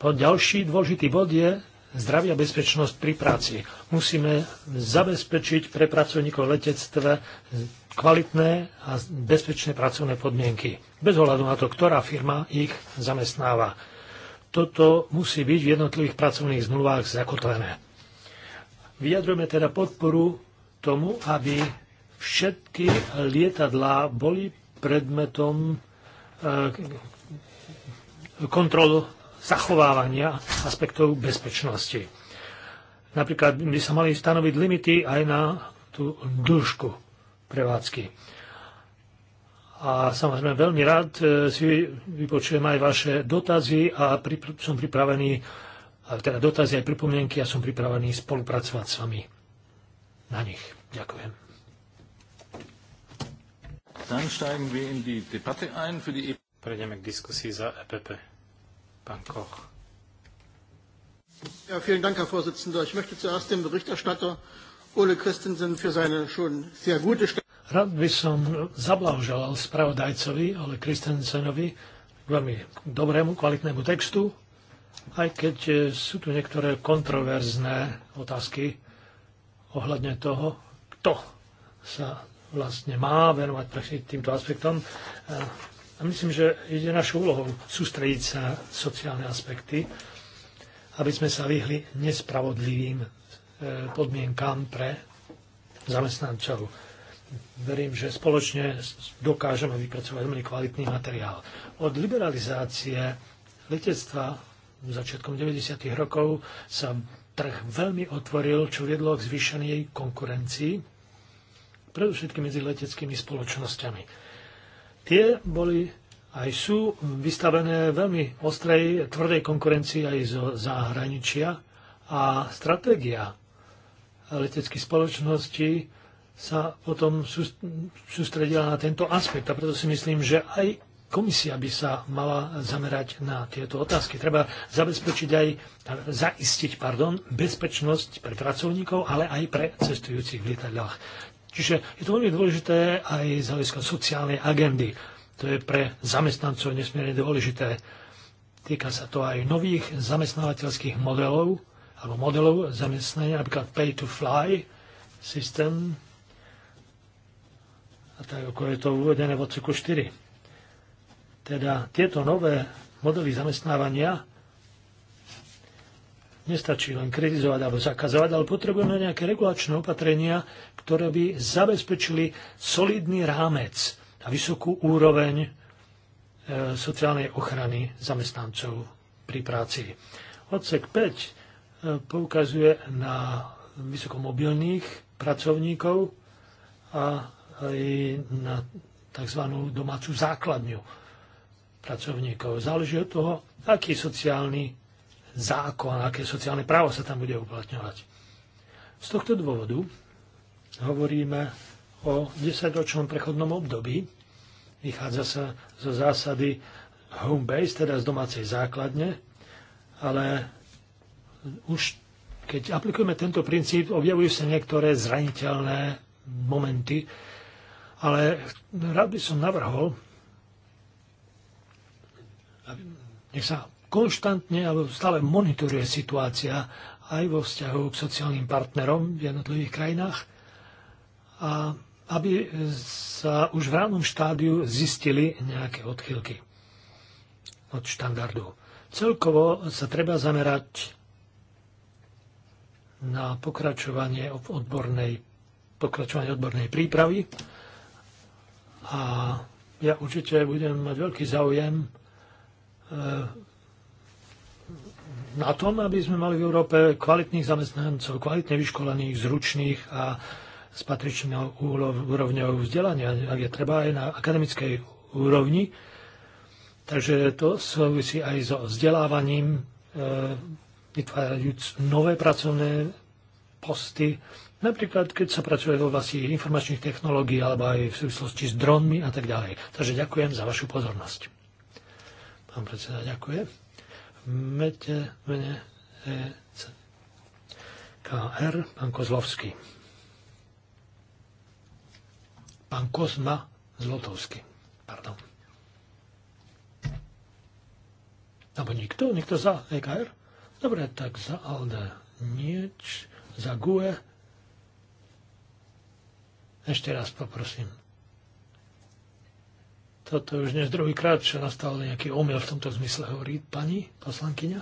Po ďalší dôležitý bod je zdravia a bezpečnosť pri práci. Musíme zabezpečiť pre pracovníkov letectve kvalitné a bezpečné pracovné podmienky. Bez ohľadu na to, ktorá firma ich zamestnáva. Toto musí byť v jednotlivých pracovných zmluvách zakotvené. Vyjadrujeme teda podporu tomu, aby Všetky lietadlá boli predmetom eh, kontrol zachovávania aspektov bezpečnosti. Napríklad by sa mali stanoviť limity aj na tú dĺžku prevádzky. A samozrejme veľmi rád eh, si vypočujem aj vaše dotazy a pri, som pripravený, eh, teda dotazy aj pripomienky a som pripravený spolupracovať s vami na nich. Ďakujem. Prejdeme k diskusii za EPP. Pán Koch. Ja, vielen Dank, Herr Vorsitzender. Ich möchte zuerst dem Berichterstatter Ole Christensen für seine schon sehr gute Rád by som zablahoželal spravodajcovi Ole Christensenovi k veľmi dobrému, kvalitnému textu, aj keď e, sú tu niektoré kontroverzné otázky ohľadne toho, kto sa vlastne má venovať presne týmto aspektom. A myslím, že ide našou úlohou sústrediť sa sociálne aspekty, aby sme sa vyhli nespravodlivým e, podmienkam pre zamestnancov. Verím, že spoločne dokážeme vypracovať veľmi kvalitný materiál. Od liberalizácie letectva začiatkom 90. rokov sa trh veľmi otvoril, čo viedlo k zvýšenej konkurencii predovšetkým medzi leteckými spoločnosťami. Tie boli aj sú vystavené veľmi ostrej, tvrdej konkurencii aj zo zahraničia a stratégia leteckých spoločností sa potom sústredila na tento aspekt a preto si myslím, že aj komisia by sa mala zamerať na tieto otázky. Treba zabezpečiť aj, zaistiť, pardon, bezpečnosť pre pracovníkov, ale aj pre cestujúcich v lietadlách. Čiže je to veľmi dôležité aj z hľadiska sociálnej agendy. To je pre zamestnancov nesmierne dôležité. Týka sa to aj nových zamestnávateľských modelov, alebo modelov zamestnania, napríklad pay to fly systém, a tak ako je to uvedené v odseku 4. Teda tieto nové modely zamestnávania Nestačí len kritizovať alebo zakazovať, ale potrebujeme nejaké regulačné opatrenia, ktoré by zabezpečili solidný rámec a vysokú úroveň e, sociálnej ochrany zamestnancov pri práci. Odsek 5 e, poukazuje na vysokomobilných pracovníkov a aj na tzv. domácu základňu pracovníkov. Záleží od toho, aký sociálny zákon, aké sociálne právo sa tam bude uplatňovať. Z tohto dôvodu hovoríme o 10-ročnom prechodnom období. Vychádza sa zo zásady home base, teda z domácej základne, ale už keď aplikujeme tento princíp, objavujú sa niektoré zraniteľné momenty, ale rád by som navrhol, nech sa konštantne alebo stále monitoruje situácia aj vo vzťahu k sociálnym partnerom v jednotlivých krajinách a aby sa už v ránom štádiu zistili nejaké odchylky od štandardu. Celkovo sa treba zamerať na pokračovanie odbornej, pokračovanie odbornej prípravy a ja určite budem mať veľký záujem e, na tom, aby sme mali v Európe kvalitných zamestnancov, kvalitne vyškolených, zručných a s patričnou úrovňou vzdelania, ak je treba aj na akademickej úrovni. Takže to súvisí aj so vzdelávaním, e, vytvárajúc nové pracovné posty. Napríklad, keď sa pracuje v oblasti informačných technológií alebo aj v súvislosti s dronmi a tak ďalej. Takže ďakujem za vašu pozornosť. Pán predseda, ďakujem mete mene ECKR, pán Kozlovský. Pán Kozma Zlotovský, pardon. Alebo nikto? Nikto za EKR? Dobre, tak za Alde nič, za GUE. Ešte raz poprosím, toto už než druhýkrát, čo nastal nejaký omyl v tomto zmysle, hovorí pani poslankyňa.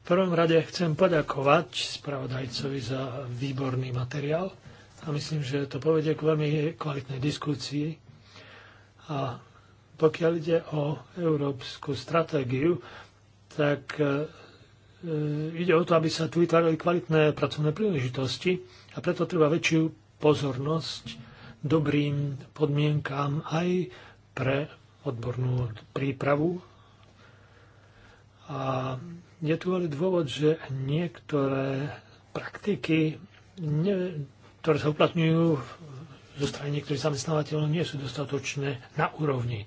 V prvom rade chcem poďakovať spravodajcovi za výborný materiál a myslím, že to povedie k veľmi kvalitnej diskusii. A pokiaľ ide o európsku stratégiu, tak e, e, ide o to, aby sa tu vytvárali kvalitné pracovné príležitosti a preto treba väčšiu pozornosť dobrým podmienkám aj pre odbornú prípravu. A je tu ale dôvod, že niektoré praktiky, ne, ktoré sa uplatňujú zo strany niektorých zamestnávateľov, nie sú dostatočné na úrovni.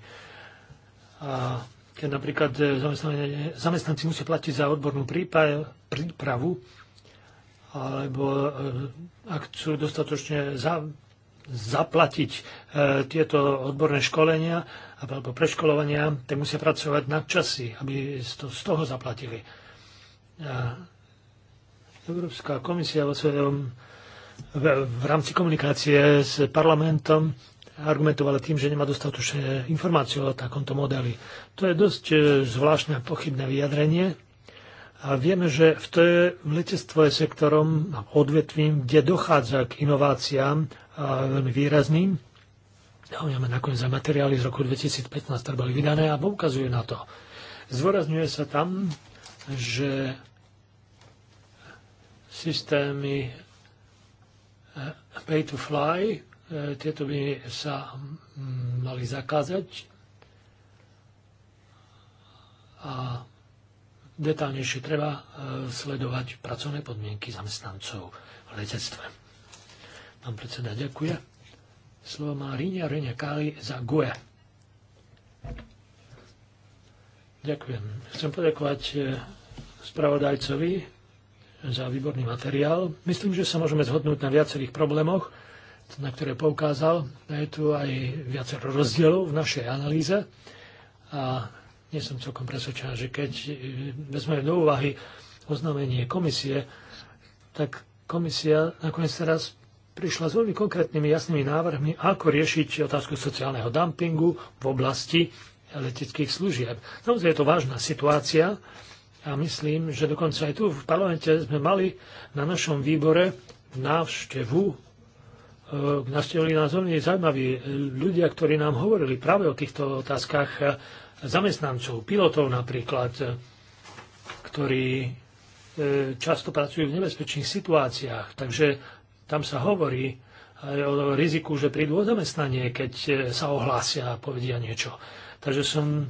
A keď napríklad zamestnanci musia platiť za odbornú prípravu, alebo e, ak sú dostatočne za, zaplatiť e, tieto odborné školenia alebo preškolovania, tak musia pracovať na časy, aby to z toho zaplatili. A e, Európska komisia vo svojom v, v rámci komunikácie s parlamentom argumentovala tým, že nemá dostatočné informácie o takomto modeli. To je dosť e, zvláštne a pochybné vyjadrenie. A vieme, že v, to je, v letectvo je sektorom, odvetvím, kde dochádza k inováciám veľmi výrazným. Máme nakoniec za materiály z roku 2015, ktoré boli vydané a poukazujú na to. Zvorazňuje sa tam, že systémy eh, pay to fly, eh, tieto by sa mm, mali zakázať a detálnejšie treba eh, sledovať pracovné podmienky zamestnancov v letectve. Pán predseda, ďakujem. Slovo má Ríňa Reňa Káli za GUE. Ďakujem. Chcem poďakovať e, spravodajcovi za výborný materiál. Myslím, že sa môžeme zhodnúť na viacerých problémoch, na ktoré poukázal. Je tu aj viacero rozdielov v našej analýze a nie som celkom presvedčený, že keď e, vezmeme do úvahy oznámenie komisie, tak komisia nakoniec teraz prišla s veľmi konkrétnymi jasnými návrhmi, ako riešiť otázku sociálneho dumpingu v oblasti leteckých služieb. Samozrejme je to vážna situácia a myslím, že dokonca aj tu v parlamente sme mali na našom výbore návštevu e, nastolili nás veľmi zaujímaví ľudia, ktorí nám hovorili práve o týchto otázkach e, zamestnancov, pilotov napríklad, e, ktorí často pracujú v nebezpečných situáciách. Takže tam sa hovorí aj o riziku, že prídu o zamestnanie, keď e, sa ohlásia a povedia niečo. Takže som e,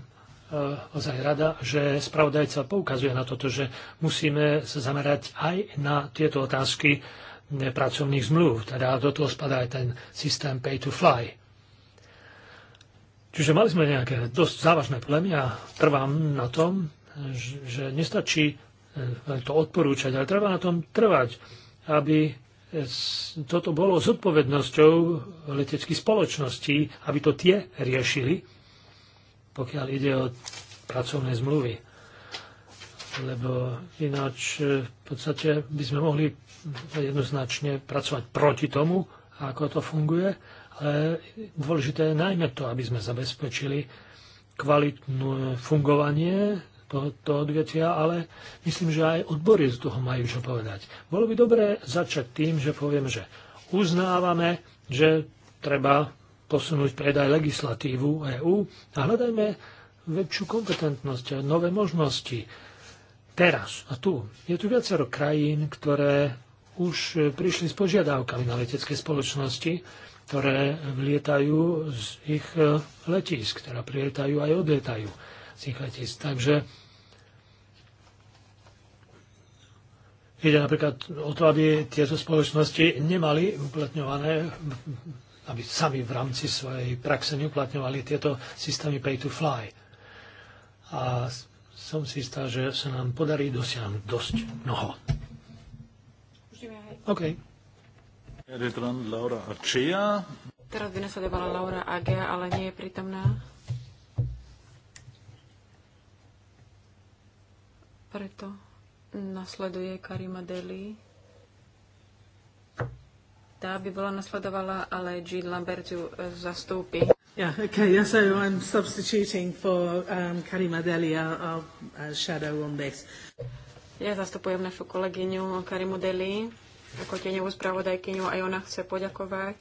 ozaj rada, že spravodajca poukazuje na toto, že musíme sa zamerať aj na tieto otázky e, pracovných zmluv. Teda do toho spadá aj ten systém pay to fly. Čiže mali sme nejaké dosť závažné problémy a trvám na tom, že nestačí to odporúčať, ale treba na tom trvať, aby toto bolo zodpovednosťou leteckých spoločností, aby to tie riešili, pokiaľ ide o pracovné zmluvy. Lebo ináč e, v podstate by sme mohli jednoznačne pracovať proti tomu, ako to funguje, ale dôležité je najmä to, aby sme zabezpečili kvalitné fungovanie tohoto odvetia, ale myslím, že aj odbory z toho majú čo povedať. Bolo by dobré začať tým, že poviem, že uznávame, že treba posunúť predaj legislatívu EÚ a hľadajme väčšiu kompetentnosť a nové možnosti. Teraz a tu je tu viacero krajín, ktoré už prišli s požiadavkami na letecké spoločnosti, ktoré vlietajú z ich e, letísk, ktoré teda prilietajú aj odlietajú vzdušných Takže ide napríklad o to, aby tieto spoločnosti nemali uplatňované, aby sami v rámci svojej praxe neuplatňovali tieto systémy pay to fly. A som si istá, že sa nám podarí dosiahnuť dosť mnoho. OK. Teraz by nasledovala Laura Agea, ale nie je prítomná. Preto nasleduje Karima Deli. Tá by bola nasledovala, ale Jean Lambert ju e, zastúpi. Yeah, okay, yeah, so I'm substituting for um, Karima Deli, our, our uh, shadow on this. Ja zastupujem našu kolegyňu Karimu Deli ako tieňovú spravodajkyňu aj ona chce poďakovať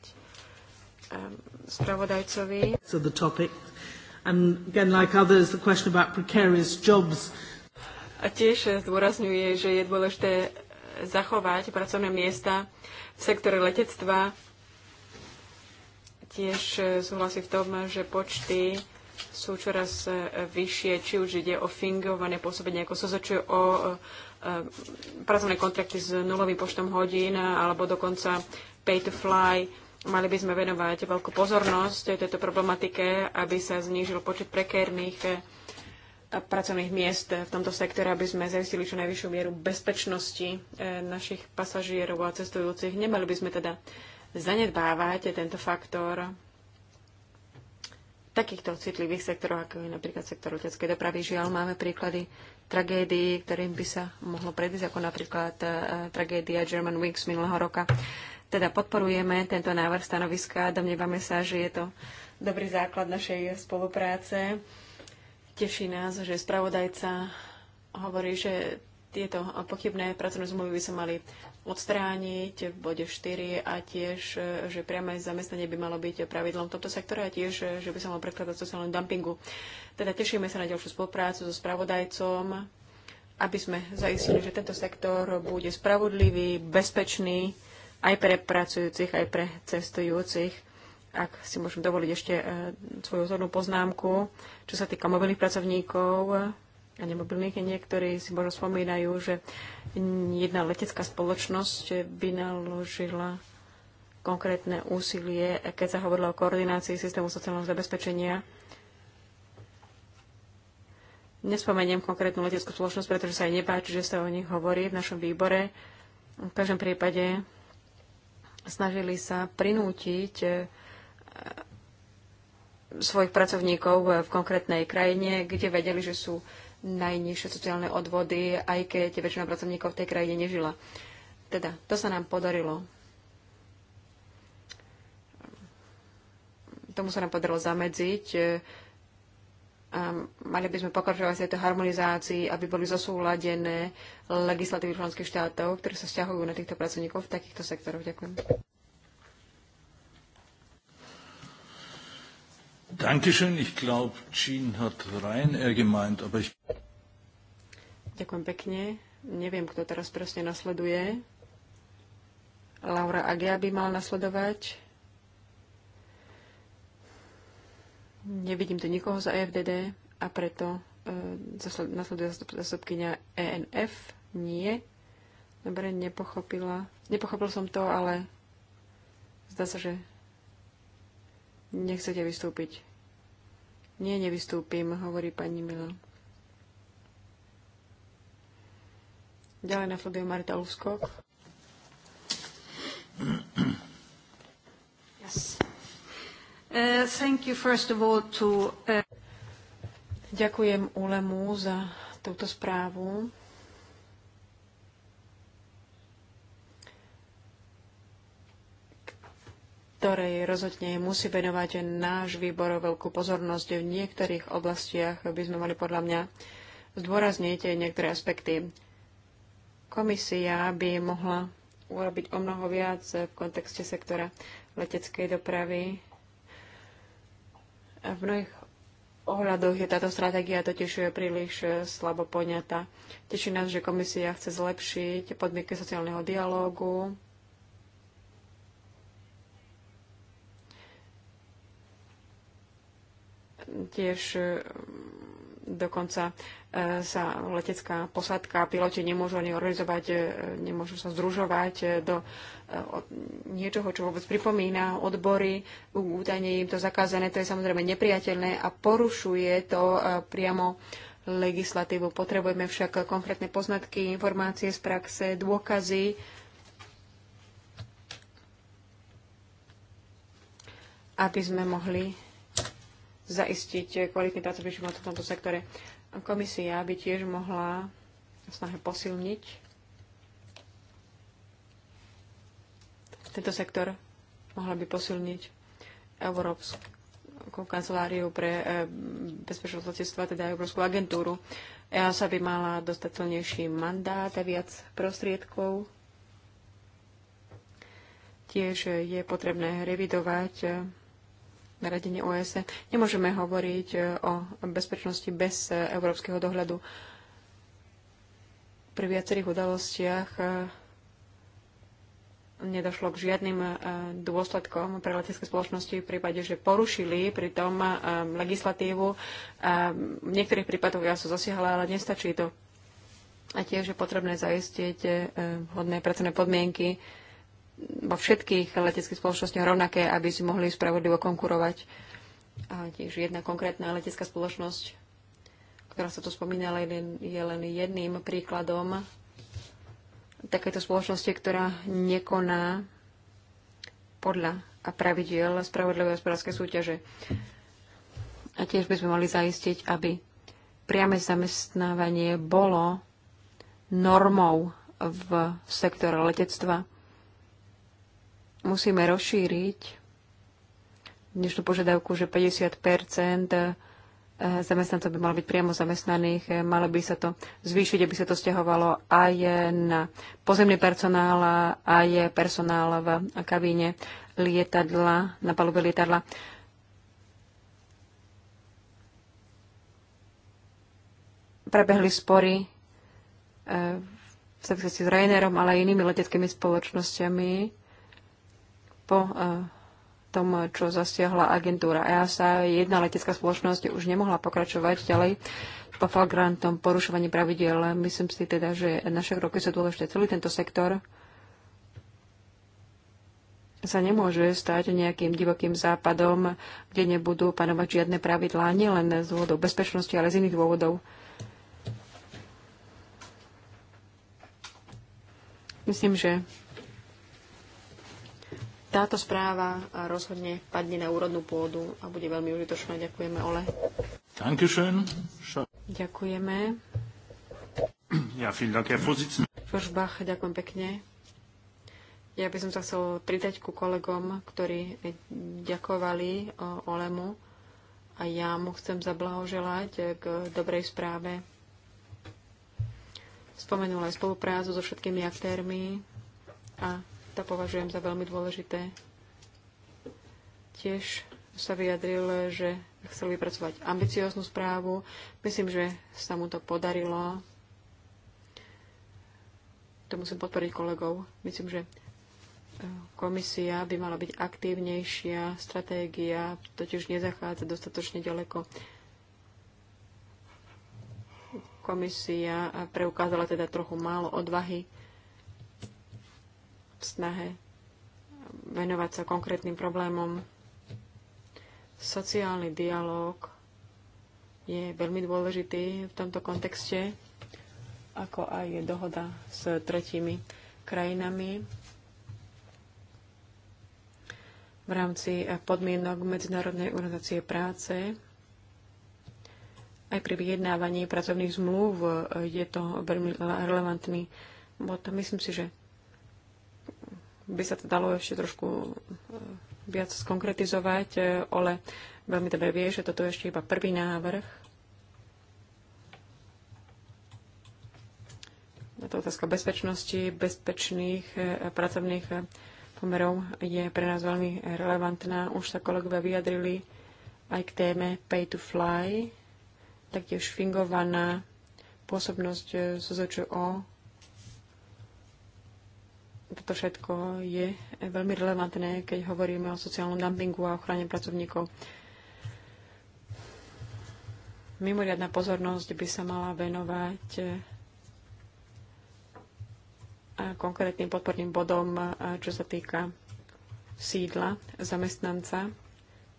um, spravodajcovi. So the topic. And again, like others, the question about precarious jobs a tiež zdôrazňuje, že je dôležité zachovať pracovné miesta v sektore letectva. Tiež súhlasí v tom, že počty sú čoraz vyššie, či už ide o fingované pôsobenie, ako začuje o e, pracovné kontrakty s nulovým počtom hodín, alebo dokonca pay to fly. Mali by sme venovať veľkú pozornosť tejto problematike, aby sa znížil počet prekérnych pracovných miest v tomto sektore, aby sme zaistili čo najvyššiu mieru bezpečnosti eh, našich pasažierov a cestujúcich. Nemali by sme teda zanedbávať tento faktor takýchto citlivých sektorov, ako je napríklad sektor leteckej dopravy. Žiaľ, máme príklady tragédií, ktorým by sa mohlo predísť, ako napríklad eh, tragédia German Wings minulého roka. Teda podporujeme tento návrh stanoviska, a domnievame sa, že je to dobrý základ našej spolupráce Teší nás, že spravodajca hovorí, že tieto pochybné pracovné zmluvy by sa mali odstrániť v bode 4 a tiež, že priame zamestnanie by malo byť pravidlom v tomto sektore a tiež, že by sa malo predkladať sociálnom dumpingu. Teda tešíme sa na ďalšiu spoluprácu so spravodajcom, aby sme zaistili, že tento sektor bude spravodlivý, bezpečný aj pre pracujúcich, aj pre cestujúcich ak si môžem dovoliť ešte e, svoju zornú poznámku, čo sa týka mobilných pracovníkov e, a nemobilných, niektorí si možno spomínajú, že jedna letecká spoločnosť by naložila konkrétne úsilie, keď sa hovorilo o koordinácii systému sociálneho zabezpečenia. Nespomeniem konkrétnu leteckú spoločnosť, pretože sa aj nepáči, že sa o nich hovorí v našom výbore. V každom prípade snažili sa prinútiť e, svojich pracovníkov v konkrétnej krajine, kde vedeli, že sú najnižšie sociálne odvody, aj keď väčšina pracovníkov v tej krajine nežila. Teda, to sa nám podarilo. Tomu sa nám podarilo zamedziť. A mali by sme pokračovať v tejto harmonizácii, aby boli zosúladené legislatívy členských štátov, ktoré sa vzťahujú na týchto pracovníkov v takýchto sektoroch. Ďakujem. Dankeschön. Ich glaube, Jean hat Ryanair er gemeint, aber ich... Ďakujem pekne. Neviem, kto teraz presne nasleduje. Laura Agia by mal nasledovať. Nevidím tu nikoho za EFDD a preto e, nasleduje zastupkynia ENF. Nie. Dobre, nepochopila. Nepochopil som to, ale zdá sa, že nechcete vystúpiť. Nie, nevystúpim, hovorí pani Mila. Ďalej na nasleduje Marita Ulskok. Yes. Uh, thank you first of all to, uh... Ďakujem Ulemu za túto správu. ktorej rozhodne musí venovať náš výbor veľkú pozornosť. V niektorých oblastiach by sme mali podľa mňa zdôrazniť niektoré aspekty. Komisia by mohla urobiť o mnoho viac v kontexte sektora leteckej dopravy. V mnohých ohľadoch je táto stratégia totiž príliš slabo poňatá. Teší nás, že komisia chce zlepšiť podmienky sociálneho dialógu, Tiež e, dokonca e, sa letecká posádka a piloti nemôžu ani organizovať, e, nemôžu sa združovať do niečoho, čo vôbec pripomína odbory. Údajne im to zakázané, to je samozrejme nepriateľné a porušuje to priamo legislatívu. Potrebujeme však konkrétne poznatky, informácie z praxe, dôkazy, aby sme mohli zaistiť kvalitný pracovný život v tomto sektore. Komisia by tiež mohla snahe posilniť tento sektor, mohla by posilniť Európsku kanceláriu pre e, bezpečnosť letectva, teda Európsku agentúru. sa e by mala dostať silnejší mandát a viac prostriedkov. Tiež je potrebné revidovať na radenie OSN. E. Nemôžeme hovoriť e, o bezpečnosti bez e, európskeho dohľadu. Pri viacerých udalostiach nedošlo k žiadnym dôsledkom pre letecké spoločnosti v prípade, že porušili pritom legislatívu. V niektorých prípadoch ja som zasiahla, ale nestačí to. A tiež je potrebné zaistiť vhodné pracovné podmienky vo všetkých leteckých spoločnostiach rovnaké, aby si mohli spravodlivo konkurovať. A tiež jedna konkrétna letecká spoločnosť, ktorá sa tu spomínala, je len jedným príkladom takéto spoločnosti, ktorá nekoná podľa a pravidiel spravodlivé hospodárskej súťaže. A tiež by sme mali zaistiť, aby priame zamestnávanie bolo normou v sektore letectva musíme rozšíriť dnešnú požiadavku, že 50 eh, zamestnancov by malo byť priamo zamestnaných, eh, malo by sa to zvýšiť, aby sa to stiahovalo aj na pozemný personál, aj personál v kabíne lietadla, na palube lietadla. Prebehli spory eh, v súvislosti s Rainerom, ale aj inými leteckými spoločnosťami po e, tom, čo zasiahla agentúra EASA, jedna letecká spoločnosť už nemohla pokračovať ďalej po flagrantom porušovaní pravidel. Myslím si teda, že naše kroky sú dôležité. Celý tento sektor sa nemôže stať nejakým divokým západom, kde nebudú panovať žiadne pravidlá, nielen z dôvodov bezpečnosti, ale z iných dôvodov. Myslím, že táto správa rozhodne padne na úrodnú pôdu a bude veľmi užitočná. Ďakujeme, Ole. Dankeschön. Ďakujeme. Ja, vielen Dank, Herr Vorsitzender. Bach, ďakujem pekne. Ja by som sa chcel pridať ku kolegom, ktorí ďakovali Olemu a ja mu chcem zablahoželať e, k dobrej správe. Spomenul aj spoluprácu so všetkými aktérmi a to považujem za veľmi dôležité. Tiež sa vyjadril, že chcel vypracovať ambicióznu správu. Myslím, že sa mu to podarilo. To musím podporiť kolegov. Myslím, že e, komisia by mala byť aktívnejšia, stratégia totiž nezachádza dostatočne ďaleko. Komisia preukázala teda trochu málo odvahy v snahe venovať sa konkrétnym problémom. Sociálny dialog je veľmi dôležitý v tomto kontexte, ako aj je dohoda s tretími krajinami v rámci podmienok Medzinárodnej organizácie práce. Aj pri vyjednávaní pracovných zmluv je to veľmi relevantný bod. Myslím si, že by sa to dalo ešte trošku eh, viac skonkretizovať, ale eh, veľmi dobre vie, že toto je ešte iba prvý návrh. Na to otázka bezpečnosti, bezpečných eh, pracovných pomerov je pre nás veľmi relevantná. Už sa kolegovia vyjadrili aj k téme pay to fly, taktiež fingovaná pôsobnosť SZČO toto všetko je veľmi relevantné, keď hovoríme o sociálnom dumpingu a ochrane pracovníkov. Mimoriadná pozornosť by sa mala venovať eh, konkrétnym podporným bodom, eh, čo sa týka sídla zamestnanca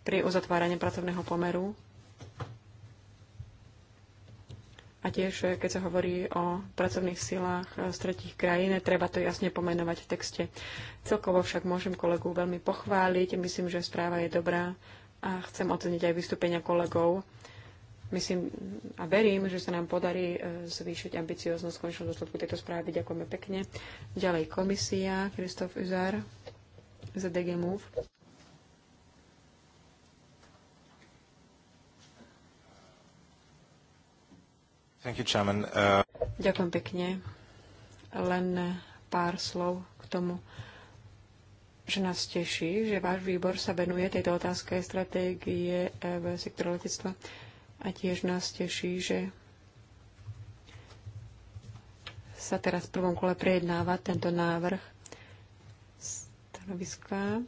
pri uzatváraní pracovného pomeru A tiež, eh, keď sa hovorí o pracovných silách eh, z tretich krajín, treba to jasne pomenovať v texte. Celkovo však môžem kolegu veľmi pochváliť. Myslím, že správa je dobrá a chcem oceniť aj vystúpenia kolegov. Myslím a verím, že sa nám podarí eh, zvýšiť ambicioznosť konečného dôsledku tejto správy. Ďakujeme pekne. Ďalej komisia, Kristof Uzár, ZDG Move. You, uh... Ďakujem pekne. Len pár slov k tomu, že nás teší, že váš výbor sa venuje tejto otázke stratégie eh, v sektoru letectva a tiež nás teší, že sa teraz v prvom kole prejednáva tento návrh stanoviska.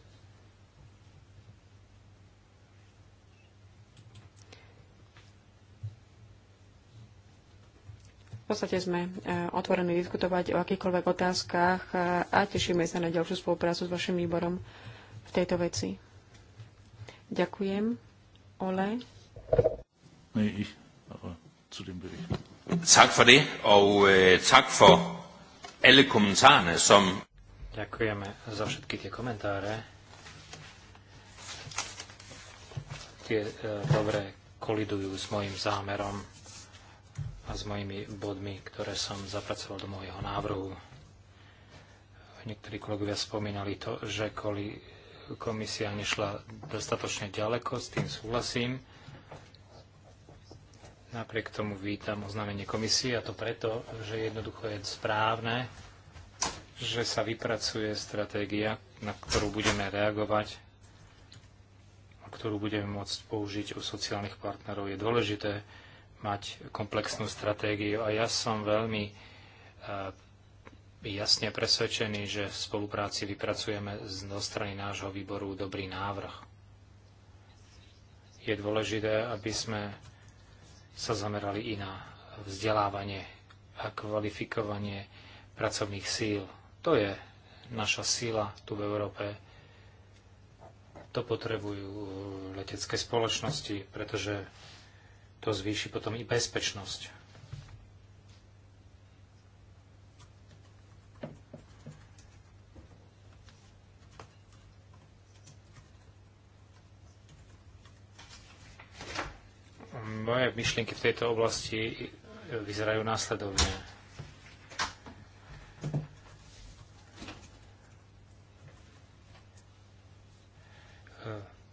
podstate sme e, otvorení diskutovať o akýchkoľvek otázkach e, a tešíme sa na ďalšiu spoluprácu s vašim výborom v tejto veci. Ďakujem. Ole? Er tak for det, og øh, tak for alle kommentarerne, som... Ďakujeme za všetky tie komentáre. Tie e, dobre kolidujú s mojim zámerom a s mojimi bodmi, ktoré som zapracoval do môjho návrhu. Niektorí kolegovia spomínali to, že koli komisia nešla dostatočne ďaleko, s tým súhlasím. Napriek tomu vítam oznámenie komisie a to preto, že jednoducho je správne, že sa vypracuje stratégia, na ktorú budeme reagovať a ktorú budeme môcť použiť u sociálnych partnerov. Je dôležité, mať komplexnú stratégiu. A ja som veľmi e, jasne presvedčený, že v spolupráci vypracujeme zo strany nášho výboru dobrý návrh. Je dôležité, aby sme sa zamerali i na vzdelávanie a kvalifikovanie pracovných síl. To je naša síla tu v Európe. To potrebujú letecké spoločnosti, pretože to zvýši potom i bezpečnosť. Moje myšlienky v tejto oblasti vyzerajú následovne.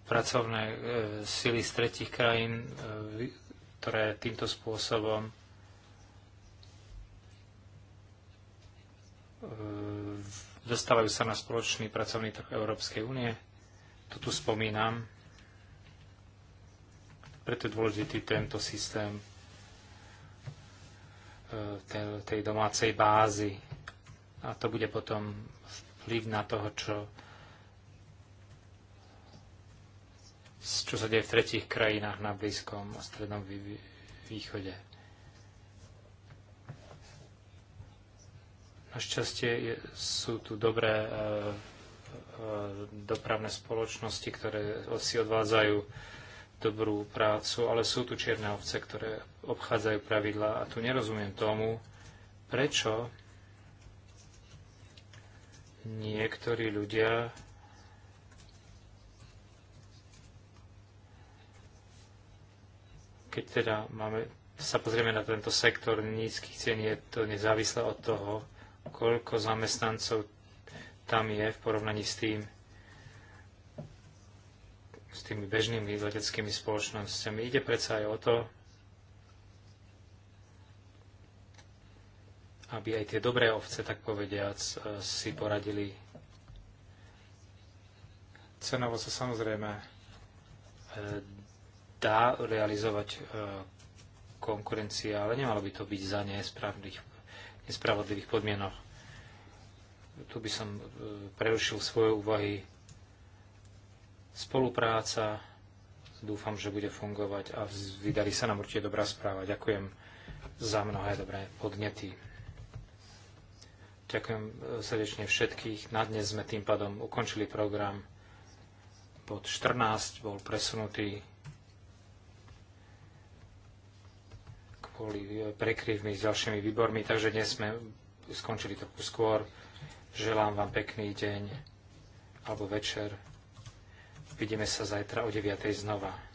pracovné e, sily z tretich krajín e, ktoré týmto spôsobom e, dostávajú sa na spoločný pracovný trh Európskej únie. To tu spomínam. Preto je dôležitý tento systém e, tej domácej bázy. A to bude potom vplyv na toho, čo čo sa deje v tretích krajinách na Blízkom a Strednom východe. Našťastie sú tu dobré e, e, dopravné spoločnosti, ktoré si odvádzajú dobrú prácu, ale sú tu čierne ovce, ktoré obchádzajú pravidla a tu nerozumiem tomu, prečo niektorí ľudia Keď teda máme, sa pozrieme na tento sektor nízkych cien, je to nezávisle od toho, koľko zamestnancov tam je v porovnaní s tým, s tými bežnými leteckými spoločnosťami. Ide predsa aj o to, aby aj tie dobré ovce, tak povediac, e, si poradili. Cenovo sa samozrejme e, dá realizovať e, konkurencia, ale nemalo by to byť za nespravodlivých podmienok. Tu by som e, prerušil svoje úvahy. Spolupráca, dúfam, že bude fungovať a vydali sa nám určite dobrá správa. Ďakujem za mnohé dobré podnety. Ďakujem e, srdečne všetkých. Na dnes sme tým pádom ukončili program. pod 14 bol presunutý kvôli e, prekryvmi s ďalšími výbormi, takže dnes sme skončili trochu skôr. Želám vám pekný deň alebo večer. Vidíme sa zajtra o 9.00 znova.